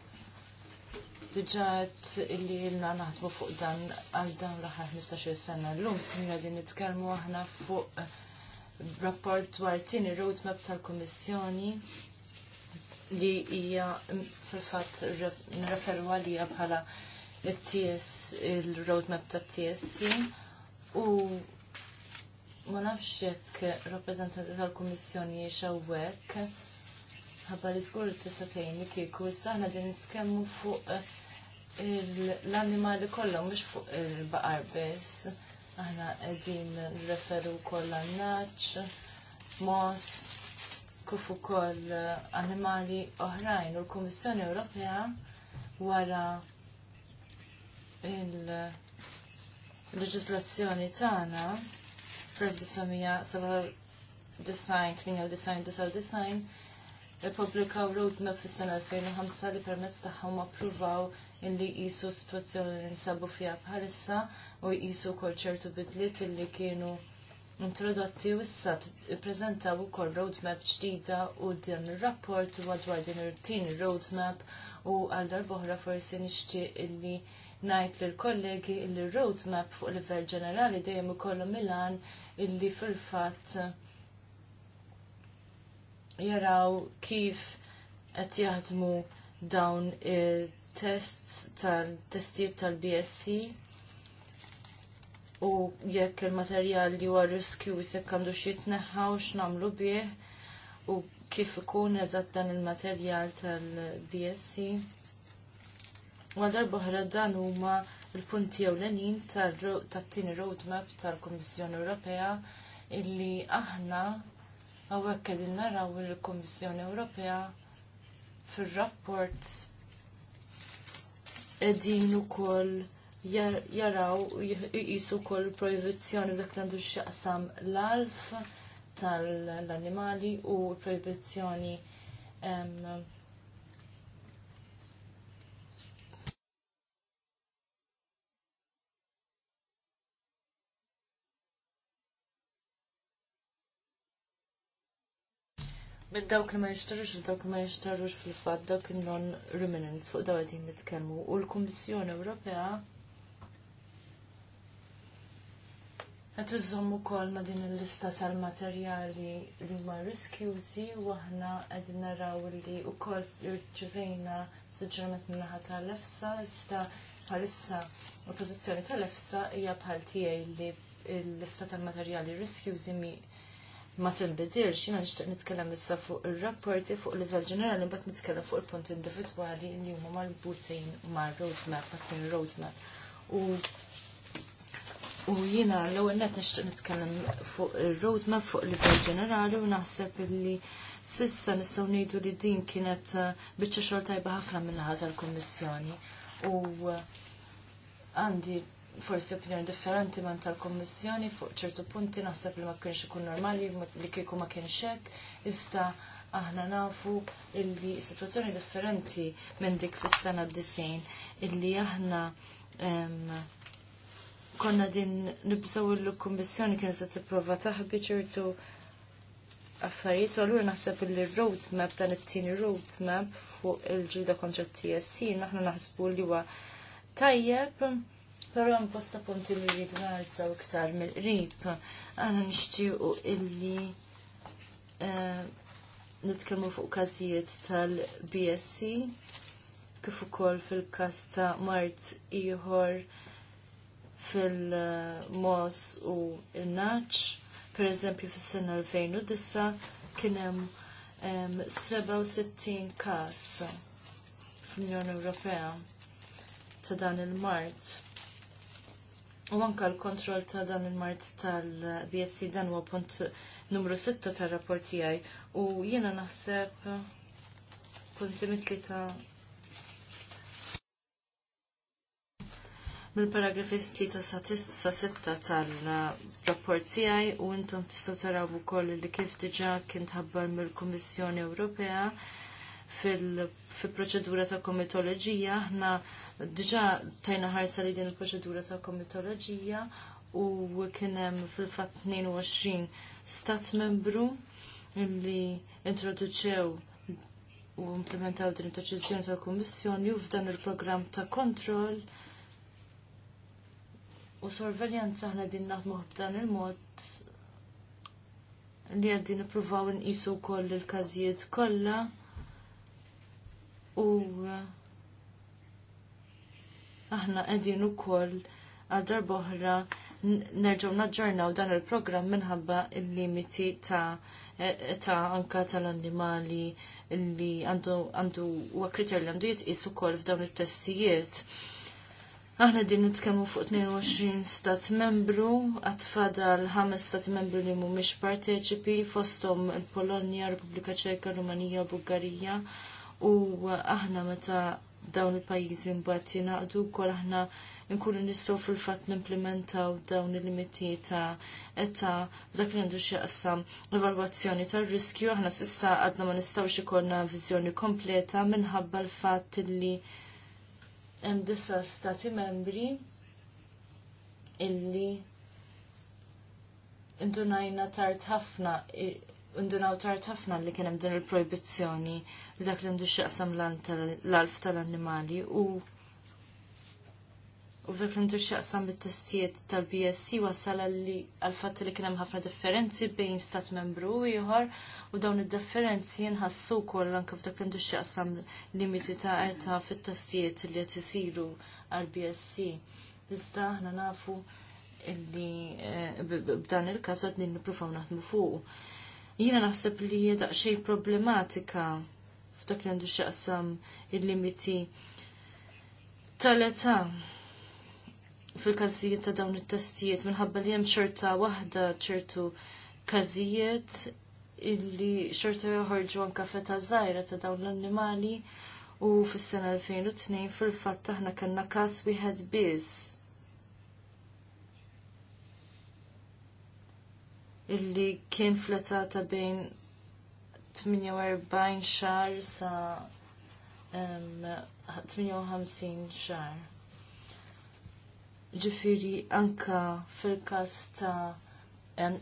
diġat illi jilna naħdmu fuq dan għal dan l-ħar 15 sena. L-lum sinjura din nitkellmu aħna fuq eh, rapport dwar tini roadmap tal-Komissjoni li hija fil-fatt nreferu għalija bħala il-roadmap ta' TS u ma nafx jekk rappresentanti tal-Komissjoni xawwek ħabba li skur tista' tgħinni kieku issa din nitkellmu fuq eh, l-annimali kollha mhux fuq il-baqar biss. Aħna qegħdin nirreferu wkoll għan naċċ mos, kif ukoll animali oħrajn u l-Kummissjoni Ewropea wara il-leġislazzjoni tagħna fl-1998 il Republika roadmap fis-sena 2005 li permezz tagħhom appruvaw illi jisu situazzjoni li nsabu fija bħalissa u jisu wkoll ċertu bidliet illi kienu introdotti u issa u ukoll roadmap ġdida u din ir-rapport u għadwar din ir-tin roadmap u għal darb'oħra forsi nixtieq illi ngħid lill kollegi illi roadmap fuq livell ġenerali dejjem kollu milan illi fil fat jaraw kif qed jaħdmu dawn il- tests tal-testijiet tal-BSC u jekk il-materjal li huwa riskju jekk għandu xi jitneħħa u x'namlu bih u kif ikun eżatt dan il-materjal tal-BSC. U għadar boħra dan huma l punti ewlenin tat-tieni roadmap tal-Kummissjoni Ewropea illi aħna hawnhekk qegħdin naraw il-Kummissjoni Ewropea fir-rapport edin u koll jaraw jisu koll proibizjoni dak nandu xaqsam l-alf tal-animali u proibizjoni ehm, Minn dawk li ma jishtarux, minn dawk li ma jishtarux fil-fat, dawk non-ruminants fuq daw għedin nitkelmu. U l komissjoni Ewropea għet użommu kol ma din il-lista tal-materjali li ma riskjużi u għahna għedin naraw li u kol irċivejna suġġerament minnaħat tal-EFSA, ista bħalissa l-pozizjoni tal-EFSA hija bħal tiegħi li l-lista tal-materjali riskjużi mi ma tilbidir, jiena nixtieq nitkellem issa fuq ir-rapporti fuq livell ġenerali mbagħad nitkellem fuq il-punt individwali li huma marbutin mar-roadmap, mat-tin roadmap. U U jiena l-ewwel net nixtieq nitkellem fuq ir-roadmap fuq livell ġenerali u naħseb li sissa nistgħu ngħidu li din kienet uh, biċċa xogħol tajba ħafna min-naħa tal-Kummissjoni. U uh, għandi forsi opinjoni differenti man tal-Kommissjoni fuq ċertu punti naħseb li ma kienx ikun normali li kieku ma kienx hekk, iżda aħna nafu illi situazzjoni differenti minn dik fis-sena d disin illi aħna konna din nibżgħu l-Kummissjoni kienet qed tipprova taħbi ċertu affarijiet u għallura naħseb li roadmap dan it-tieni roadmap fuq il-ġilda kontra t-TSC naħna naħsbu li huwa tajjeb Pero hemm bosta punti li rridu narazzaw iktar mill-qrib. Aħna nixtiequ illi eh, nitkellmu fuq każijiet tal-BSc kif ukoll fil-każ ta' Mart ieħor fil-Mos u il naċ Per eżempju fis-sena 2009 kien hemm 67 każ fl-Unjoni Ewropea ta' dan il-Mart U anka l-kontroll ta' dan il-mart tal-BSC dan huwa punt numru 6 tar-rapport tiegħi u jiena naħseb punti mitli ta' mill-paragrafi 3 sa' 6 tal-rapport tiegħi u intom tistgħu taraw ukoll li kif diġà kien tħabbar mill-Kummissjoni Ewropea fil-proċedura ta' komitoloġija ħna Diġa tajna ħarsa li din il-proċedura ta' komitoloġija u kienem fil-fat 22 stat membru li introduċew u implementaw din il deċiżjoni tal-Kummissjoni u f'dan il-programm ta' kontroll u sorveljanza ħna din naħdmu b'dan il-mod li għaddin nippruvaw nqisu wkoll il-każijiet kollha u aħna qegħdin ukoll għal darboħra nerġgħu naġġornaw dan il-programm minħabba il-limiti ta' eh, ta' anka tal-annimali li għandu huwa għakriter li għandu jitqis ukoll f'dawn it-testijiet. Aħna din nitkellmu fuq 22 stat membru, għatfada l-5 stat membru li mhumiex parteċipi fosthom il-Polonja, Repubblika Ċeka, Rumanija, Bulgarija u aħna meta dawn il-pajjiżi mbagħad jingħaqdu wkoll aħna nkunu nistgħu fil-fatt nimplementaw dawn il-limiti ta' età f'dak li għandu x'jaqsam evalwazzjoni tar-riskju aħna s'issa għadna ma nistgħux ikollna viżjoni kompleta minħabba l-fatt li hemm disa stati membri illi indunajna tard ħafna undunaw tard ħafna li kien hemm din il-projbizzjoni li dak li ndux jaqsam l-alf tal-annimali u u dak li ndux x'jaqsam bit-testijiet tal-BSC wasal li għal-fatt li kien hemm ħafna differenzi bejn stat membru u ieħor u dawn id-differenzi jinħassu wkoll anke f'dak li ndux jaqsam limiti ta' għeta' fit-testijiet li qed isiru għal-BSC. Iżda aħna nafu illi eh, b'dan il-każ qed nippruvaw naħdmu fuq. Jiena naħseb li hija daqsxejn problematika f'dak li għandu x'aqsam il-limiti tal-età fil-każijiet ta' dawn it-testijiet minħabba li hemm ċerta waħda ċertu każijiet illi xorta joħorġu anka feta żgħira ta' dawn l-annimali u fis-sena 2002 fil-fatt aħna kellna każ wieħed biss illi kien fleta ta' bejn 48 xar sa 58 xar. Ġifiri anka fil-kas ta'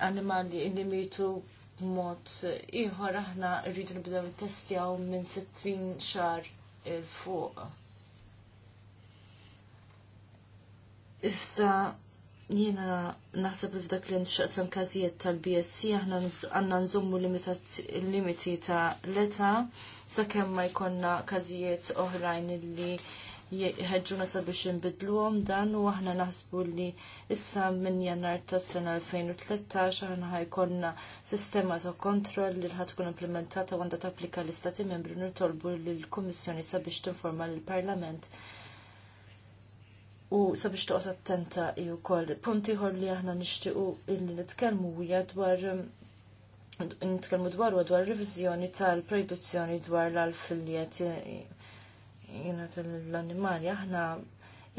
animali illi mitu b'mod ieħor aħna rridu nibdew testjaw minn 60 xar il-fuq. Ista' Jiena naħseb li f'dak li nxaqsam każijiet tal-BSC aħna għandna nżommu limiti ta' l-età sakemm ma jkollna każijiet oħrajn illi jħedġuna sabiex inbidluhom dan u aħna naħsbu li issa minn jannar tas sena 2013 aħna ħajkonna sistema ta' kontroll li ħatkun implementata għandha tapplika l-istati membri nitolbu lill kummissjoni sabiex tinforma lill-Parlament u sabiex toqgħod attenta i wkoll. Punt ieħor li aħna nixtiequ illi nitkellmu hija dwar um, nitkellmu dwar u dwar riviżjoni tal-projbizzjoni dwar l alfiljet l-annimali. Aħna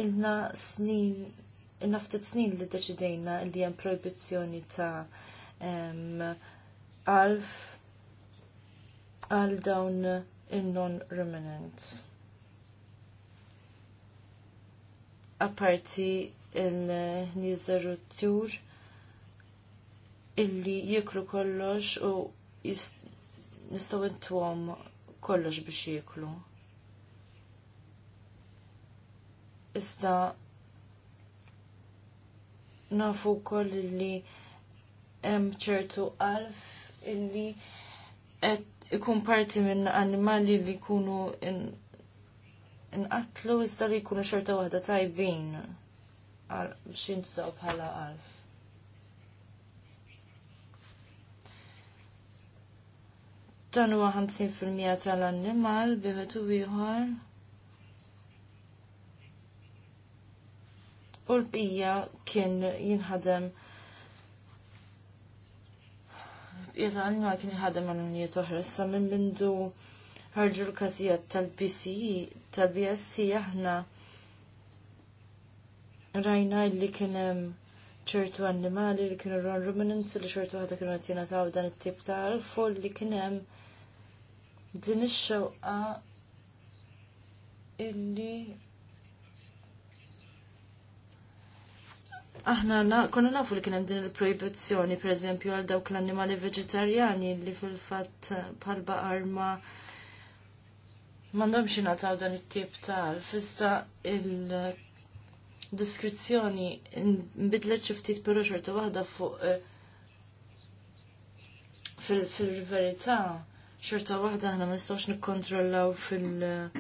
ilna snin ilna ftit snin li deċidejna li hemm projbizzjoni ta' għal dawn il non ruminants apparti il-nizzaru eh, tjur illi jiklu kollox u nistaw intuom kollox biex jiklu. Ista nafu koll li hemm ċertu alf illi qed ikun parti minn animali li jkunu inqatlu iżda li jkunu xorta waħda tajbin biex jintużaw bħala għalf. Dan huwa 50% tal-annimal biħet u ieħor. U l-bija kien jinħadem jiet għalma kien ħadem għal unijiet oħra, sa minn bindu ħarġu l-kazijiet tal-PCI e tal-BSC aħna rajna li kien hemm ċertu annimali li kienu run ruminants li ċertu ħata kienu għatina ta' dan it-tip ta' alfu li kienem din ix-xewqa illi aħna na, konna nafu li kienem din il-proibizzjoni per eżempju għal dawk l-annimali veġetarjani li fil fat bħal arma mandom taw dan it-tip tal, fista il-diskrizzjoni nbidlet xiftit pero xorta wahda fuq eh, fil-verità xorta wahda ħna ma nistgħux nikkontrollaw fil-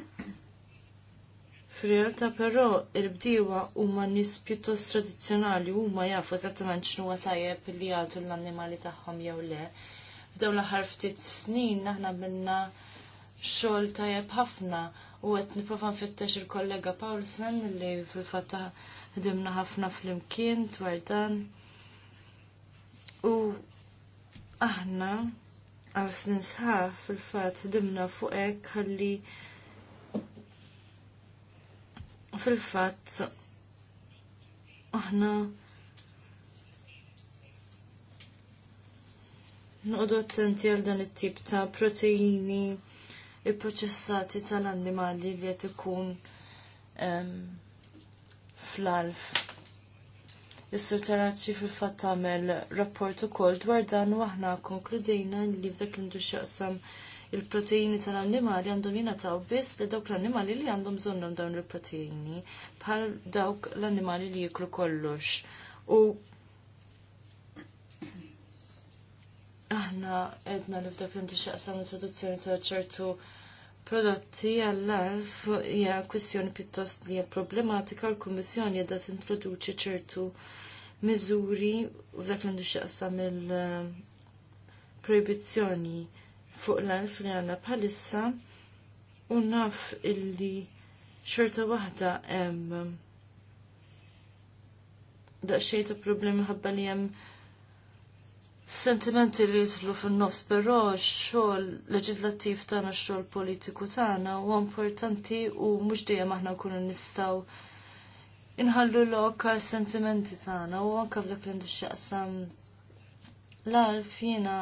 Fil-realtà però il ma huma nies pjuttost tradizzjonali huma jafu eżattament x'nuwa tajjeb li jagħtu l-annimali tagħhom jew le. F'dawn l-aħħar ftit snin aħna minna xogħol tajjeb ħafna u qed nipprova nfittex il-kollega Paulsen li fil fatta ħdimna ħafna fl-imkien dwar dan. U aħna għal snin fil-fatt ħdimna fuq hekk ħalli fil-fatt aħna Nuqdu attenti għal dan it-tip ta' proteini il-proċessati tal-annimali li qed ikun fl-alf. is Taraċi fil-fatt tagħmel rapport ukoll dwar dan u aħna konkludejna li f'dak li xaqsam il-proteini tal-annimali għandhom jingħataw biss li dawk l-annimali li għandhom bżonnhom dawn il-proteini bħal dawk l-annimali li jiklu kollox. U aħna edna li f'dak li xaqsam introduzzjoni ta' ċertu prodotti għall-alf hija kwestjoni pjuttost li hija problematika l-Kummissjoni qiegħda tintroduċi ċertu miżuri u dak li għandu x'jaqsam il-proibizzjoni fuq l-alf li għandna bħalissa u naf illi xorta waħda hemm daqsxejn ta' problemi ħabba li hemm sentimenti li jitlu fin-nofs, però x-xogħol leġislattiv tagħna xogħol politiku tagħna huwa importanti u mhux dejjem aħna nkunu nistgħu inħallu lok sentimenti tagħna u anke f'dak li għandu x'jaqsam l-alf jiena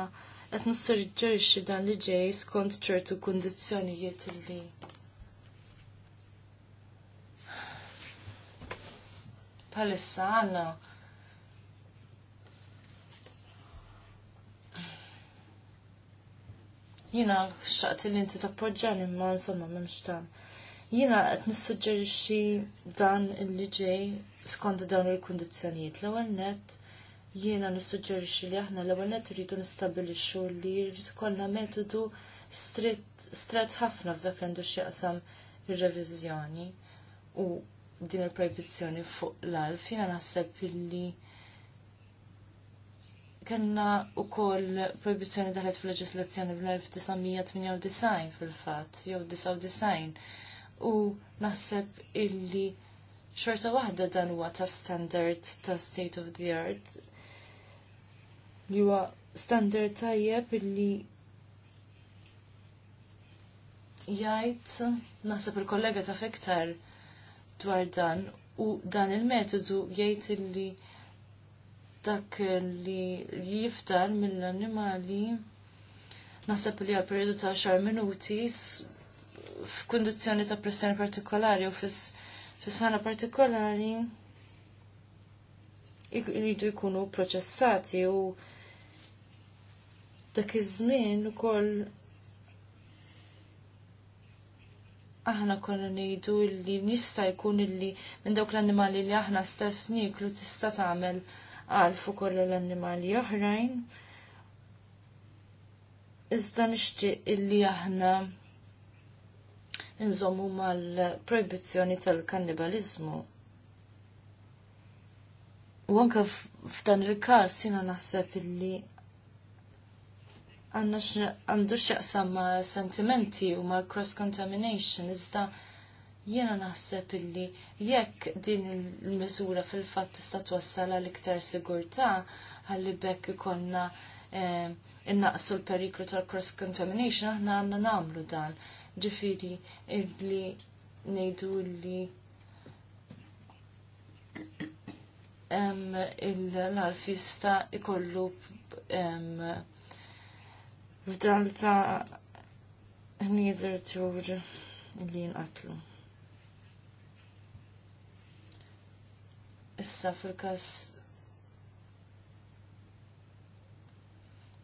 qed nissuġġerixxi dan li ġej skont ċertu kundizzjonijiet li bħalissa għandna Jiena xaqt li inti tappoġġani imma insomma memx dan. Jiena qed nissuġġerixxi dan illi ġej skont dawn il-kundizzjonijiet. L-ewwel nett jiena nissuġġerixxi li aħna l-ewwel nett irridu nistabbilixxu li jrid ikollna metodu strett ħafna f'dak li għandu x'jaqsam ir-reviżjoni u din il-proibizzjoni fuq l-alf. Jiena naħseb illi kena u kol proibizjoni daħlet fil-leġislazzjoni fil-1998 fil-fat, jew 99. U naħseb illi xorta waħda dan huwa ta' standard ta' state of the art. Li huwa standard tajjeb illi jgħid naħseb il-kollega ta' fiktar dwar dan u dan il-metodu jgħid illi dak li jiftar mill-annimali naħseb li għal periodu ta' xar minuti f'kundizzjoni ta' pressjoni partikolari u fis-sana partikolari jridu jkunu proċessati u dak iż-żmien ukoll aħna konna nejdu li nista' jkun illi minn dawk l-annimali li aħna stess niklu tista' tagħmel għalfu kollu l-annimali oħrajn. Iżda nixtieq illi aħna nżommu mal-proibizzjoni tal-kannibalizmu. U anke f'dan il-każ jiena naħseb illi għandu x'jaqsam ma' sentimenti u ma' cross-contamination iżda Jiena naħseb illi jekk din il mesura fil-fatt tista' twassal għal iktar sigurtà ħalli bekk ikonna eh, innaqsu l-periklu tal-cross contamination aħna għandna nagħmlu dan. Ġifiri, illi ngħidu li l-alfista ikollu f'dalta nieżer ġur li jinqatlu. Issa fil-kas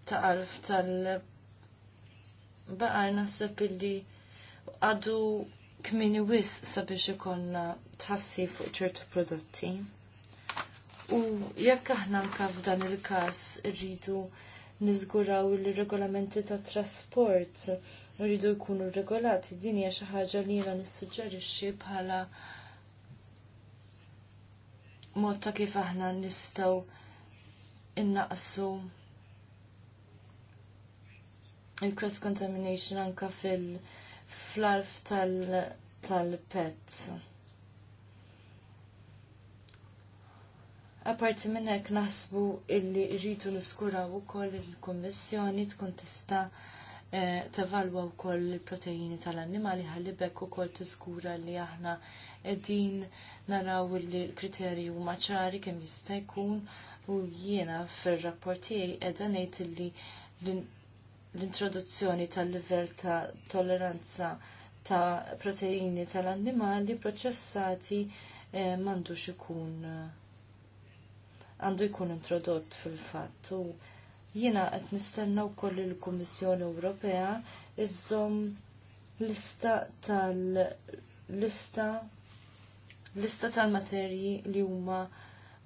ta' għalf tal-baqar nasib illi għadu kmini wis sabiex ikonna tħassi fuq ċertu prodotti. U jekk aħna anka f'dan il-każ irridu niżguraw il-regolamenti ta' trasport irridu jkunu regolati din hija xi ħaġa li jiena nissuġġerixxi bħala mod ta' kif aħna nistgħu innaqsu il-cross contamination anka fil flarf tal-pets. pet Aparti minn hekk naħsbu illi rridu niskuraw ukoll il-Kummissjoni tkun tista' eh, tevalwa wkoll il-proteini tal-annimali u koll ukoll tiskura li aħna qegħdin naraw li l-kriterji huma ċari kemm jista' jkun u jiena fil rapport tiegħi qiegħda ngħid li l-introduzzjoni tal-livell ta' tolleranza ta' proteini tal-annimali proċessati eh, mandu xikun eh, għandu jkun introdott fil-fatt. U jiena qed nistenna wkoll il-Kummissjoni Ewropea iżżomm lista tal-lista lista tal-materji li huma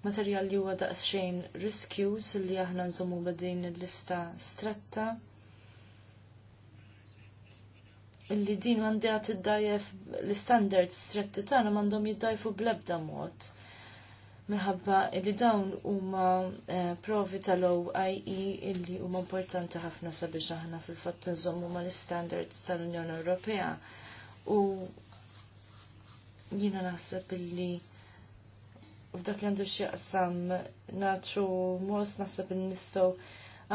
materjal li huwa daqsxejn riskjus li aħna nżommu din il-lista stretta. Illi din għandija tiddajjef l-standards stretti tagħna m'għandhom jiddajfu bl-ebda mod. Minħabba li dawn huma eh, provi tal-OIE illi huma importanti ħafna sabiex aħna fil-fatt nżommu mal-standards tal-Unjoni Ewropea. U Jina naħseb illi f'dak li għandu xieqsam natru mos naħseb illi nistgħu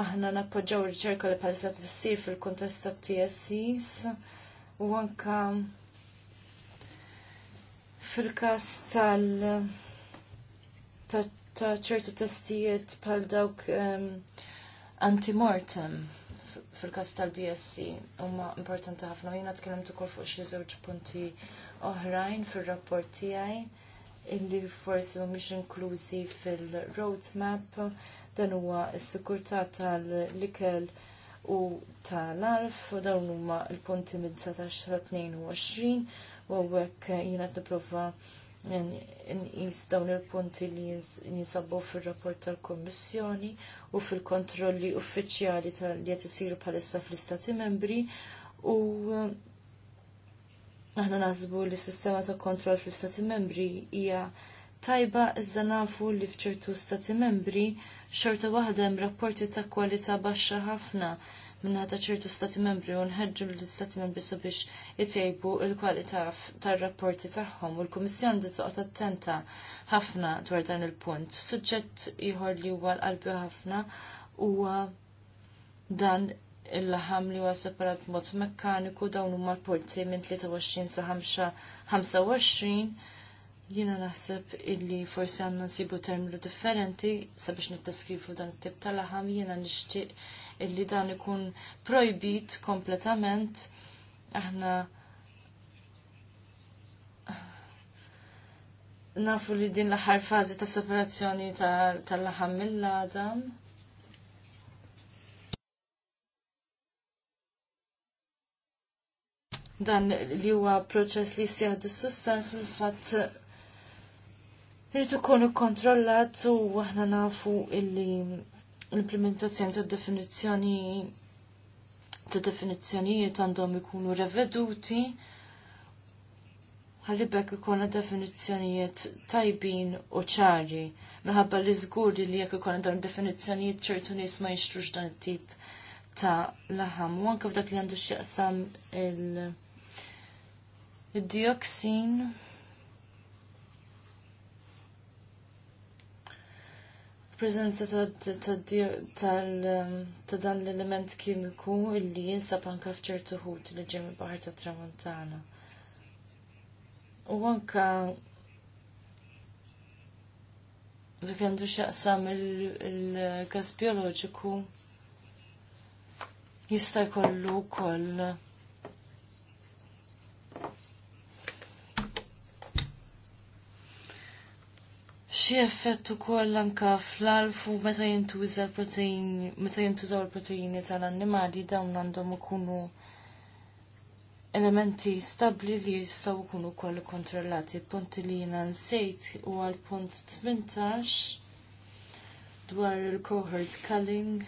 aħna nappoġġaw il riċerka li palissa tissir fil kontest tat-TSCs u anka fil kas tal- ta' ċertu testijiet pal dawk antimortem fil-kas tal-BSC huma importanti ħafna jina t-kellem ukoll fuq xi żewġ punti oħrajn fil-rapport tiegħi illi forsi mhumiex inklużi fil-roadmap dan huwa s-sikurtà tal-ikel u tal-alf u dawn huma l-punti mid-19 ta' 22 u għek jina t-niprofa nqis dawn il-punti li jinsabu fil-rapport tal-Kommissjoni u fil-kontrolli uffiċjali tal-li isiru bħalissa fl-Istati membri u Aħna naħsbu li s-sistema ta' kontroll fl-Stati membri hija tajba iżda nafu li fċertu Stati membri xorta waħda hemm rapporti ta' kwalità baxxa ħafna minna ta' ċertu stati membri u nħedġu l-stati membri sabiex jitjajbu il-kwalità tar-rapporti tagħhom u l-Kummissjoni di toqgħod attenta ħafna dwar dan il-punt. Suġġett ieħor li huwa l-qalbi ħafna huwa dan il-laħam li huwa separat mod mekkaniku dawn huma l-porti minn 23 sa 25 jiena naħseb illi forsi għandna nsibu terminu differenti sabiex nitteskrivu dan it-tip tal-laħam jiena nixtieq illi dan ikun projbit kompletament aħna nafu li din l-aħħar fażi ta' separazzjoni tal-laħam mill-ladam. dan li huwa proċess li jsir dissussan fil-fatt irid ikun ikkontrollat u aħna nafu illi l-implementazzjoni tad definizzjoni ta' definizzjonijiet għandhom ikunu reveduti ħallibek ikona definizzjonijiet tajbin u ċari. Minħabba li żguri li jekk ikona dawn definizzjonijiet ċertu nies ma jixtrux dan it-tip ta' laħam. U anke f'dak li għandu x'jaqsam il- id-dioksin prezenza um, ta' dan l-element kimiku illi jinsab anka fċertu ħut li ġemmi baħar tat Tramuntana. U anka dak għandu xaqsam il-gas bioloġiku jista' jkollu wkoll xi effett ukoll anke fl alfu meta jintuża protein, meta jintużaw il-proteini tal-annimali dawn għandhom ikunu elementi stabbli li jistgħu jkunu wkoll kontrollati. punt li jiena nsejt huwa għal punt 18 dwar il-cohort culling.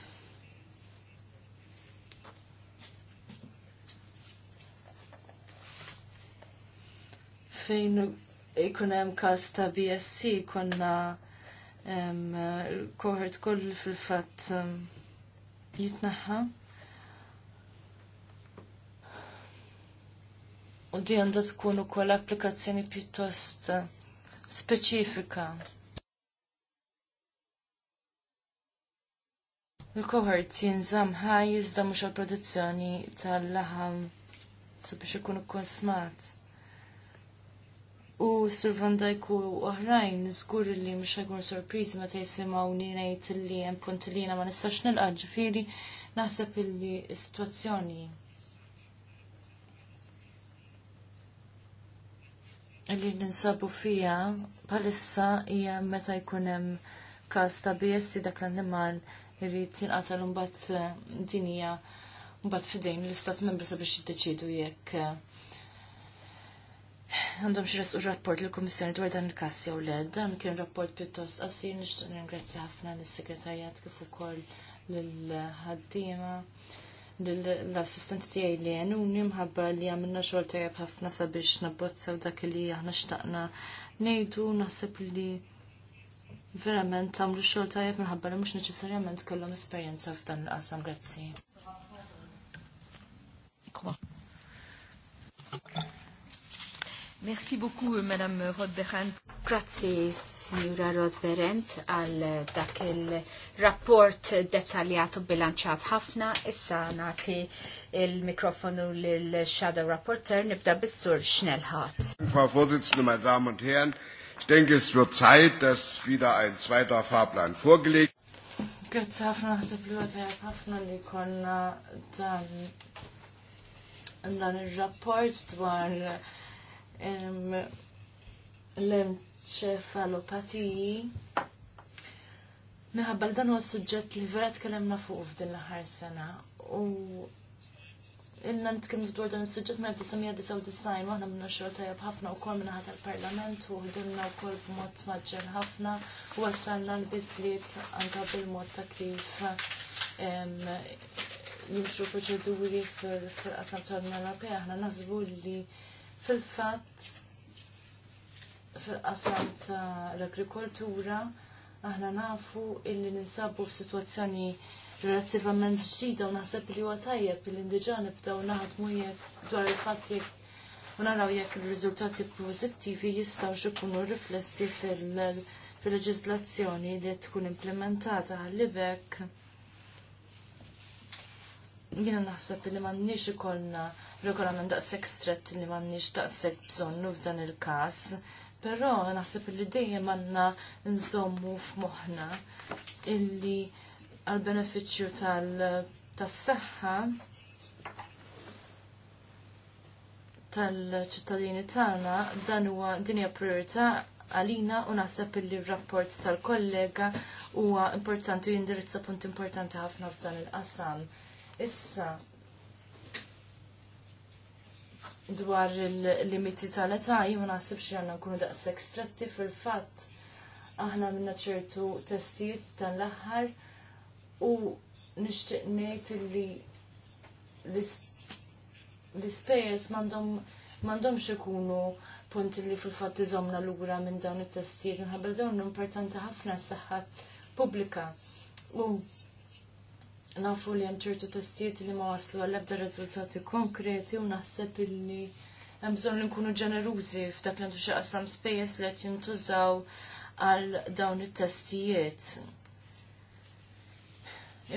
fejn jkun hemm każ ta' BSC konna l-kohort koll fil-fatt jitnaħħa. U di għandha tkun ukoll applikazzjoni pjuttost eh, speċifika. Il-kohort jinżam ħaj jiżda mhux għall-produzzjoni tal-laħam sabiex ikun ikkonsmat u Sur Van Dijk u oħrajn żgur li mhux ħajkun sorpriżi meta jisimgħuni ngħid li hemm punt li jena ma nistax nilqa' ġifieri naħseb illi s-sitwazzjoni li ninsabu fija bħalissa hija meta jkun hemm każ ta' biessi dak l-annimal irrid un imbagħad din hija mbagħad f'idejn l-istat membri sabiex jiddeċidu jekk għandhom xi resqu rapport lill kummissjoni dwar dan il-kass jew le. Dan kien rapport pjuttost qasir nixtieq ningrazzja ħafna lis-segretarjat kif ukoll lill-ħaddiema l-assistenti tiegħi li għenuni mħabba li għamilna xogħol tajjeb ħafna sabiex nabbozzaw dak li aħna xtaqna ngħidu naħseb li verament għamlu xogħol tajjeb minħabba li mhux neċessarjament kellhom esperjenza f'dan il-qasam grazzi. Merci beaucoup, euh, Madame Rodberent. Grazie, Signora Rodberent, għal dak il-rapport dettaljat u bilanċat ħafna. Issa nati il-mikrofonu l-Shadow Rapporteur, nibda bis-sur Schnellhardt. Frau Vorsitzende, meine Damen und Herren, ich denke, es wird Zeit, dass wieder ein zweiter Fahrplan vorgelegt Grazie ħafna ħseb li għatajab ħafna li konna dan dan il-rapport dwar l-enċefalopatiji. Minħabba dan huwa suġġett li vera tkellimna fuq f'din l-aħħar sena u ilna nitkellmu dwar dan is-suġġett jtisamija disa u aħna minna xogħol tajjeb ħafna kol minna tal-Parlament u ħdimna wkoll b'mod maġġel ħafna u wassalna l-bidliet anke bil-mod ta' kif jimxu proċeduri fil-qasam tal-Ewropea aħna nazbu li Fil-fatt, fil-qasam ta' l-agrikoltura, aħna nafu illi ninsabu f'sitwazzjoni relattivament ġdida u naħseb li huwa tajjeb li indiġani nibdew naħdmu dwar il-fatt jekk u naraw jekk il-riżultati pożittivi jistgħu ikunu riflessi fil-leġiżlazzjoni li tkun implementata għallibek. Jiena naħseb li m'għandniex ikollna regolament daqshekk strett li m'għandniex daqseg bżonnu f'dan il-każ, però naħseb li dejjem għandna nżommu f'moħħna illi għal benefiċċju tal tas-saħħa tal-ċittadini tagħna dan huwa din hija priorità għalina u naħseb illi r-rapport tal-kollega huwa importanti u jindirizza punt importanti ħafna f'dan il-qasam. Issa, dwar il-limiti tal-età, jimma naħseb li għanna nkunu daqs ekstratti fil-fat. Aħna minna ċertu testijiet tal-aħħar u nishtiq ngħid li l-ispejjeż m'għandhomx ikunu punti li fil-fatt iżomna lura minn dawn it-testijiet minħabba dawn importanti ħafna s-saħħa pubblika. U nafu li hemm ċertu testijiet li ma waslu għal ebda riżultati konkreti u naħseb illi hemm bżonn li nkunu ġenerużi f'dak li għandu xi qasam spejjeż li qed jintużaw għal dawn it-testijiet.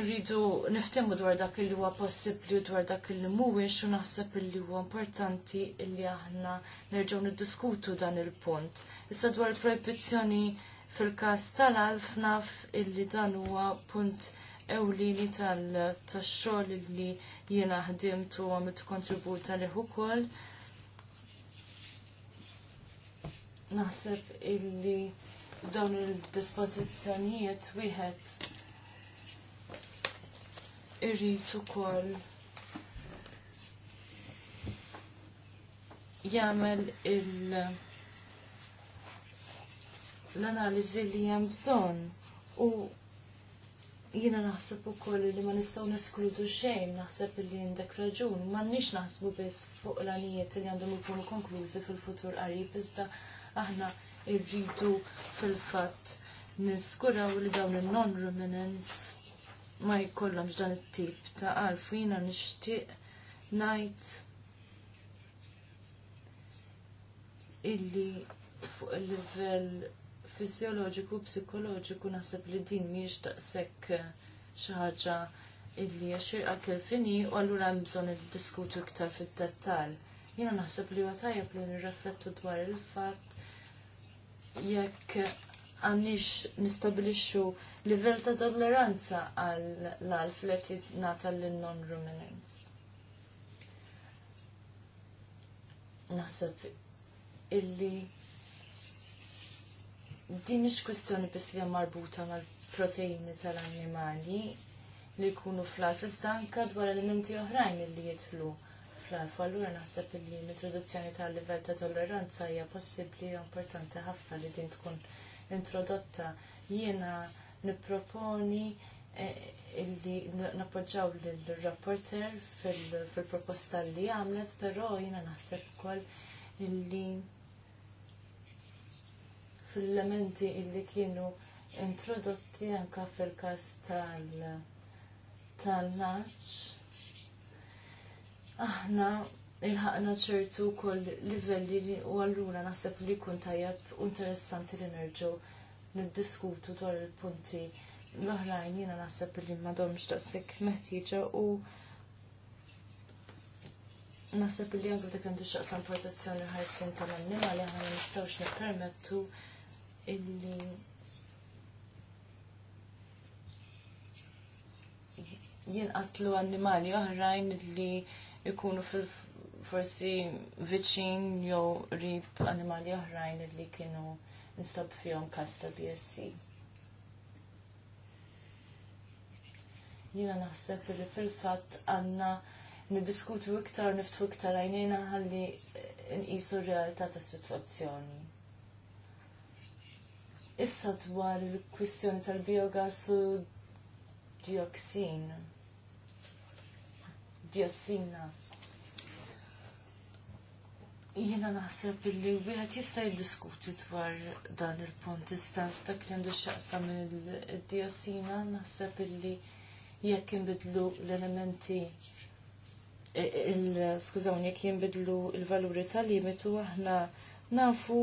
Irridu niftehmu dwar dak li huwa possibbli u dwar dak li mhuwiex u naħseb li huwa importanti li aħna nerġgħu niddiskutu dan il-punt. Issa dwar il-proibizzjoni fil-każ tal-alf naf illi dan huwa punt ewlini tal-xogħol li jiena ħdimt u għamilt kontribut ukoll. Naħseb illi dawn il-dispożizzjonijiet wieħed irrid ukoll jagħmel il l-analiżi li hemm bżonn u Jiena naħseb ukoll li ma nistgħu neskludu xejn, naħseb li jindek raġun, m'għandniex naħsbu biss fuq l-għanijiet li għandhom ikunu konklużi fil-futur qarib, iżda aħna irridu fil-fatt niskuraw li dawn il-non ruminants ma jkollhomx dan it-tip ta' għalf jiena nixtieq ngħid illi fuq il-livell fiżjoloġiku u psikoloġiku naħseb li din mhijiex taqsek eh, xi ħaġa illi jaxir għakil fini u allura hemm bżonn diskutu iktar fid-dettall. Jiena naħseb li huwa tajjeb li nirreflettu dwar il-fatt jekk għandix nistabilixxu livell ta' tolleranza għall alf li qed nagħta l non ruminants. Naħseb illi Din mhix kwistjoni biss li marbuta mal-proteini tal-annimali li jkunu fl-alf, iżda dwar elementi oħrajn li jidħlu fl-alf. Allura naħseb li l-introduzzjoni tal-livell ta' tolleranza hija possibbli u importanti ħafna li din tkun introdotta. Jiena nipproponi eh, illi nappoġġaw l-rapporter fil-proposta li għamlet, però jiena naħseb ukoll illi fil-elementi illi kienu introdotti anka fil-kas tal-naċ. Aħna ilħaqna ċertu kol livelli li u għallura naħseb li kun tajab u interessanti li nerġu niddiskutu dwar il-punti l-oħrajn jiena naħseb li madomx taqsik meħtieġa u Nasib li għandu dik għandu xaqsam protezzjoni ħarsin tal-annimali għan nistawx nipermettu illi jinqatlu annimali oħrajn li jkunu fil forsi viċin jew rib animali oħrajn li kienu nstab fihom każ ta' BSC. Jiena naħseb li fil-fatt għandna niddiskutu iktar niftħu iktar għajnejna ħalli nqisu r-realtà tas-sitwazzjoni. Issa dwar il-kwistjoni tal-biogas u dioksin. Diossina. Jiena naħseb li wieħed jista' jiddiskuti dwar dan il-punt istaf ta' li għandu x'aqsa mill-diosina naħseb illi jekk jimbidlu l-elementi e, e, skużawni jekk jinbidlu l-valuri tal-limitu aħna nafu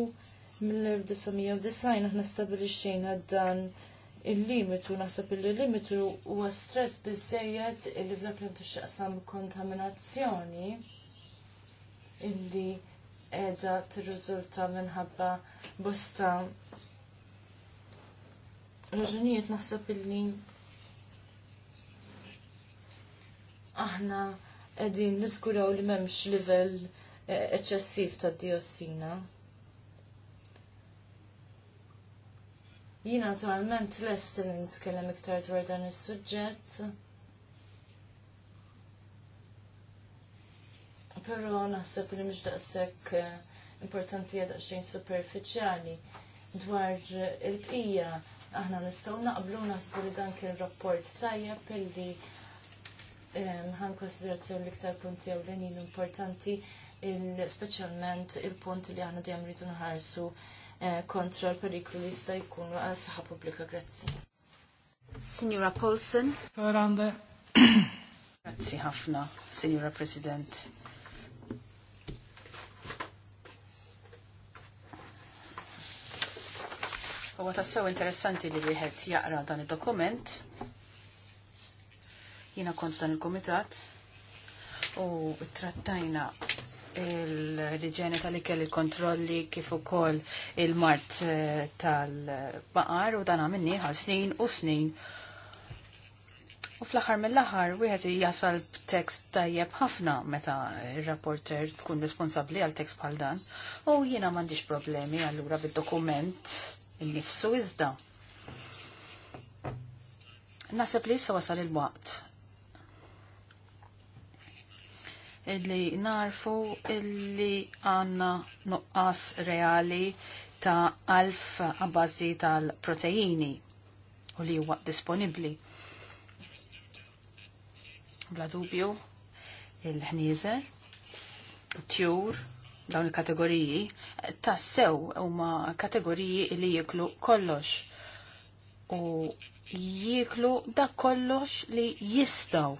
mill-1990 aħna stabilixxejn dan il-limitu, naħseb il-limitu huwa stret biżejjed illi f'dak li xaqsam kontaminazzjoni illi qiegħda tirriżulta minħabba bosta raġunijiet naħseb illi aħna qegħdin niskuraw li m'hemmx livell eċċessiv tad-diossina. Jina naturalment lest li nitkellem iktar dwar dan is-suġġett. Però naħseb li mhux daqshekk eh, importanti hija daqsxejn superfiċjali dwar il-bqija aħna nistgħu naqblu naħsbu li dan kien rapport tajjeb illi eh, ħan konsiderazzjoni l-iktar punti ewlenin importanti il speċjalment il-punt li aħna dejjem rridu nħarsu Eh, kontra l-periklu li jista' jkunu għal saħħa pubblika. Grazzi. Signora Paulsen. Ferrande. Grazzi ħafna, Signora President. Huwa tassew interessanti li wieħed jaqra dan id-dokument. Jiena kont dan il-kumitat u trattajna il-riġene tal-ikel il-kontrolli kif ukoll il-mart eh, tal-baqar u dan għamilni ħal snin u snin. U fl-axar mill-axar, wieħed jasal b'tekst tajjeb ħafna meta il-rapporter tkun responsabli għal tekst bħal dan. U jiena m'għandix problemi allura bid-dokument innifsu iżda. Naseb li issa wasal il-waqt illi narfu illi għanna nuqqas reali ta' alf għabazzi tal-proteini u li huwa disponibli. Bla dubju, il-ħnieżer, tjur, dawn il-kategoriji, tassew huma kategoriji li jiklu kollox. U jiklu da kollox li jistaw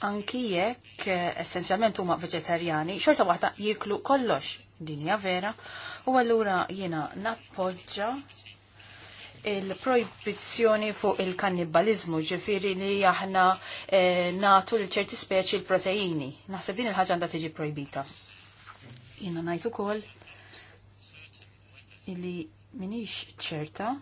anki jekk eh, essenzjalment huma veġetarjani, xorta waħda jiklu kollox dinja vera, u allura jiena nappoġġa il-projbizzjoni fuq il-kannibalizmu, ġifiri li aħna eh, natu l ċerti speċi l-proteini. Naħseb din il-ħagġa għandha tiġi projbita. Jiena ngħid ukoll li minix ċerta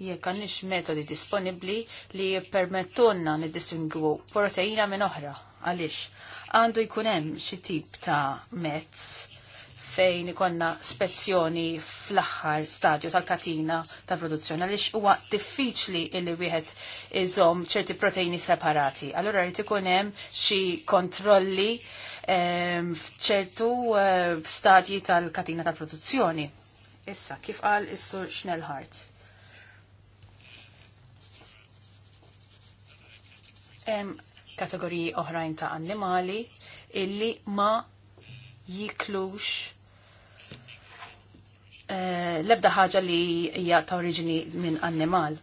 jekk għandix metodi disponibbli li jippermettulna niddistingwu proteina minn oħra. Għaliex għandu jkun hemm xi tip ta' mezz fejn ikonna spezzjoni fl-aħħar stadju tal-katina ta' produzzjoni għaliex huwa diffiċli illi wieħed iżom ċerti proteini separati. Allura rrid ikun hemm xi kontrolli ehm, f'ċertu eh, stadji tal-katina ta' produzzjoni. Issa, kif qal is-sur Schnellhardt? kategoriji oħrajn ta' annimali illi ma jiklux eh, lebda ħaġa li hija ta' oriġini minn annimal.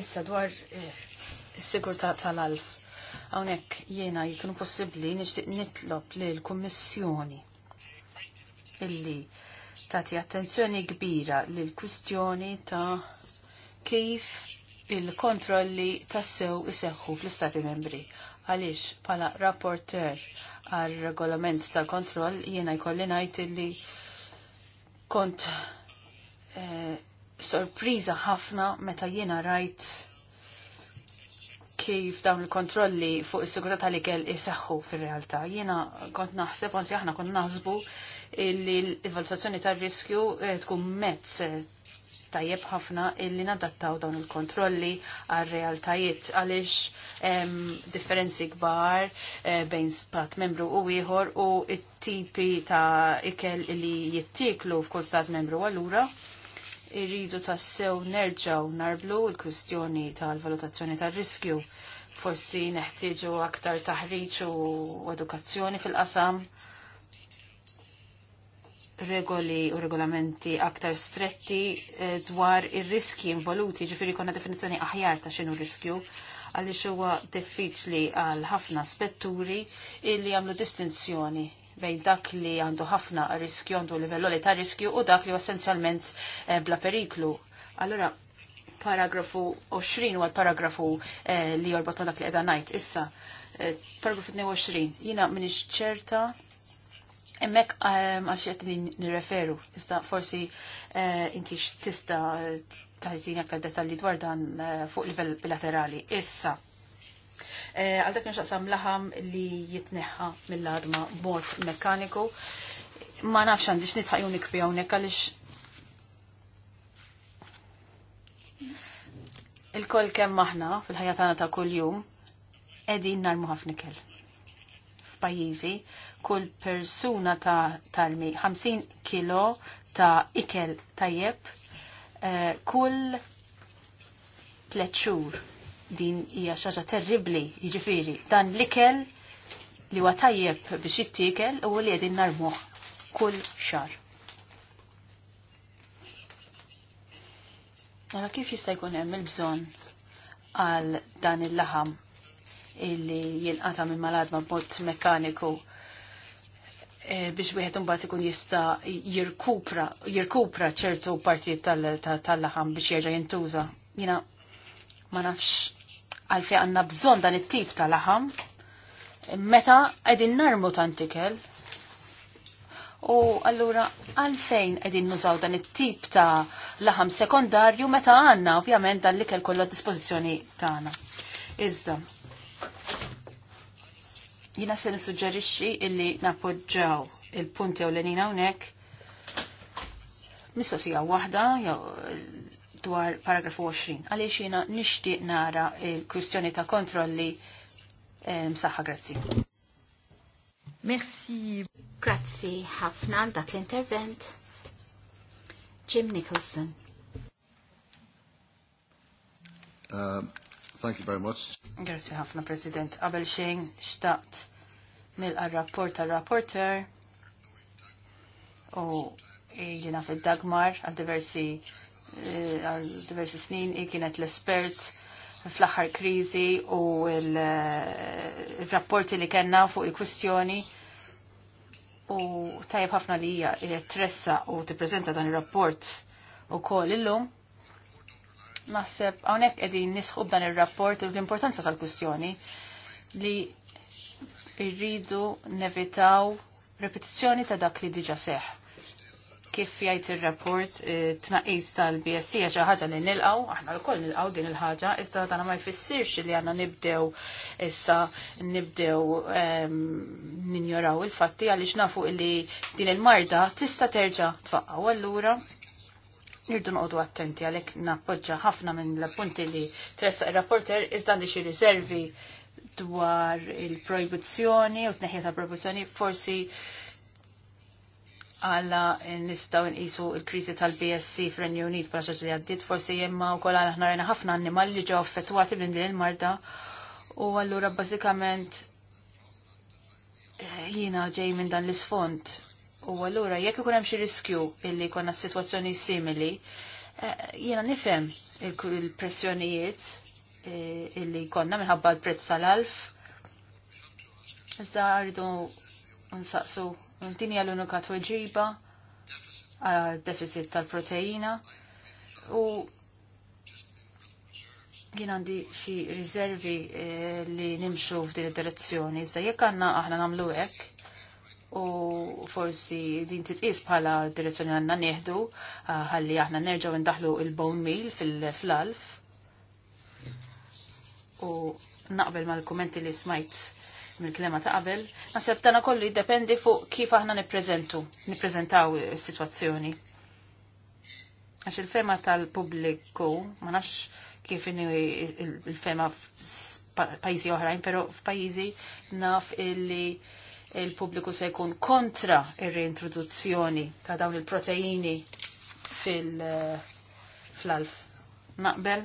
Issa dwar eh, is-sigurtà tal-alf. Hawnhekk jiena jkunu possibbli nixtieq nitlob lil kummissjoni illi tagħti attenzjoni kbira lil kwistjoni ta' kif il-kontrolli tassew iseħħu fl-Istati membri. Għaliex, pala rapporter għal regolament tal-kontroll, jiena jkolli najt li kont eh, sorpriza ħafna meta jiena rajt kif dawn il-kontrolli fuq is-sigurtà tal-ikel iseħħu fir-realtà. Jiena kont naħseb, anzi aħna kont naħsbu li l-valutazzjoni tar-riskju eh, tkun mezz eh, tajjeb ħafna illi nadattaw dawn il-kontrolli għal realtajiet għaliex differenzi kbar eh, bejn spat membru u ieħor u it-tipi ta' ikel illi jittiklu f'kull stat membru allura irridu tassew nerġaw narblu l-kwistjoni tal-valutazzjoni tal-riskju. Forsi neħtieġu aktar taħriġ u edukazzjoni fil-qasam regoli u regolamenti aktar stretti eh, dwar ir-riski involuti, ġifiri konna definizjoni aħjar ta' xinu riskju, għalli huwa diffiċli għal ħafna spetturi illi għamlu distinzjoni bejn dak li għandu ħafna riskju, għandu livelloli ta' riskju u dak li essenzjalment eh, bla periklu. Allora, paragrafu 20 u għal-paragrafu eh, li jorbot dak li najt issa. Paragrafu 22, jina minix ċerta Emmek ehm, għaxet li nirreferu, jista forsi eh, inti tista eh, taħtin aktar detalli dwar dan eh, fuq livell bilaterali. Issa, għal dak nxaqsam laħam li jitneħħa mill ladma bot mekkaniku. Ma nafx għandix nitħaq junik bi hawnhekk għaliex il-koll kem aħna fil ħajatana tagħna ta' kuljum qegħdin narmu ħafna kell f'pajjiżi kull persuna ta' talmi 50 kilo ta' ikel tajjeb eh, kull tlet xhur. Din hija xi ħaġa terribbli, jiġifieri dan l-ikel li huwa tajjeb biex jittiekel u li qegħdin narmuh kull xar. Nara kif jista' jkun hemm il-bżonn għal dan il-laħam illi jinqata minn maladma b'mod mekkaniku Eh, biex wieħed mbagħad ikun jista' jirkupra jirkupra ċertu partijiet tal-laħam biex jerġa' jintuża. Jiena ma nafx għalfejn għandna bżonn dan it-tip ta' laħam meta qegħdin narmu tantikel. U allura għalfejn qegħdin nużaw dan it-tip ta' laħam sekondarju meta għandna ovvjament dan l-ikel kollu dispożizzjoni tagħna. Iżda, Jina se nissuġġerixxi illi napoġġaw il-punti u l-enin hawnhekk mistoqsija waħda dwar paragrafu 20. Għaliex jiena nixtieq nara il-kwistjoni ta' kontrolli msaħħa grazzi. Merci. Grazzi ħafna dak l-intervent. Jim Nicholson. Uh, Thank you very much. Grazie ħafna, President. Qabel xejn xtaqt nilqa rapport għal rapporter u jina fil-Dagmar għal diversi eh, għal diversi snin i kienet l-espert fl-axar krizi u il-rapporti eh, li kena fuq il-kwistjoni u tajab ħafna li hija tressa u tippreżenta dan ir-rapport ukoll illum. Naħseb hawnhekk qegħdin nisħu b'dan ir-rapport u l-importanza tal-kwistjoni li irridu nevitaw repetizzjoni ta' dak li diġa seħħ kif jgħid ir-rapport eh, tnaqis tal-BSC xi ħaġa li nilqgħu, aħna lkoll nilqgħu din il-ħaġa, iżda dan ma jfissirx li għandna nibdew issa nibdew ehm, ninjoraw il-fatti għaliex nafu li din il-marda tista' terġa' tfaqgħu allura Nirdu noqdu attenti għalek nappoġġa ħafna minn l-punti li tressa il-rapporter iżda li xi riservi dwar il-proibizzjoni u t-neħja ta' forsi għalla nistaw nqisu il-krizi tal-BSC fil Unit bħala xaġa li għaddit, forsi jemma u kolla għana rajna ħafna annimali li ġew affettwati minn din il-marda u allura bażikament eh, jina ġej minn dan l-isfond U allura jekk ikun hemm xi riskju illi jkollna sitwazzjoni simili, eh, jiena nifhem il-pressjonijiet eh, illi jkollna minħabba l-prezz tal-alf. Iżda rridu nsaqsu Tini għal unika tweġiba għal deficit tal-proteina u jien għandi xi riservi eh, li nimxu f'din id-direzzjoni. Iżda jekk għandna aħna nagħmlu hekk, u forsi din titqis bħala direzzjoni għanna neħdu ah, ħalli aħna nerġgħu ndaħlu il-bone meal fil-alf. U naqbel mal kommenti li smajt mill-klema ta' qabel, nasib tana kollu jiddependi fuq kif aħna nippreżentu, nippreżentaw is-sitwazzjoni. Għax il-fema tal-pubbliku, ma nafx kif inni il-fema f'pajjiżi oħrajn, pero f'pajjiżi naf illi il-pubbliku se jkun kontra il reintroduzzjoni ta' dawn il-proteini fil-alf. Naqbel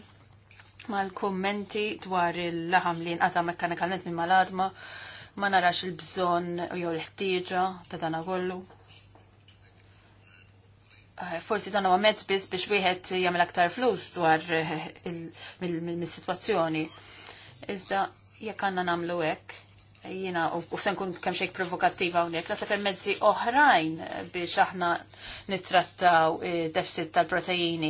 mal-kommenti dwar il-laħam li nqata' mekkanikalment minn mal-adma ma narax il-bżon jew l-ħtieġa ta' dana kollu. Forsi dan huwa mezz biss biex wieħed jagħmel aktar flus dwar mis-sitwazzjoni. Iżda jekk għandna nagħmlu hekk, jina u se nkun kemm xejn provokattiva hawnhekk, nasa per mezzi oħrajn biex aħna nittrattaw eh, deficit tal-proteini.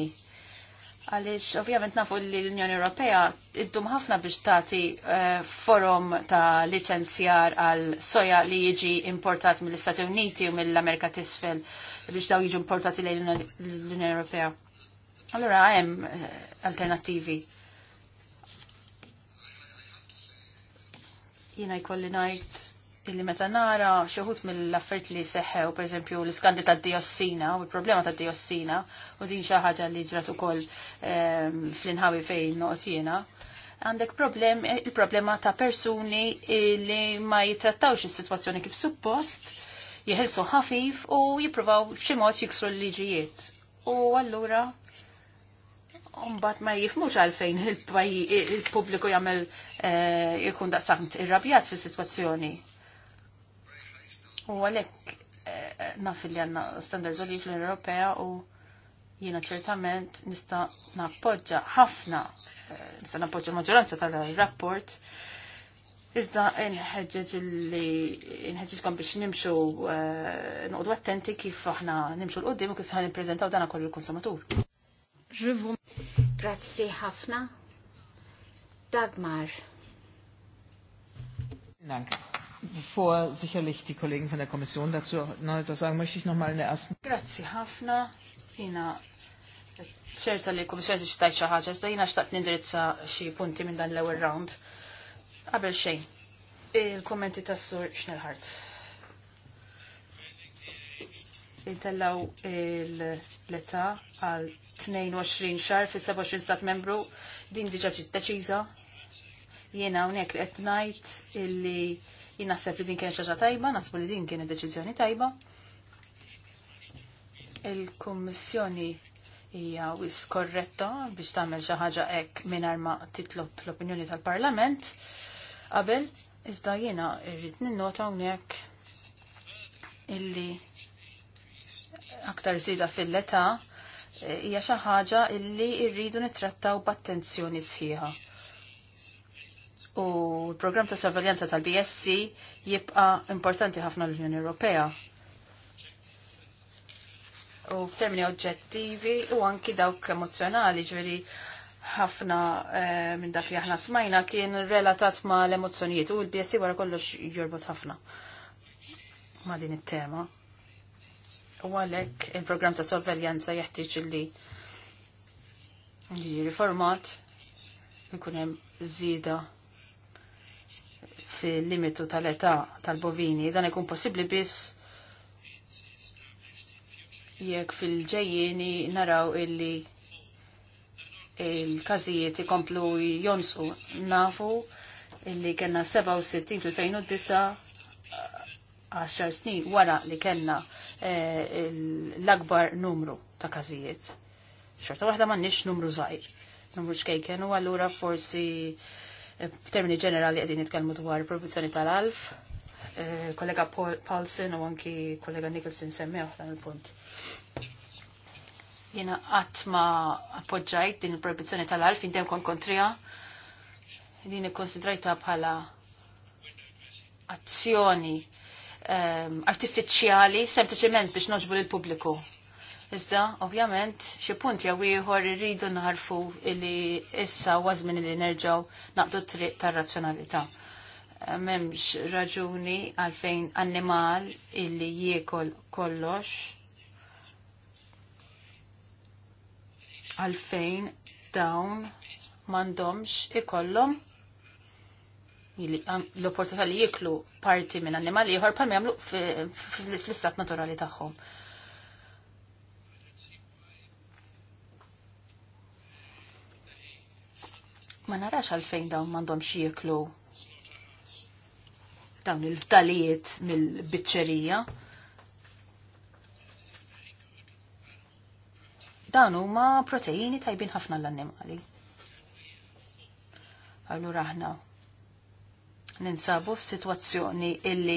Għaliex ovvjament nafu li l-Unjoni Ewropea iddum ħafna biex tagħti eh, forum ta' licenzjar għal soja li jiġi importat mill-Istati Uniti u mill-Amerika t'isfel biex daw jiġu importati l-Unjoni Ewropea. Allora hemm eh, alternattivi. Jiena jkolli ngħid illi meta nara xi wħud mill-affert li seħħew, pereżempju l-iskandi tad-diossina u l-problema tad-diossina u din xi ħaġa li ġrat ukoll ehm, fl-inħawi fejn noqt jina, għandek problem, eh, il-problema ta' persuni li ma jitrattawx is-sitwazzjoni kif suppost, jihelsu ħafif u jipruvaw b'xi mod jiksru l-liġijiet. U allura Umbat ma jifmux għalfejn il-pubbliku jagħmel eh, jkun daqsant irrabjat fis-sitwazzjoni. U għalhekk eh, naf li għandna standards għolji fl-Unjoni Ewropea u jiena ċertament nista' nappoġġa ħafna eh, nista' nappoġġa l-maġġoranza tal-rapport. Iżda nħeġġeġ li nħeġġeġkom biex nimxu noqdu attenti kif aħna nimxu l-qoddim u kif ħan prezentaw dana kollu l-konsumatur. Ġivu. Grazzi ħafna. Dagmar. Danke. Bevor sicherlich die Kollegen von der Kommission dazu noch etwas sagen, möchte ich noch mal in der ersten. Grazie, Hafna. Jina ċerta li l-Komissjoni xtajt xi ħaġa, iżda jiena xtaqt nindirizza xie punti minn dan l ewel round. Għabel xejn. il kommenti tas-sur Schnellhardt intellaw l-età għal 22 xar fi 27 stat membru din diġa ġit deċiża. Jiena hawnhekk li qed ngħid illi jina sef li din kienet xaġa tajba, nasbu li din kienet deċiżjoni tajba. Il-Kummissjoni hija wis korretta biex tagħmel xi ħaġa hekk mingħajr ma titlob l-opinjoni tal-Parlament qabel iżda jiena irrid ninnota hawnhekk illi aktar zida fil-età e, hija xi ħaġa li rridu nittrattaw b'attenzjoni sħiħa. U l-programm ta' sorveljanza tal-BSC jibqa' importanti ħafna l-Unjoni Ewropea. U f'termini oġġettivi u anki dawk emozjonali ġveri ħafna e, minn dak li aħna smajna kien relatat ma l-emozzjonijiet u l-BSC wara kollox jorbot ħafna ma din it-tema. U għalek il-program ta' sorveljanza jeħtieġ li jiġi riformat, ikun hemm żieda fil-limitu tal-età tal-bovini. Dan ikun possibbli biss jekk fil-ġejjieni naraw illi il-każijiet ikomplu jonsu nafu illi kena 67 fil-2009 10 snin wara li kellna eh, l-akbar numru ta' każijiet. Xorta waħda m'għandniex numru żgħir, numru xkej kienu, allura forsi eh, f'termini ġenerali qegħdin nitkellmu dwar produzzjoni tal-alf, eh, kollega Paulsen u anki kollega Nicholson semmew dan il-punt. Jena qatt ma appoġġajt din il-proibizzjoni tal-alf intemm kon kontrija din ikkonsidrajta bħala azzjoni um, artifiċjali sempliċement biex noġbu lill pubbliku Iżda, ovvjament, xi punt jew ieħor irridu naħarfu li issa wazmin li nerġgħu naqdu triq tar-razzjonalità. M'hemmx raġuni għalfejn animal illi jiekol kollox għalfejn dawn m'għandhomx ikollhom l-opportunità li jiklu parti minn annimali ieħor palmi jagħmlu fl-istat naturali tagħhom. Ma narax għalfejn dawn m'għandhomx jieklu dawn il-fdalijiet mill-biċċerija. Dawn huma proteini tajbin ħafna l-annimali. Allura aħna ninsabu f'sitwazzjoni illi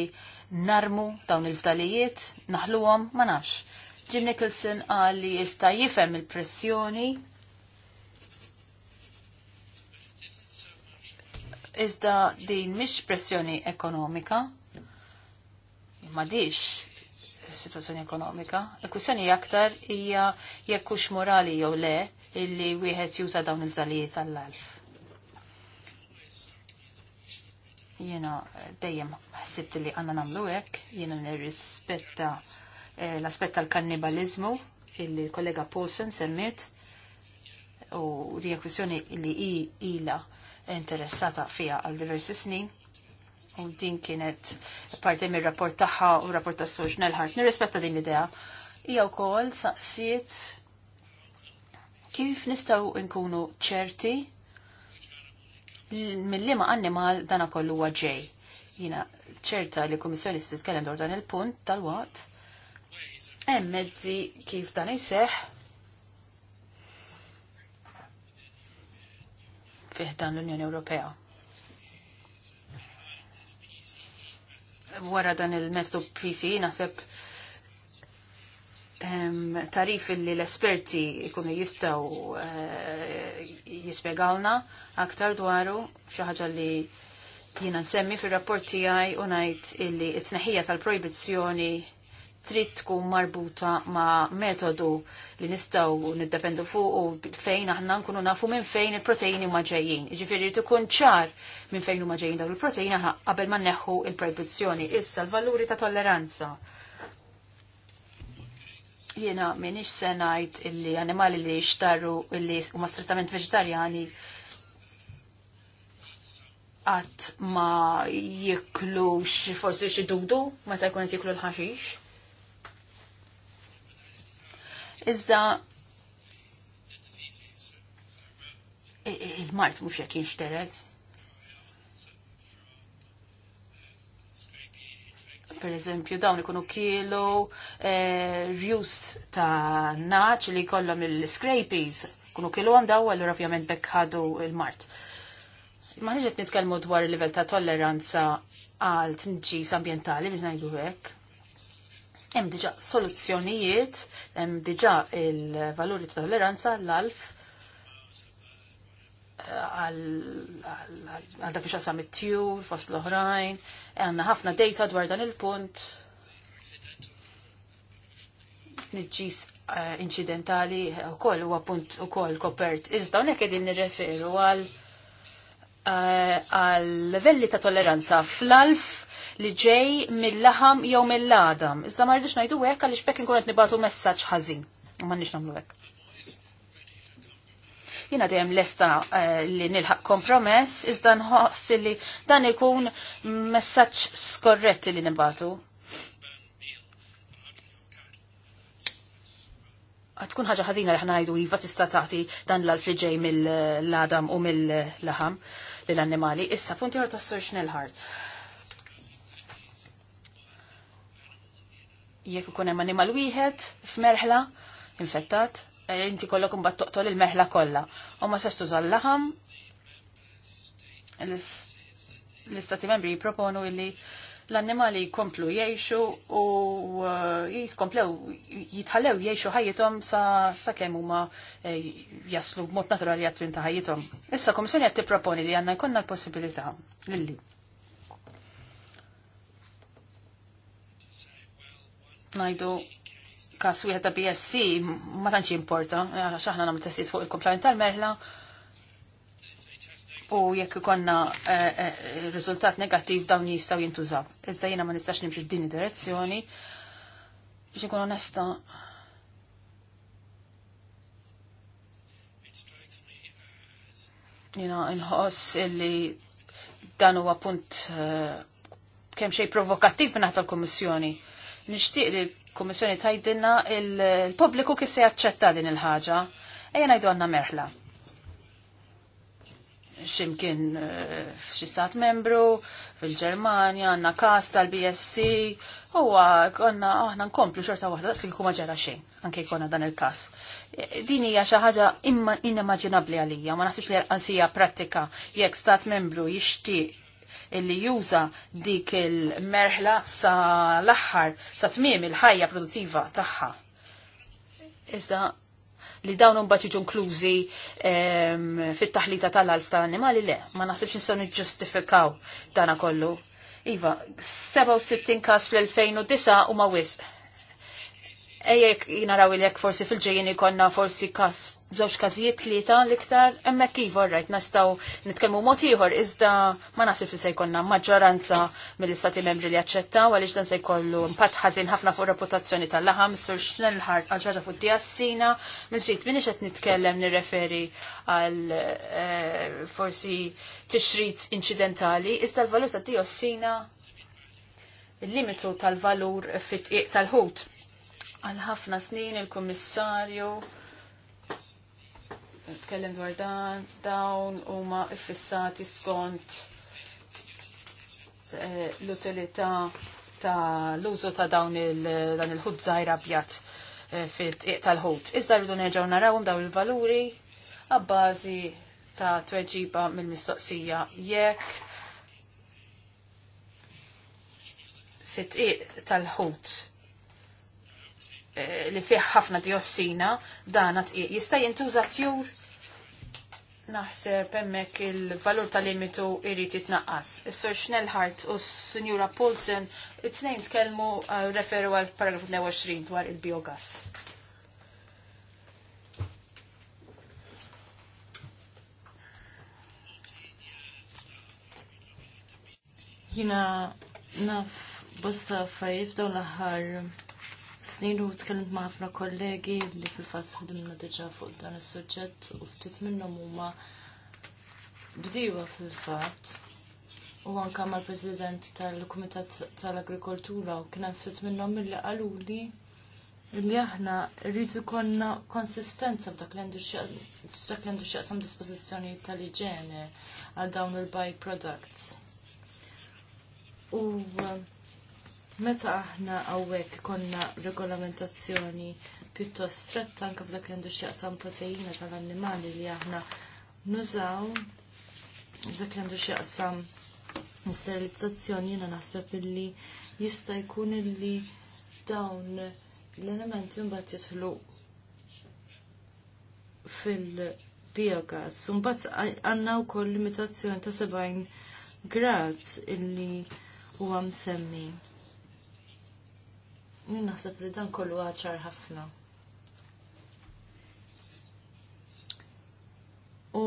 narmu dawn il-fdalijiet, naħluhom ma nafx. Jim Nicholson qal li jista' jifhem il-pressjoni iżda din mhix pressjoni ekonomika, ma dix situazzjoni ekonomika. Il-kwissjoni jaktar hija jekk hux morali jew le illi wieħed juża dawn il fdalijiet għall-alf. Jena dejjem ħsibt li għanna namlu hekk, jena nirrispetta eh, l-aspett tal-kannibalizmu illi kollega Paulsen semmit u dija kwistjoni li i ila interessata fija għal diversi snin u din kienet parti mir rapport tagħha u rapport tas soċ nel-ħart Nirrispetta din l-idea. Hija wkoll saqsiet kif nistgħu nkunu ċerti mill-lima annimal dana kollu huwa Jina ċerta li kummissjoni se titkellem dwar dan il-punt tal-waqt. Hemm mezzi kif dan jseħħ fih dan l-Unjoni Ewropea. Wara dan il-metodu PC e, naseb tarif li l-esperti jkunu jistaw eh, jispegawna aktar dwaru xaħġa li jina nsemmi fil-rapport tijaj unajt illi it-tneħija tal-proibizjoni trid tkun marbuta ma' metodu li nistaw niddependu fuq u fejn aħna nkunu nafu minn fejn il-proteini huma ġejjin. Ġifieri rid ikun ċar minn fejn huma ġejjin dawn il-proteini qabel ma neħħu il-proibizzjoni. Issa l-valuri ta' tolleranza Jena minix se ngħid illi animali li jixtarru illi huma strettament veġetarjani għat ma jiklux forsi xi dugdu meta jkun qed jiklu l-ħaxix. Iżda il-mart mhux jekk jinxteret. Per eżempju, dawn ikunu kilu eh, rjus ta' naċ li kollom il-scrapies, kunu kilu għam daw, għallu ovvjament bekħadu il-mart. Ma nġet nitkelmu dwar il-level ta' tolleranza għal tnġis ambientali biex najdu hekk. Hemm diġà soluzzjonijiet, hemm diġà il-valuri ta' tolleranza l-alf għal dak biex għasam it-tjur, fost l-oħrajn, għanna ħafna data dwar dan il-punt. Nġis eh, incidentali eh, u koll u appunt u koll kopert. Iżda unek edin nirreferu għal eh, għal livelli ta' tolleranza fl-alf li ġej mill-laħam jew mill-ladam. Iżda ma najdu ngħidu hekk għaliex bekk qed nibatu messaġġ ħazin. Ma nix nagħmlu hekk. Jina dejjem lesta eh, li nilħaq kompromess, iżda nħoss li dan ikun messaġġ skorretti li nibatu. tkun ħaġa ħażina li ħna ngħidu iva tista' tagħti dan l-alfliġej mill-ladam u mill-laħam lill-annimali. Issa punti ħor tas sur ħart Jekk ikun hemm animal wieħed f'merħla infettat, Eh, inti kollok mbagħad toqtol il-meħla kollha. U ma sax tuża l l-istati membri jipproponu illi l-annimali jkomplu jgħixu u eh, jitkomplew jitħallew jgħixu ħajjithom sa, kemmu ma huma eh, jaslu b'mod naturali għatwin ta' ħajjithom. Issa komissjoni qed tipproponi li għandna jkollna l-possibilità lilli. Najdu kas wieħed ta' BSC ma tantx importa, għax aħna nagħmlu testijiet fuq il kumplajn tal-merla. U jekk ikonna eh, eh, riżultat negattiv dawn jistgħu jintużaw. Iżda jiena ma nistax nimxi f'din id-direzzjoni biex ikun onesta. Jiena nħoss illi dan huwa punt eh, kemm xejn provokattiv minn tal-Kummissjoni. Nixtieq li il-Kummissjoni tajdilna il-pubbliku kif se jaċċetta din il-ħaġa. Ejja ngħidu għandna merħla. Ximkien eh, f'xi stat membru, fil-Ġermanja, għandna kas tal-BSC, huwa konna aħna nkomplu xorta waħda daqs li ma ġara xejn, anke jkollna dan il-kas. Eh, din hija xi ħaġa inimmaġinabbli għalija, ma naħsibx li għansija prattika jekk stat membru jixtieq illi juża dik il-merħla sa l-aħħar, sa tmiem il-ħajja produttiva tagħha. Iżda li dawn imbagħad jiġu nklużi ehm, fit-taħlita tal-alf tal-annimali le, ma naħsibx nistgħu niġġustifikaw dana kollu. Iva, 67 każ fl-2009 huma wisq Ejjek jinaraw il forsi fil-ġejjin ikonna forsi kas żewġ każijiet li l-iktar, hemmhekk iva rajt nistgħu nitkellmu mod ieħor iżda ma nasib fi sejkonna jkollna maġġoranza mill-istati membri li aċċettaw għaliex dan se jkollu impatt ħażin ħafna fuq reputazzjoni tal-laħam sur xnelħart għal ħaġa fuq diassina minn xejn minix qed nitkellem nirreferi għal e, forsi tixrid incidentali, iżda l-valuta diossina il-limitu tal-valur fit tal-ħut Għal ħafna snin il-Kummissarju tkellem dwar dan, dawn huma iffissati skont eh, l-utilità ta' l-użu ta' dawn il-dan il-ħudżajr eh, fit fil tal-ħut. Iżda rridu nerġgħu naraw dawn il-valuri għabbażi ta' tweġiba mill-mistoqsija jekk fit-tqiq tal-ħut Eh, li fih ħafna diossina dan jista' jintuża tjur naħseb hemmhekk il-valur tal-limitu jrid jitnaqqas. Is-Sur Schnellhart u s-Sinjura Poulsen it-tnejn tkellmu eh, referu għal paragrafu 22 dwar il-biogas. Jina naf bosta fajf dawn l-aħħar snin u tkellimt ma' ħafna kollegi li fil-fatt ħdimna diġà fuq dan is-suġġett u ftit minnhom huma bdiewa fil-fatt. U anka mal-President tal-Kumitat tal-Agrikoltura u kien hemm ftit minnhom milli qaluli li aħna rridu konna konsistenza f'dak l-għandu xieqsam dispozizjoni tal-iġene għal dawn il-byproducts. U Meta aħna għawek konna regolamentazzjoni pjuttost stretta anke f'dak li għandu xieqsam proteina tal-annimali li aħna nużaw, f'dak li għandu x'jaqsam sterilizzazzjoni jiena naħseb illi jista' jkun illi dawn l-elementi mbagħad jidħlu fil-biogas. Mbagħad għandna wkoll limitazzjoni ta' 70 grad illi huwa msemmi. Naħseb li dan kollu għaċar ħafna. U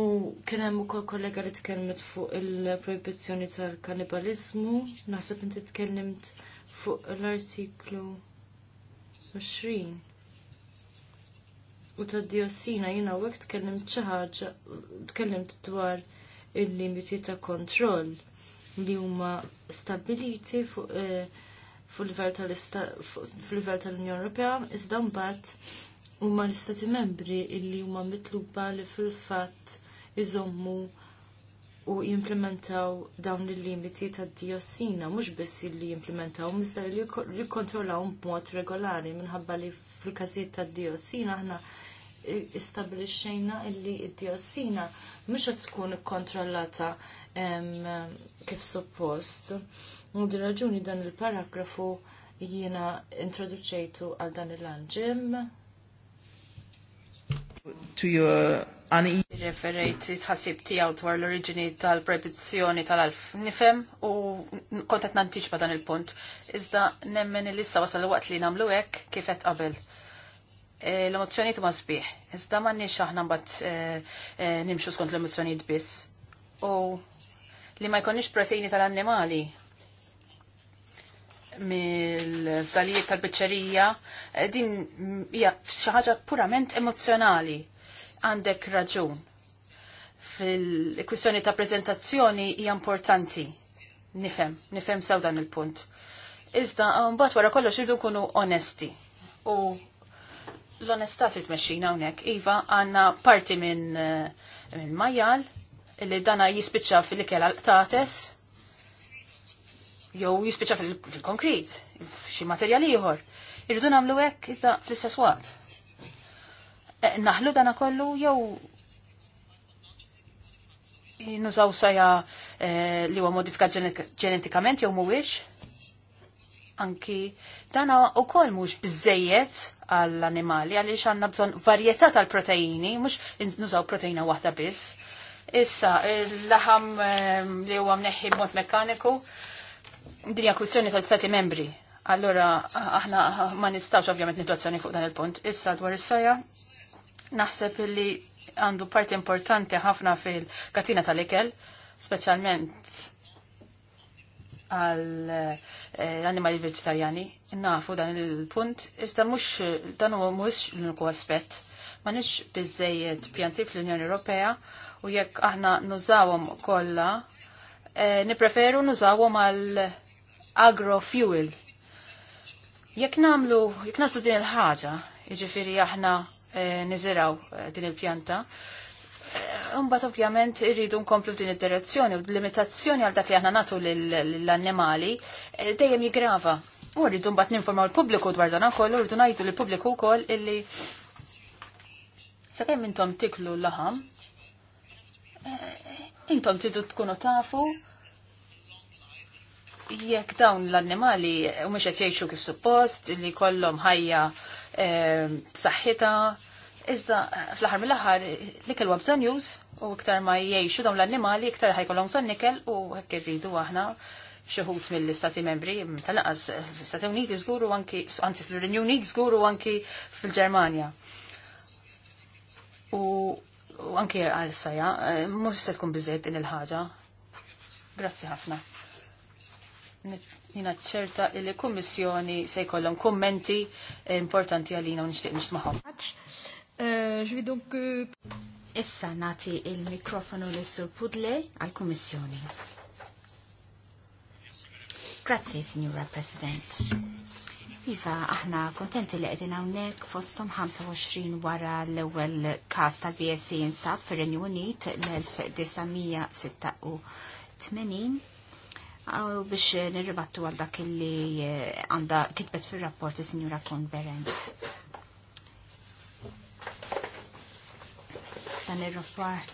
kien hemm ukoll kollega li tkellmet fuq il-proibizzjoni tal-kannibalizmu, naħseb inti tkellimt fuq l-artiklu 20. U tad diossina jiena wek tkellimt xi ħaġa, tkellimt dwar il-limiti ta' kontroll li huma stabiliti fuq eh, fil level tal-Unjoni Ewropea, iżda mbagħad huma l-Istati Membri illi huma mitluba li fil-fatt iżommu u jimplementaw dawn il-limiti tad diossina mhux biss illi jimplementaw, iżda li jikkontrollaw b'mod regolari minħabba li fil-każijiet tad diossina aħna istabilixxejna illi d diossina mhux qed tkun ikkontrollata ehm, kif suppost. Mudi raġuni dan il-paragrafu jiena introduċejtu għal dan il-anġim. To your għani. Referejt tħassib tijaw dwar l-origini tal-proibizjoni tal-alf nifem u kontet nantiċba dan il-punt. Iżda nemmen il-lissa wasal l-waqt li namlu ek kifet qabel e, l-emozjoniet ma sbieħ. Iżda ma nix aħna mbagħad e, e, nimxu skont l-emozjoniet biss. U li ma jkunniex proteini tal-annimali mill-fdalijiet tal-biċċerija, eh, din hija xi ħaġa purament emozzjonali. Għandek raġun. Fil-kwistjoni ta' prezentazzjoni hija importanti. Nifhem, nifhem sew dan il-punt. Iżda eh, mbagħad wara kollox irdu nkunu onesti. U l-onestà titmexxina hawnhekk. Iva għandna parti minn eh, min majjal li dana jispiċċa fil-ikel għal jew jispiċċa fil-konkret, xi materjali ieħor. Irridu nagħmlu hekk iżda fl-istess waqt. E, naħlu dana kollu jew nużaw saja e, li huwa modifikat ġenetikament jew mhuwiex. Anki dana koll mhux biżejjed għall-animali għaliex għandna bżonn varjetà tal-proteini, mhux nużaw proteina waħda biss. Issa, l-laħam e, li huwa mneħi b'mod mekkaniku, hija kwistjoni tal-Stati membri. Allora, aħna ma nistawx ovvjament nitwazzjoni fuq dan il-punt. Issa dwar is-soja, naħseb li għandu parti importanti ħafna fil-katina tal-ikel, speċjalment għal-animali eh, vegetarjani. Nafu dan il-punt, iżda mux dan u mux l-uniku aspett. Ma nix bizzejiet pjanti fl-Unjoni Ewropea u jekk aħna nużawhom kollha eh, nipreferu nużawhom għal agrofuel. Jekk namlu, jekk naslu din il-ħaġa, jiġifieri aħna eh, niziraw eh, din il-pjanta, Umbat eh, ovvjament irridu nkomplu din id-direzzjoni u l limitazzjoni għal dak li aħna natu l-annimali dejjem jigrava. U rridu mbagħad ninformaw il-pubbliku dwar dan ukoll u rridu ngħidu lill-pubbliku wkoll illi sakemm intom tiklu l-laħam Intom tidu tkunu tafu jekk dawn l-annimali u mhux qed jgħixu kif suppost li kollhom ħajja eh, saħħita. Iżda fl-aħħar mill-aħħar l-ikel huwa u iktar ma jgħixu dawn l-annimali iktar ħajkolhom bżonn u hekk irridu aħna xeħut mill-Istati membri, tal-laqas l-Istati Uniti zguru anki, anzi fil-Renju Uniti zguru anki fil-Germania. U u anki għal saja, eh, mux se tkun bizzet in il ħagġa Grazzi ħafna. Nina ċerta il kummissjoni se jkollhom kummenti importanti għalina u nixtieq maħom. Eh, euh, Issa nati il-mikrofonu l sur Pudle għal-Kummissjoni. Grazie, Signora President. Iva, aħna kontenti li għedin għonek fostum 25 wara l-ewel kas tal-BSC insab fir renju Unit l-1986. Biex nirribattu għal dak li eh, għanda kitbet fil-rapport il-Sinjura Konberent. Dan il-rapport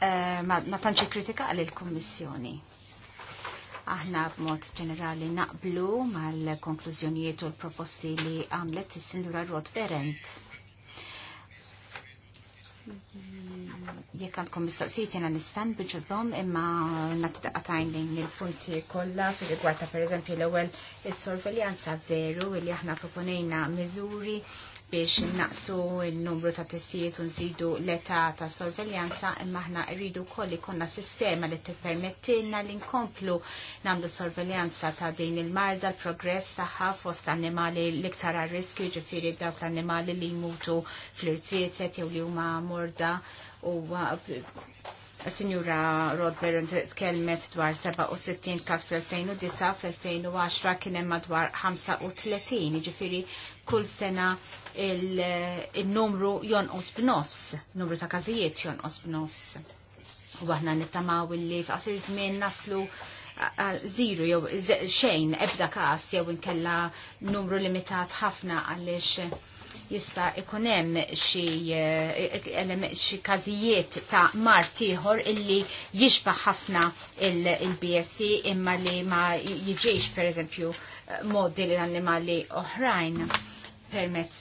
eh, ma tantx kritika għal il-Kommissjoni. Aħna b'mod ġenerali naqblu mal-konklużjonijiet u l-proposti li għamlet is-Sinjura Rod Berend. Jekk għandkom mistoqsijiet jena nistan biġobom imma natqatajn lejn il-punti kollha fil rigward pereżempju l-ewwel is-sorveljanza veru li aħna proponejna miżuri biex naqsu il-numru ta' tessijiet u nżidu l-età ta' sorveljanza imma aħna rridu kolli konna sistema li tippermettilna li nkomplu nagħmlu sorveljanza ta' din il-marda l-progress tagħha fost annimali l-iktar għal riskju ġifiri dawk l-annimali li jmutu fl-irtiet jew li huma morda u Signora Rodberend tkellmet dwar 67 kas fl-2009, fl-2010 kienem madwar 35, ġifiri kull sena il-numru jonqos b'nofs, numru ta' kazijiet jonqos b'nofs. U għahna nittamaw li f'qasir żmien naslu zero jew xejn ebda kas jew inkella numru limitat ħafna għaliex jista' ikun hemm xi eh, każijiet ta' martiħor illi jixbaħ ħafna il-BSC imma li ma jiġix pereżempju modi l-annimali oħrajn permezz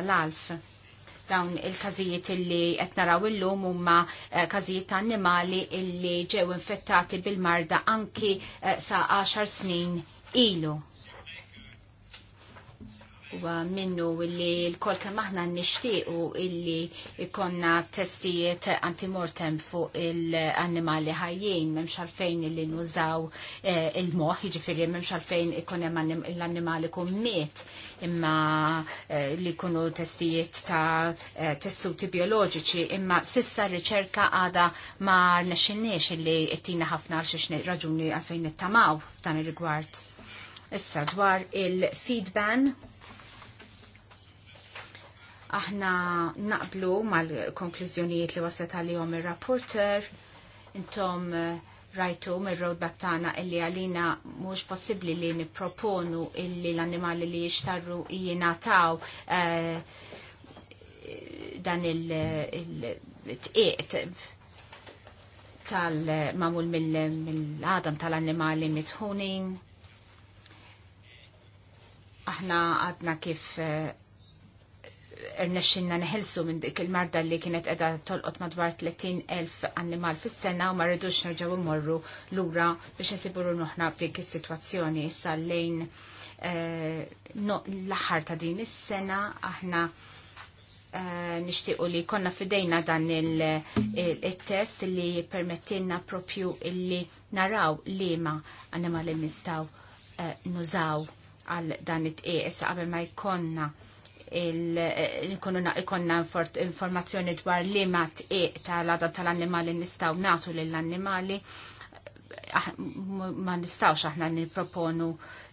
l alf dawn il-kazijiet illi qed naraw illum huma eh, kazijiet ta' annimali illi ġew infettati bil-marda anki eh, sa' 10 snin ilu huwa minnu li l-kol kemm aħna u illi ikonna testijiet antimortem fuq il-annimali ħajjin memx għalfejn illi nużaw eh, il-moħħ, jiġifieri memx għalfejn ikun hemm l-annimali kum miet imma eh, li jkunu testijiet ta' eh, tessuti bioloġiċi imma sissa riċerka għada ma nexxinniex illi ttina ħafna għal xiex raġuni għalfejn nittamaw f'dan ir-rigward. Issa dwar il-feedban Aħna naqblu mal-konklużjonijiet li waslet għalihom ir-rapporter, intom eh, rajtu mir roadmap tagħna illi għalina mhux possibbli li nipproponu illi l-annimali li jixtarru jingħataw eh, dan il-tqiet il, tqiet tal mill-għadam tal-annimali mitħunin. Aħna għadna kif uh, rnexxinna neħelsu minn dik il-marda li kienet qiegħda tolqot madwar 30,000 annimal fis-sena u ma rridux nerġgħu mmorru lura biex insiburu nuħna b'dik is-sitwazzjoni issa lejn eh, l-aħħar ta' din is-sena aħna eh, nixtiequ li konna fidejna dan il-test li permettilna propju illi naraw li ma annimali nistaw eh, nużaw għal dan it-qies qabel ma jkonna ikonna informazzjoni dwar li ma tqiq tal-għada tal-annimali nistaw natu lill-annimali ah, ma nistaw aħna niproponu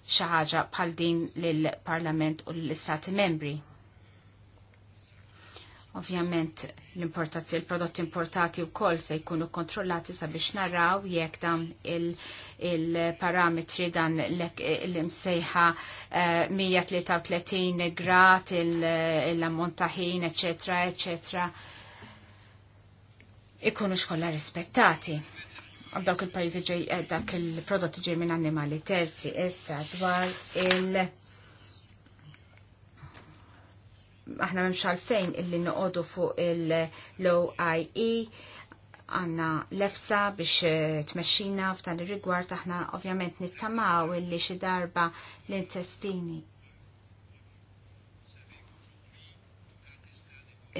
xi ħaġa bħal din lill-Parlament u l-Istati Membri. Ovvjament l-importazzi, l-prodotti importati u kol se jkunu kontrollati sabiex naraw jekk dan il-parametri dan l-imsejħa 133 eh, grad, l-ammont ta' ħin, ikunu xkolla rispettati għab il dak il-prodotti ġej minn animali terzi, issa dwar il- aħna memx għalfejn illi noqodu fuq il-LOIE għanna lefsa biex eh, tmexxina f'dan ir-rigward aħna ovvjament nittamaw illi xi darba l-intestini.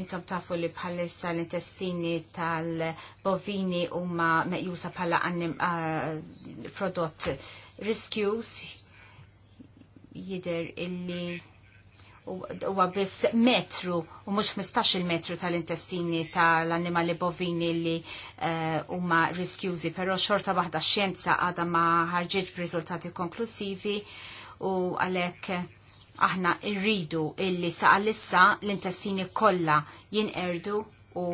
Intom tafu li bħalissa l-intestini tal-bovini huma meqjusa bħala eh, prodott riskjus jider illi huwa biss metru u mhux 15 metru tal-intestini tal-annimali bovini li eh, huma uh, riskjużi, però xorta waħda xjenza għadha ma ħarġitx b'riżultati konklusivi u għalhekk aħna rridu illi saqalissa l-intestini kollha jinqerdu u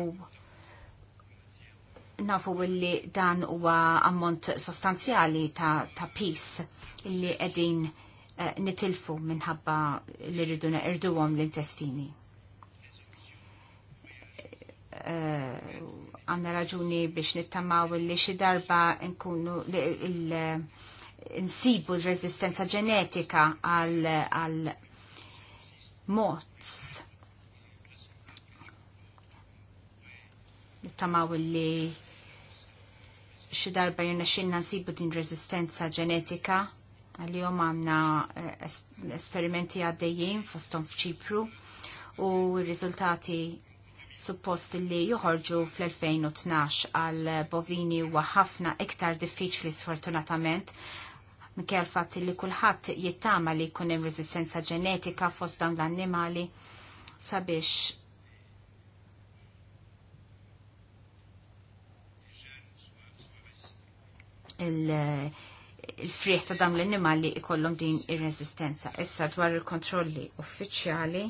nafu illi dan huwa ammont sostanzjali ta', ta pis illi qegħdin Eh, nitilfu minħabba li rridu naqirduhom l-intestini. Eh, għanna raġuni biex nittamaw li xi darba nkunu nsibu l-rezistenza ġenetika għal mots nittamaw li xi darba jirna xinna nsibu din rezistenza ġenetika Għal-jom għamna eh, esperimenti għaddejjien fostom fċipru u r-riżultati suppost li joħorġu fl-2012 għal bovini u ħafna iktar diffiċli sfortunatament mikel fatt li kullħat jittama li kunem rezistenza ġenetika fost dan l-annimali sabiex il- il-friħ ta' dam l-annimali ikollom din ir resistenza Issa dwar il-kontrolli uffiċjali,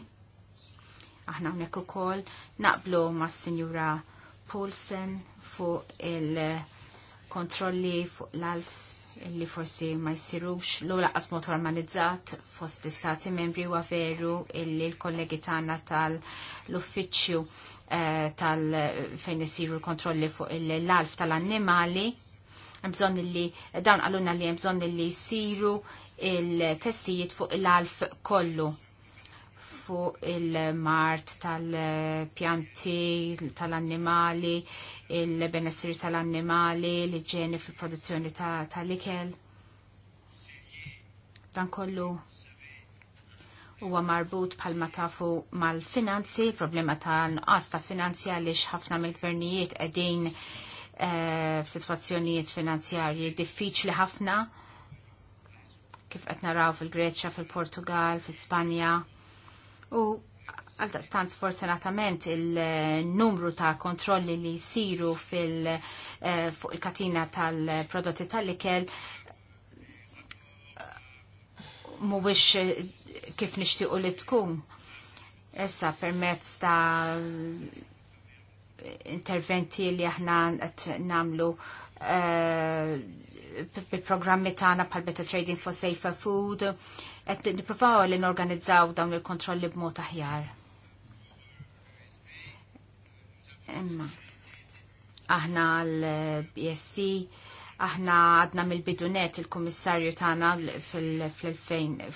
aħna hawnhekk ukoll naqblu mas-Sinjura Paulsen fuq il-kontrolli fuq l-alf li forsi ma jsirux l ula mod tormanizzat fost l-istati membri huwa veru illi l-kollegi tagħna tal uffiċju eh, tal fejn isiru l-kontrolli fuq l-alf tal-annimali bżonn li dawn għalluna li hemm li jsiru il-testijiet fuq il-alf kollu fuq il-mart tal-pjanti, tal-annimali, il-benessir tal-annimali, l-ġeni fil-produzzjoni tal-ikel. Dan kollu huwa marbut palma tafu mal-finanzi, problema ta' nqas ta' finanzi għaliex ħafna mill-gvernijiet qegħdin Eh, f'sitwazzjonijiet finanzjarji diffiċli ħafna kif qed naraw fil-Greċja, fil-Portugal, fil-Spanja. U għal daqstant sfortunatament il-numru ta' kontrolli li jisiru fil eh, fuq il-katina tal-prodotti tal-ikel mhuwiex eh, kif nixtiequ li tkun. Issa permezz ta' interventi li aħna qed namlu eh, bil-programmi tagħna pal Better Trading for Safer Food, qed nippruvaw li norganizzaw dawn il-kontrolli b'mod aħjar. Imma aħna l-BSC Aħna għadna mill-bidunet il-Kummissarju tagħna fil-sena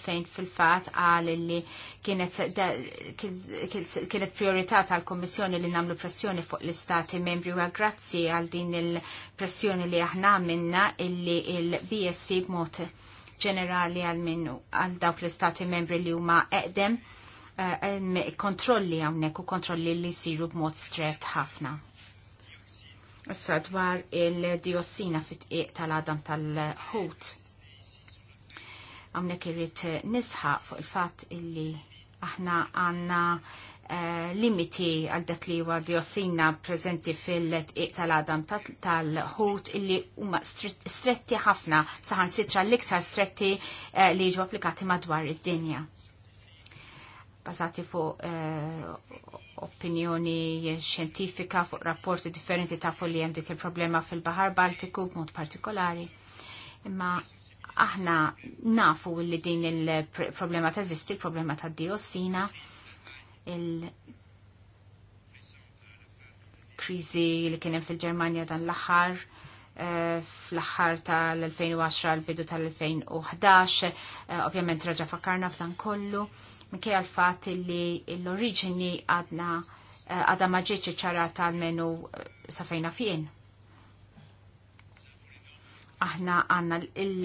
2000 fil-fatt għal li kienet priorità tal-Kummissjoni li nagħmlu pressjoni fuq l-Istati membri u grazzi għal din il-pressjoni li aħna minna illi il-BSC b'mod ġenerali għal minnu għal dawk l-Istati membri li huma eqdem eh, kontrolli għawnek u kontrolli li siru b'mod stret ħafna. Issa dwar il-diossina fit-qiq tal-adam tal-ħut. Għamnek irrit nisħaq fuq il-fat illi aħna għanna eh, limiti għal dak li huwa diossina preżenti fil-tqiq tal-adam tal-ħut illi huma stretti ħafna saħan sitra l-iktar stretti eh, li ġu applikati madwar id-dinja. Bazati fuq eh, opinjoni xjentifika fuq rapporti differenti ta' li hemm dik il-problema fil-Bahar Baltiku b'mod partikolari. Imma aħna nafu li din il-problema ta' zisti, il-problema ta' diossina, il-krizi li kienem fil-Germania dan l-axar, eh, fl-axar tal-2010 l-bidu tal-2011, eh, ovvjament raġa fakarna f'dan kollu minkejja l-fatt li l-oriġini għadna eh, għadha ma ġietx iċċarata menu eh, safajna fien. Aħna għanna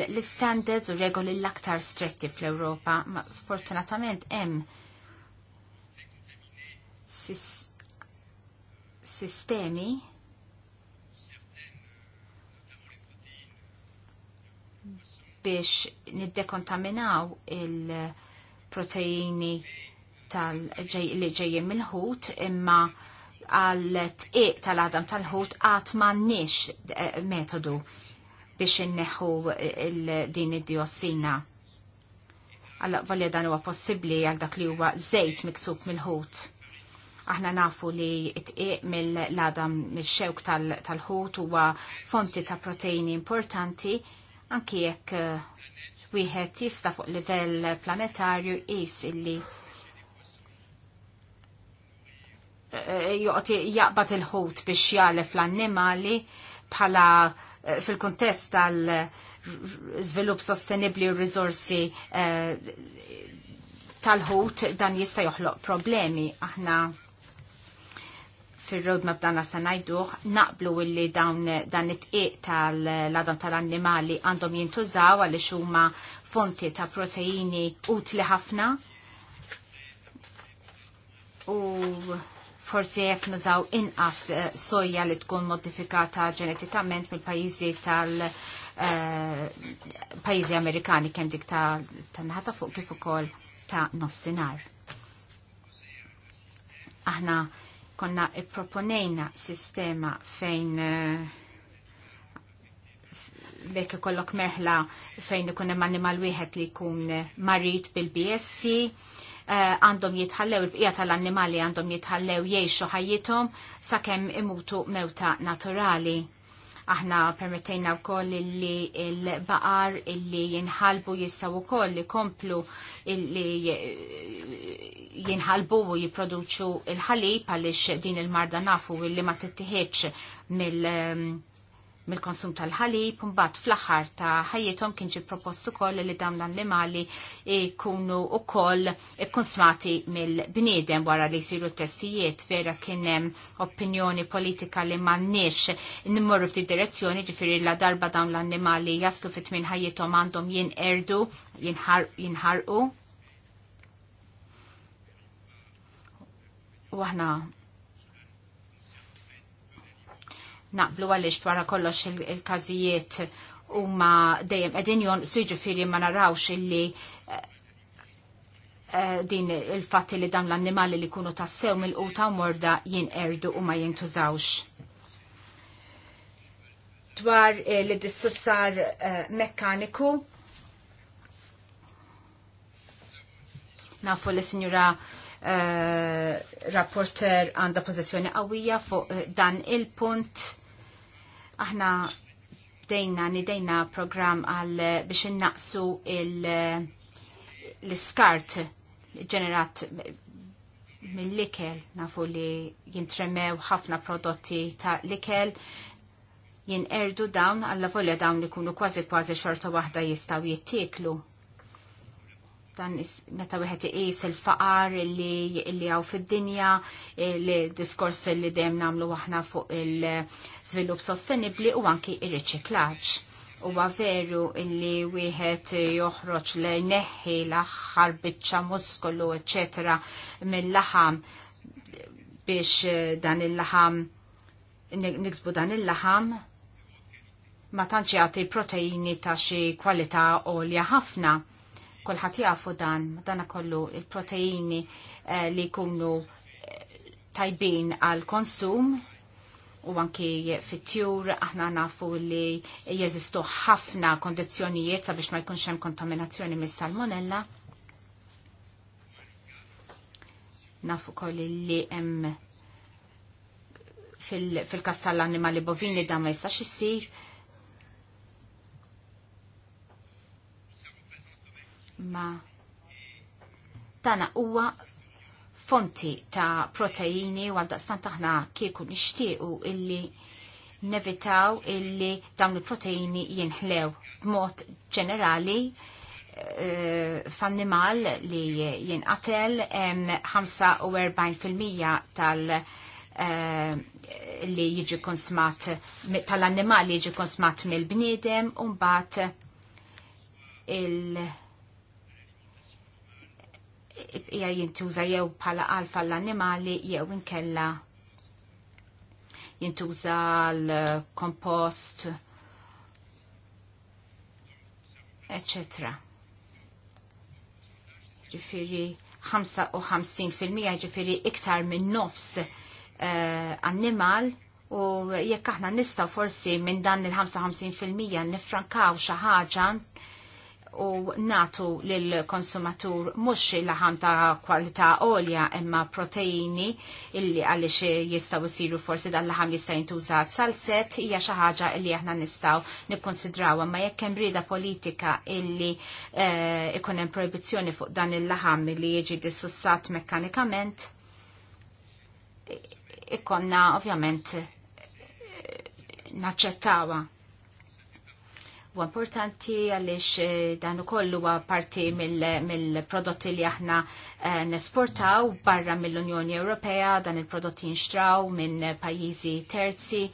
l-standards u regoli l-aktar stretti fl-Ewropa, ma sfortunatament hemm sistemi biex niddekontaminaw il- proteini li ġejjin mill-ħut imma għal tqiq tal-għadam tal-ħut għat m'għandniex eh, metodu biex inneħu din id-diossina. Għalla valja dan huwa possibbli għal dak li huwa żejt miksub mill-ħut. Aħna nafu li tqiq mill-għadam mill-xewk tal-ħut huwa fonti ta' proteini importanti anki jekk eh, wieħed jista' fuq livell planetarju qis illi eh, eh, joqgħod jaqbad il-ħut biex jalef l-annimali bħala eh, fil-kuntest tal żvilupp sostenibbli u riżorsi tal-ħut dan jista' joħloq problemi aħna fil-roadmap dan la sanajduħ, naqblu illi dawn dan it iq tal-adam tal-annimali għandhom jintużaw għalli xumma fonti ta' proteini utli ħafna u forsi jekk nużaw inqas eh, soja li tkun modifikata ġenetikament mill-pajjiżi tal- eh, pajjiżi Amerikani kemm dik ta' naħata fuq kif ukoll ta' nofsinhar. Aħna konna ipproponejna sistema fejn eh, bekk ikollok merħla fejn ikun hemm animal wieħed li jkun marit bil-BSC eh, għandhom jitħallew il-bqija tal-annimali għandhom jitħallew jgħixu ħajjithom sakemm imutu mewta naturali Aħna permettejna wkoll li l-baqar illi jinħalbu jistgħu wkoll li komplu illi eh, jinħalbu u jipproduċu il-ħalib għaliex din il-marda nafu illi ma tittieħedx mill- ehm, mill-konsum tal-ħalib, mbagħad fl-aħħar ta' ħajjithom kien ġie propost ukoll li dawn l-annimali jkunu ukoll konsmati mill-bniedem wara li jsiru testijiet vera kien hemm opinjoni politika li m'għandniex nimmorru f'dik direzzjoni ġifieri la darba dawn l-annimali jaslu fit tmien ħajjithom għandhom jinqerdu, jinħarqu. Waħna naqblu għalix wara kollox il-kazijiet u ma dejjem edin jon suġifiri ma narawx illi eh, eh, din il-fatti li dam l-annimali li kunu tassew mill-quta u morda jinqerdu u ma jintużawx. Dwar eh, li dissussar mekkaniku nafu li sinjura rapporter għanda pozizjoni qawwija fuq dan il-punt Aħna bdejna nidejna program għal biex innaqsu l-iskart ġenerat mill-likel, nafu li jintremew ħafna prodotti ta' likel, jinqerdu dawn għalla volja dawn li kunu kważi kważi xorta waħda jistaw jittiklu dan meta wieħed iqis il-faqar li li għaw fid-dinja, li diskors li dejjem nagħmlu aħna fuq il-żvilupp sostenibbli u anki ir-riċiklaġġ. Huwa veru li wieħed joħroġ li neħħi l-aħħar biċċa muskolu, eċetera, mill-laħam biex eh, dan il-laħam niksbu dan il-laħam ma tantx jagħti proteini ta' xi kwalità għolja ħafna Kolħat jafu dan, dana kollu il-proteini eh, li jkunu eh, tajbin għal konsum u anki fit-tjur aħna nafu li jeżistu ħafna kondizjonijiet sabiex ma jkunx hemm kontaminazzjoni mis-salmonella. Nafu koll li hemm fil-kas fil tal-annimali bovini dan ma jistax issir. ma tana huwa fonti ta' proteini u għaldaqstant aħna kieku nixtiequ illi nevitaw illi dawn il-proteini jinħlew b'mod ġenerali eh, f'annimal li jinqatel 45% tal- eh, li jiġi konsmat tal-annimal li jiġi konsmat mill-bniedem un bat il- ija jintuża jew bħala alfa l-annimali jew inkella jintuża l-kompost, etc. Ġifiri 55% ġifiri iktar minn nofs uh, annimal u jekk aħna nistaw forsi minn dan il-55% nifrankaw xi ħaġa u natu l-konsumatur mux laħam ta' kwalità olja imma proteini illi għalix jistaw siru forsi dan laħam jista' jintużat salset hija xi ħaġa illi aħna nistaw nikkonsidraw imma jekk hemm rieda politika illi eh, ikun hemm proibizzjoni fuq dan il-laħam li jiġi dissussat mekkanikament ikkonna ovvjament eh, naċċettawa. U importanti għaliex eh, dan ukoll huwa parti mill-prodotti li aħna eh, nesportaw barra mill-Unjoni Ewropea dan il-prodotti jinxtraw minn pajjiżi terzi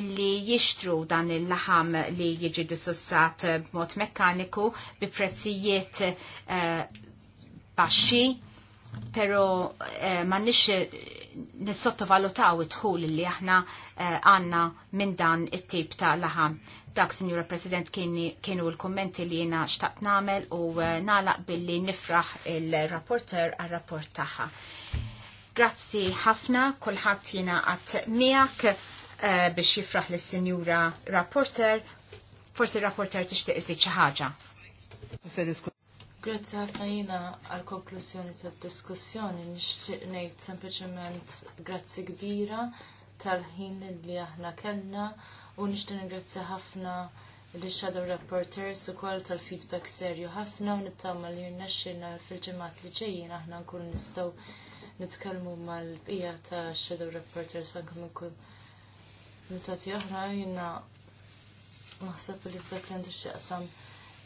illi jixtru dan il-laħam li jiġi disussat b'mod mekkaniku bi prezzijiet eh, baxxi, pero ma nix nissottovalutaw it dħul li aħna eh, għanna minn dan it-tip ta' laħam. Dak, Signora President, kienu l-kommenti li jena xtaqt namel u eh, nalaq billi nifraħ il-rapporter għal-rapport taħħa. Grazzi ħafna, kullħat jena għat miak eh, biex jifraħ l-Signora Rapporter, forsi rapporter tixtieq iżid xi ħaġa. Grazzi a Faina al konklużjoni tad diskussjoni nixtieq ngħid sempliċement grazzi kbira tal-ħin li aħna kellna u nixtieq ningrazzja ħafna li shadow reporters ukoll tal-feedback serju ħafna u nittama li jirnexxilna fil-ġimgħat li ġejjin aħna nkunu nistgħu nitkellmu mal-bqija ta' shadow reporters anke minn kull mutati oħra jiena naħseb li f'dak li għandu x'jaqsam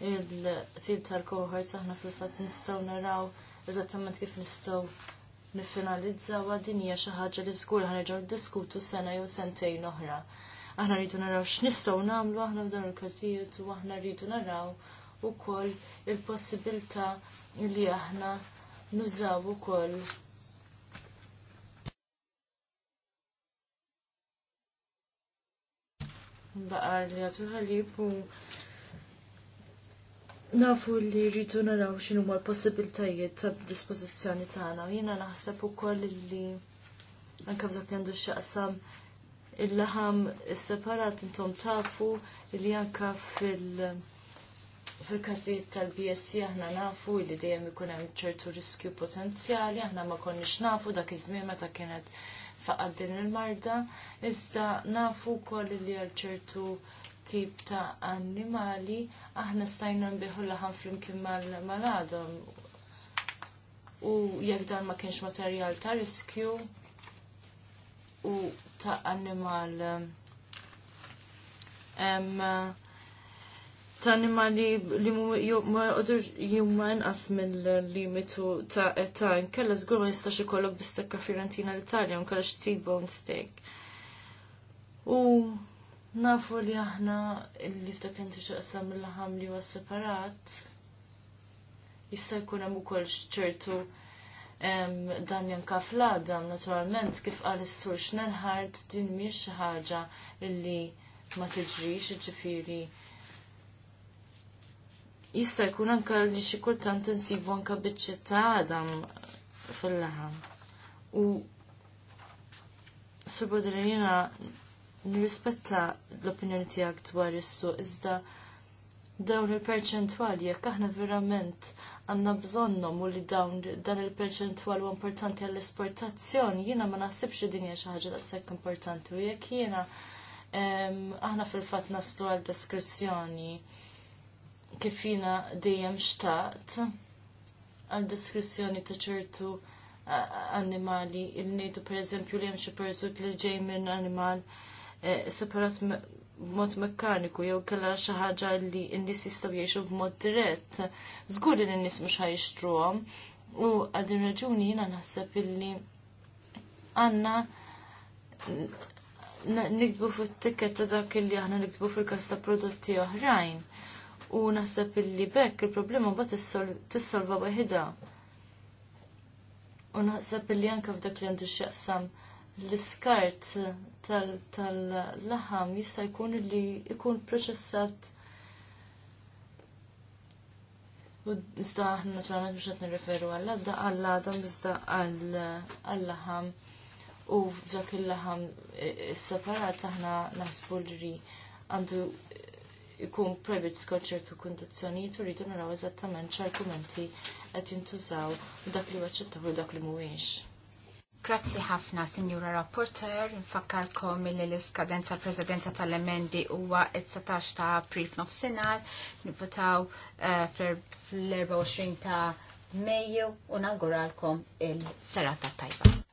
il-tim tal-cohort aħna fil-fatt nistgħu naraw eżattament kif nistgħu nifinalizzaw din hija xi ħaġa li żgur ħanerġgħu diskutu sena jew sentejn oħra. Aħna rridu naraw x'nistgħu nagħmlu aħna f'dan il-każijiet u aħna rridu naraw ukoll il-possibilità li aħna nużaw ukoll baqar li għatu ħalib u nafu li rridu naraw xinu ma l-possibiltajiet ta' dispozizjoni tagħna. Jiena naħseb ukoll li anke f'dak jandu x'aqsam il-laħam separat intom tafu li anke fil- fil-każijiet tal-BSC aħna nafu li dejjem ikun hemm ċertu riskju potenzjali, aħna ma konniex nafu dak iż-żmien meta kienet faqad din il-marda, iżda nafu wkoll li għal ċertu tip ta' annimali aħna stajna nbiħu laħan flimkien mal-adam. U jekk dan ma kienx materjal ta' riskju u ta' animal ta' animali li ma jumma inqas mill-limitu ta' età, nkella żgur ma jistax ikollok bistekka Fiorentina l-Italja, nkella xi t-bone steak. U Nafu li aħna li ftak li xaqsam l-ħam li huwa separat jista' jkun hemm ukoll ċertu dan janka fl-għadam, naturalment, kif qal is-sur xnelħart din mhix xi ħaġa li ma tiġrix, iġifieri Jista' jkun anke li xi kultant insibu anke biċċiet ta' għadam fil-laħam. U subodirina nirrispetta l-opinjoni tiegħek dwar is-suq iżda dawn il-perċentwali jekk aħna verament għandna bżonnhom u li dawn dan il-perċentwal huwa importanti għall-esportazzjoni, jiena ma naħsibx li din hija xi ħaġa daqshekk importanti u jekk jiena aħna fil-fatt naslu għal deskrizzjoni kif jiena dejjem xtaqt għal deskrizzjoni ta' ċertu animali il nejtu per eżempju li hemm xi persut li ġej minn animal Eh, separat mod mekkaniku jew kella xi ħaġa li n-nies jistgħu jgħixu b'mod dirett, żgur li n-nies mhux ħajxtruhom. U għal din raġuni jiena naħseb illi għandna nikbu fit-tikket ta' dak illi aħna niktbu fil-każ ta' prodotti oħrajn. U naħseb illi bekk il-problema mbagħad tissolva waħda. U naħseb illi anke f'dak li għandu x'jaqsam l-iskart tal-laħam jista' jkun li jkun proċessat U iżda aħna naturalment biex qed nirreferu għal għadda għal għadam iżda għal laħam u f'dak il-laħam e, e, separat aħna naħsbu li għandu jkun private skol ċertu kundizzjonijiet u rridu naraw eżattament ċarkumenti qed jintużaw u dak li waċċettaw u dak li mhuwiex. Grazzi ħafna, Signora Rapporter. Infakkarkom li l-iskadenza l-Presidenza tal-Emendi huwa 19 ta' april f'nofsinhar, nivvotaw eh, fl-24 ta' Mejju u nawguralkom il-serata tajba.